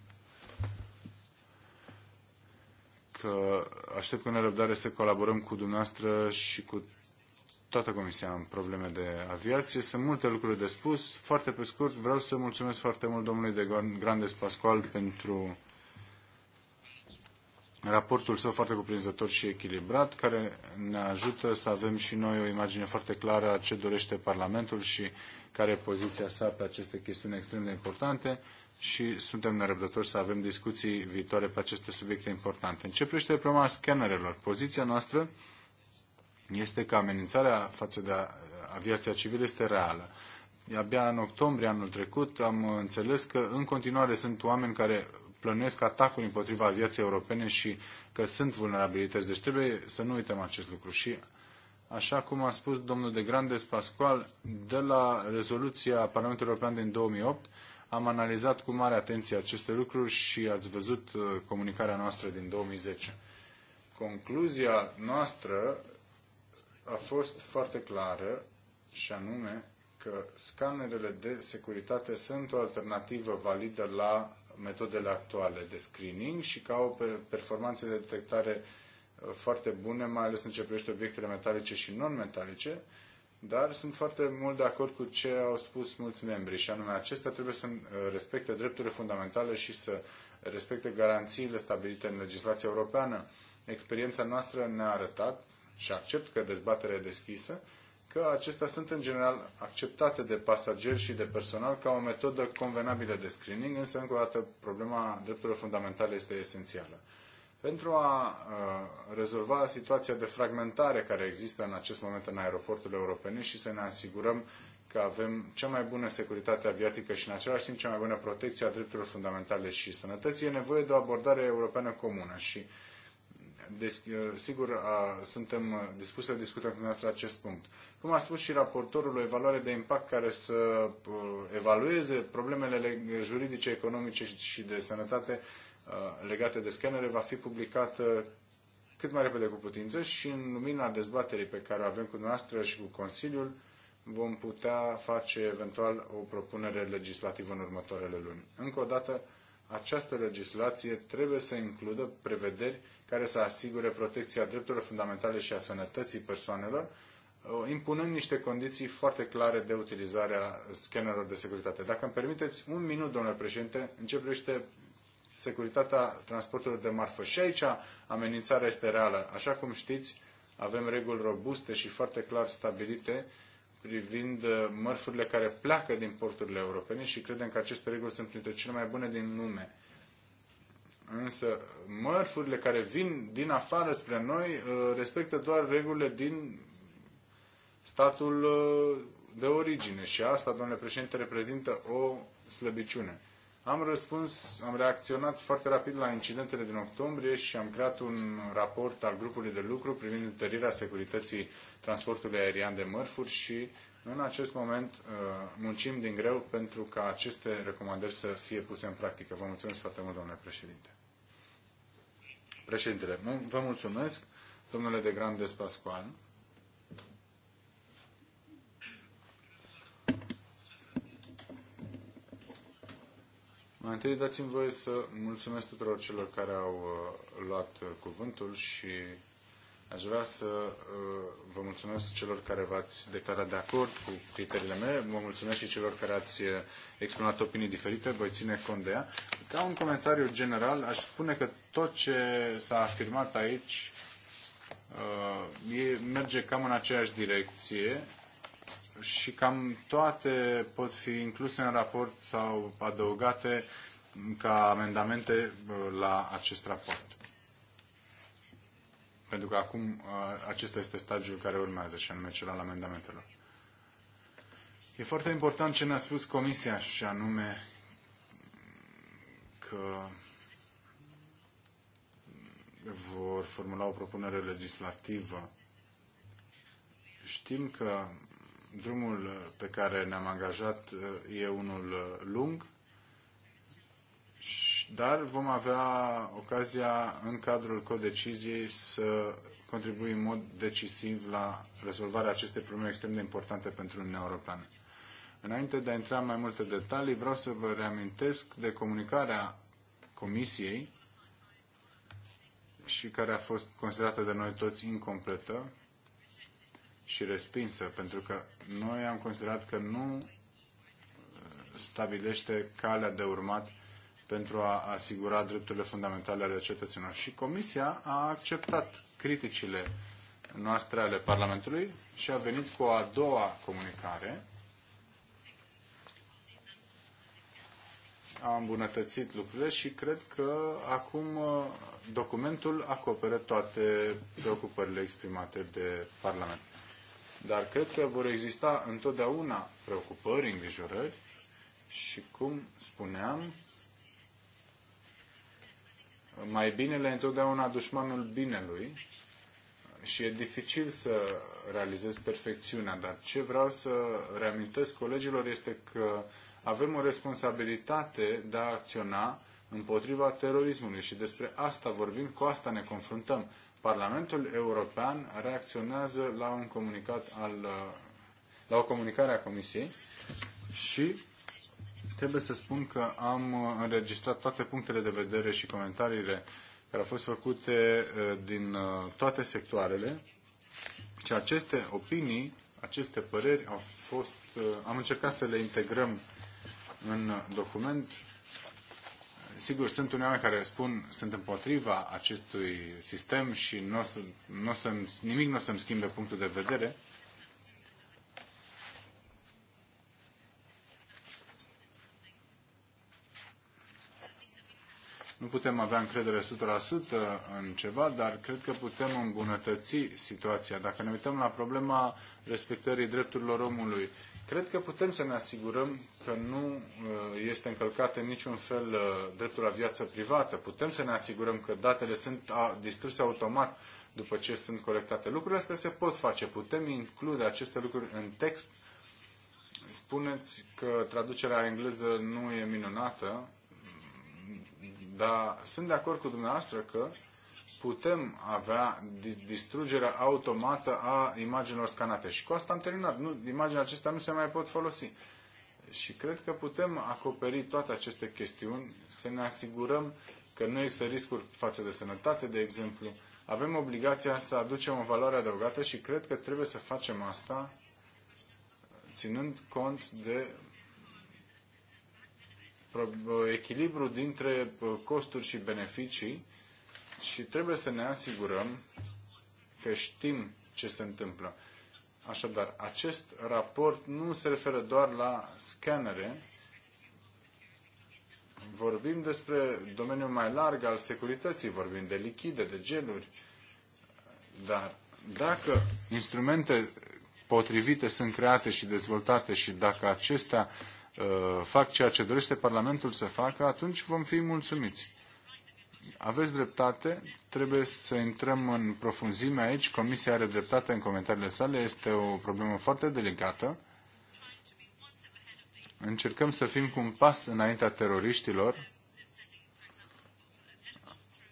că aștept cu nerăbdare să colaborăm cu dumneavoastră și cu toată Comisia în probleme de aviație. Sunt multe lucruri de spus. Foarte pe scurt, vreau să mulțumesc foarte mult domnului de Grandes Pascual pentru raportul său foarte cuprinzător și echilibrat, care ne ajută să avem și noi o imagine foarte clară a ce dorește Parlamentul și care e poziția sa pe aceste chestiuni extrem de importante și suntem nerăbdători să avem discuții viitoare pe aceste subiecte importante. În ce privește problema scannerelor, poziția noastră este că amenințarea față de aviația civilă este reală. Abia în octombrie anul trecut am înțeles că în continuare sunt oameni care plănuiesc atacuri împotriva aviației europene și că sunt vulnerabilități. Deci trebuie să nu uităm acest lucru. Și așa cum a spus domnul de Grandes Pascual, de la rezoluția Parlamentului European din 2008, am analizat cu mare atenție aceste lucruri și ați văzut uh, comunicarea noastră din 2010. Concluzia noastră a fost foarte clară și anume că scanerele de securitate sunt o alternativă validă la metodele actuale de screening și că au performanțe de detectare uh, foarte bune, mai ales în ce privește obiectele metalice și non-metalice, dar sunt foarte mult de acord cu ce au spus mulți membri, și anume acestea trebuie să uh, respecte drepturile fundamentale și să respecte garanțiile stabilite în legislația europeană. Experiența noastră ne-a arătat, și accept că dezbaterea e deschisă, că acestea sunt în general acceptate de pasageri și de personal ca o metodă convenabilă de screening, însă încă o dată problema drepturilor fundamentale este esențială. Pentru a uh, rezolva situația de fragmentare care există în acest moment în aeroporturile europene și să ne asigurăm că avem cea mai bună securitate aviatică și în același timp cea mai bună protecție a drepturilor fundamentale și sănătății, e nevoie de o abordare europeană comună și Uh, sigur, uh, suntem uh, dispuși să discutăm cu dumneavoastră acest punct. Cum a spus și raportorul, o evaluare de impact care să evalueze problemele juridice, economice și de sănătate legate de scanere va fi publicată cât mai repede cu putință și în lumina dezbaterii pe care o avem cu dumneavoastră și cu Consiliul, vom putea face eventual o propunere legislativă în următoarele luni. Încă o dată, această legislație trebuie să includă prevederi care să asigure protecția drepturilor fundamentale și a sănătății persoanelor, impunând niște condiții foarte clare de utilizare a scannerilor de securitate. Dacă îmi permiteți un minut, domnule președinte, începește securitatea transporturilor de marfă. Și aici amenințarea este reală. Așa cum știți, avem reguli robuste și foarte clar stabilite privind uh, mărfurile care pleacă din porturile europene și credem că aceste reguli sunt printre cele mai bune din lume. Însă mărfurile care vin din afară spre noi uh, respectă doar regulile din statul uh, de origine și asta, domnule președinte, reprezintă o slăbiciune. Am răspuns, am reacționat foarte rapid la incidentele din octombrie și am creat un raport al grupului de lucru privind întărirea securității transportului aerian de mărfuri și în acest moment uh, muncim din greu pentru ca aceste recomandări să fie puse în practică. Vă mulțumesc foarte mult, domnule președinte. Președintele, vă mulțumesc, domnule de Grandes Spascual. Mai întâi dați-mi voie să mulțumesc tuturor celor care au uh, luat uh, cuvântul și aș vrea să uh, vă mulțumesc celor care v-ați declarat de acord cu criteriile mele, vă mulțumesc și celor care ați exprimat opinii diferite, voi ține cont de ea. Ca un comentariu general, aș spune că tot ce s-a afirmat aici merge cam în aceeași direcție și cam toate pot fi incluse în raport sau adăugate ca amendamente uh, la acest raport. Pentru că acum uh, acesta este stadiul care urmează și anume cel al amendamentelor. E foarte important ce ne-a spus Comisia și anume că vor formula o propunere legislativă. Știm că Drumul uh, pe care ne-am angajat uh, e unul uh, lung, dar vom avea ocazia în cadrul codeciziei să contribuim în mod decisiv la rezolvarea acestei probleme extrem de importante pentru Uniunea Europeană. Înainte de a intra în mai multe detalii, vreau să vă reamintesc de comunicarea Comisiei și care a fost considerată de noi toți incompletă și respinsă, pentru că noi am considerat că nu uh, stabilește calea de urmat pentru a asigura drepturile fundamentale ale cetățenilor. Și Comisia a acceptat criticile noastre ale Parlamentului și a venit cu a doua comunicare. A îmbunătățit lucrurile și cred că acum uh, documentul acoperă toate preocupările exprimate de Parlament. Dar cred că vor exista întotdeauna preocupări, îngrijorări și, cum spuneam, mai binele e întotdeauna dușmanul binelui și e dificil să realizez perfecțiunea, dar ce vreau să reamintesc colegilor este că avem o responsabilitate de a acționa împotriva terorismului și despre asta vorbim, cu asta ne confruntăm. Parlamentul European reacționează la un comunicat al, uh, la o comunicare a Comisiei și trebuie să spun că am uh, înregistrat toate punctele de vedere și comentariile care au fost făcute uh, din toate sectoarele și aceste opinii, aceste păreri au fost, am încercat să le integrăm în document Sigur, sunt unii oameni care spun sunt împotriva acestui sistem și n -o să, n -o să nimic nu o să-mi schimbe punctul de vedere. Nu putem avea încredere 100% în ceva, dar cred că putem îmbunătăți situația. Dacă ne uităm la problema respectării drepturilor omului, Cred că putem să ne asigurăm că nu uh, este încălcat în niciun fel uh, dreptul la viață privată. Putem să ne asigurăm că datele sunt distruse automat după ce sunt colectate. Lucrurile astea se pot face. Putem include aceste lucruri în text. Spuneți că traducerea engleză nu e minunată, dar sunt de acord cu dumneavoastră că putem avea distrugerea automată a imaginilor scanate. Și cu asta am terminat. Nu, imaginile acestea nu se mai pot folosi. Și cred că putem acoperi toate aceste chestiuni, să ne asigurăm că nu există riscuri față de sănătate, de exemplu. Avem obligația să aducem o valoare adăugată și cred că trebuie să facem asta ținând cont de echilibru dintre costuri și beneficii și trebuie să ne asigurăm că știm ce se întâmplă. Așadar, acest raport nu se referă doar la scanere. Vorbim despre domeniul mai larg al securității, vorbim de lichide, de geluri. Dar dacă instrumente potrivite sunt create și dezvoltate și dacă acestea uh, fac ceea ce dorește Parlamentul să facă, atunci vom fi mulțumiți. Aveți dreptate, trebuie să intrăm în profunzime aici. Comisia are dreptate în comentariile sale, este o problemă foarte delicată. Încercăm să fim cu un pas înaintea teroriștilor,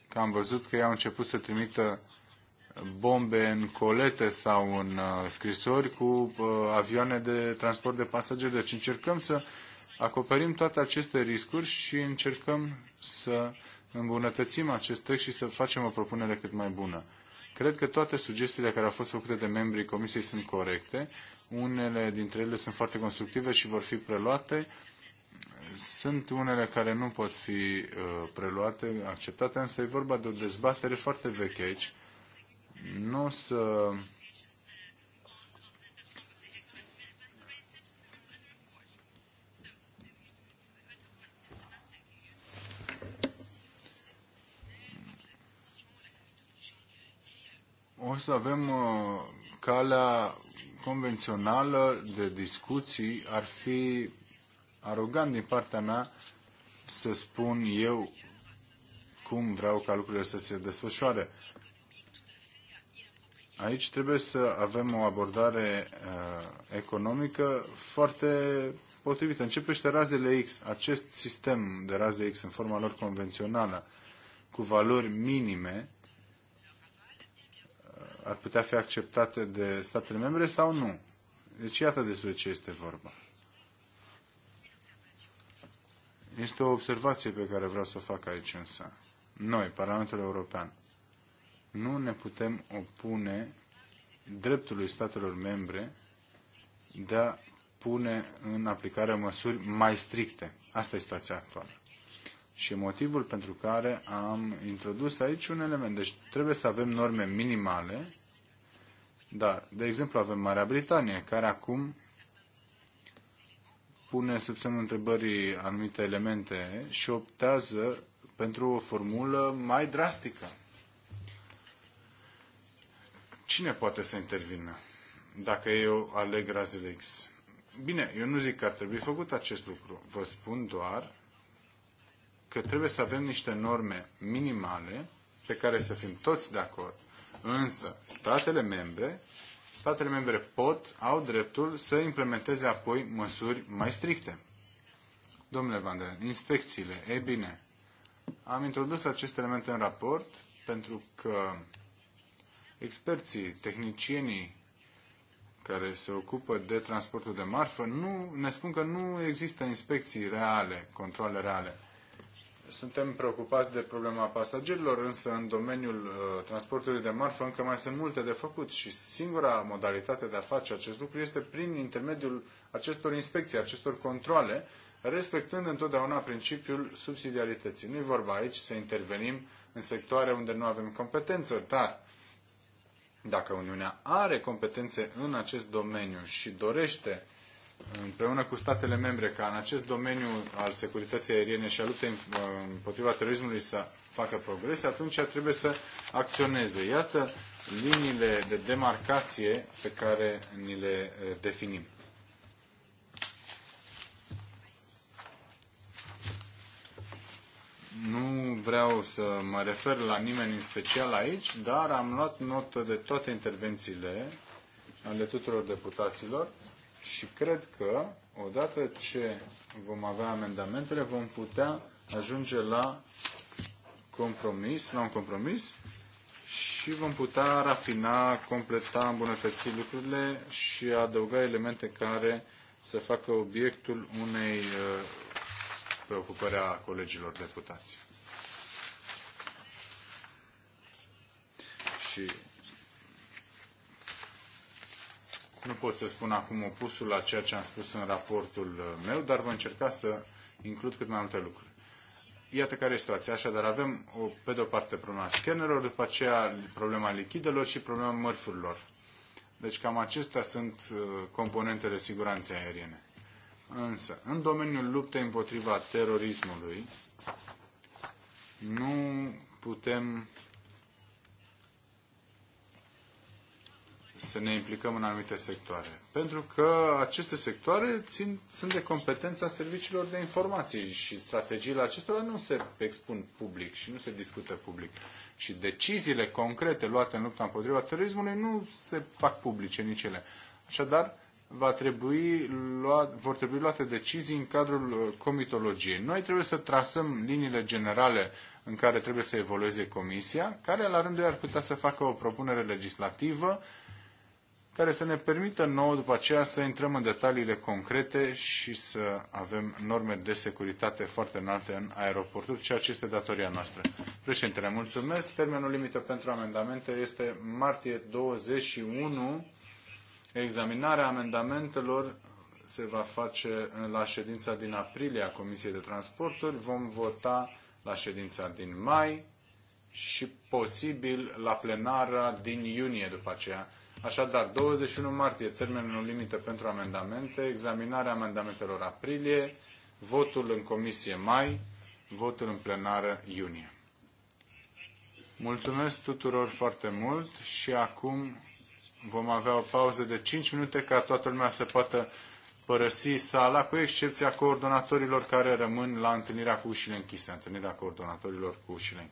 că am văzut că ei au început să trimită bombe în colete sau în uh, scrisori cu uh, avioane de transport de pasageri. Deci încercăm să acoperim toate aceste riscuri și încercăm să îmbunătățim acest text și să facem o propunere cât mai bună. Cred că toate sugestiile care au fost făcute de membrii Comisiei sunt corecte. Unele dintre ele sunt foarte constructive și vor fi preluate. Sunt unele care nu pot fi uh, preluate, acceptate, însă e vorba de o dezbatere foarte veche aici. Nu o să o să avem uh, calea convențională de discuții. Ar fi arogant din partea mea să spun eu cum vreau ca lucrurile să se desfășoare. Aici trebuie să avem o abordare uh, economică foarte potrivită. Începește razele X, acest sistem de raze X în forma lor convențională, cu valori minime, ar putea fi acceptate de statele membre sau nu. Deci iată despre ce este vorba. Este o observație pe care vreau să o fac aici însă. Noi, Parlamentul European, nu ne putem opune dreptului statelor membre de a pune în aplicare măsuri mai stricte. Asta e situația actuală și motivul pentru care am introdus aici un element. Deci trebuie să avem norme minimale, dar, de exemplu, avem Marea Britanie, care acum pune sub semnul întrebării anumite elemente și optează pentru o formulă mai drastică. Cine poate să intervină dacă eu aleg razele X? Bine, eu nu zic că ar trebui făcut acest lucru. Vă spun doar că trebuie să avem niște norme minimale pe care să fim toți de acord. Însă, statele membre, statele membre pot, au dreptul să implementeze apoi măsuri mai stricte. Domnule Vandelen, inspecțiile, e bine, am introdus acest element în raport pentru că experții, tehnicienii care se ocupă de transportul de marfă nu, ne spun că nu există inspecții reale, controle reale. Suntem preocupați de problema pasagerilor, însă în domeniul uh, transportului de marfă încă mai sunt multe de făcut și singura modalitate de a face acest lucru este prin intermediul acestor inspecții, acestor controle, respectând întotdeauna principiul subsidiarității. Nu-i vorba aici să intervenim în sectoare unde nu avem competență, dar dacă Uniunea are competențe în acest domeniu și dorește împreună cu statele membre ca în acest domeniu al securității aeriene și a luptei împotriva terorismului să facă progrese, atunci trebuie să acționeze. Iată liniile de demarcație pe care ni le definim. Nu vreau să mă refer la nimeni în special aici, dar am luat notă de toate intervențiile ale tuturor deputaților și cred că, odată ce vom avea amendamentele, vom putea ajunge la compromis, la un compromis și vom putea rafina, completa, îmbunătăți lucrurile și adăuga elemente care să facă obiectul unei uh, preocupări a colegilor deputați. Și Nu pot să spun acum opusul la ceea ce am spus în raportul uh, meu, dar voi încerca să includ cât mai multe lucruri. Iată care e situația. Așadar, avem, o, pe de o parte, problema scannerilor, după aceea problema lichidelor și problema mărfurilor. Deci cam acestea sunt uh, componentele siguranței aeriene. Însă, în domeniul luptei împotriva terorismului, nu putem să ne implicăm în anumite sectoare. Pentru că aceste sectoare țin, sunt de competența serviciilor de informații și strategiile acestora nu se expun public și nu se discută public. Și deciziile concrete luate în lupta împotriva terorismului nu se fac publice nici ele. Așadar, va trebui lua, vor trebui luate decizii în cadrul uh, comitologiei. Noi trebuie să trasăm liniile generale în care trebuie să evolueze comisia, care la rândul ei ar putea să facă o propunere legislativă care să ne permită nouă după aceea să intrăm în detaliile concrete și să avem norme de securitate foarte înalte în aeroporturi, ceea ce este datoria noastră. Președintele, mulțumesc. Termenul limită pentru amendamente este martie 21. Examinarea amendamentelor se va face la ședința din aprilie a Comisiei de Transporturi. Vom vota la ședința din mai și posibil la plenara din iunie după aceea. Așadar, 21 martie, termenul limită pentru amendamente, examinarea amendamentelor aprilie, votul în comisie mai, votul în plenară iunie. Mulțumesc tuturor foarte mult și acum vom avea o pauză de 5 minute ca toată lumea să poată părăsi sala, cu excepția coordonatorilor care rămân la întâlnirea cu ușile închise, întâlnirea coordonatorilor cu ușile închise.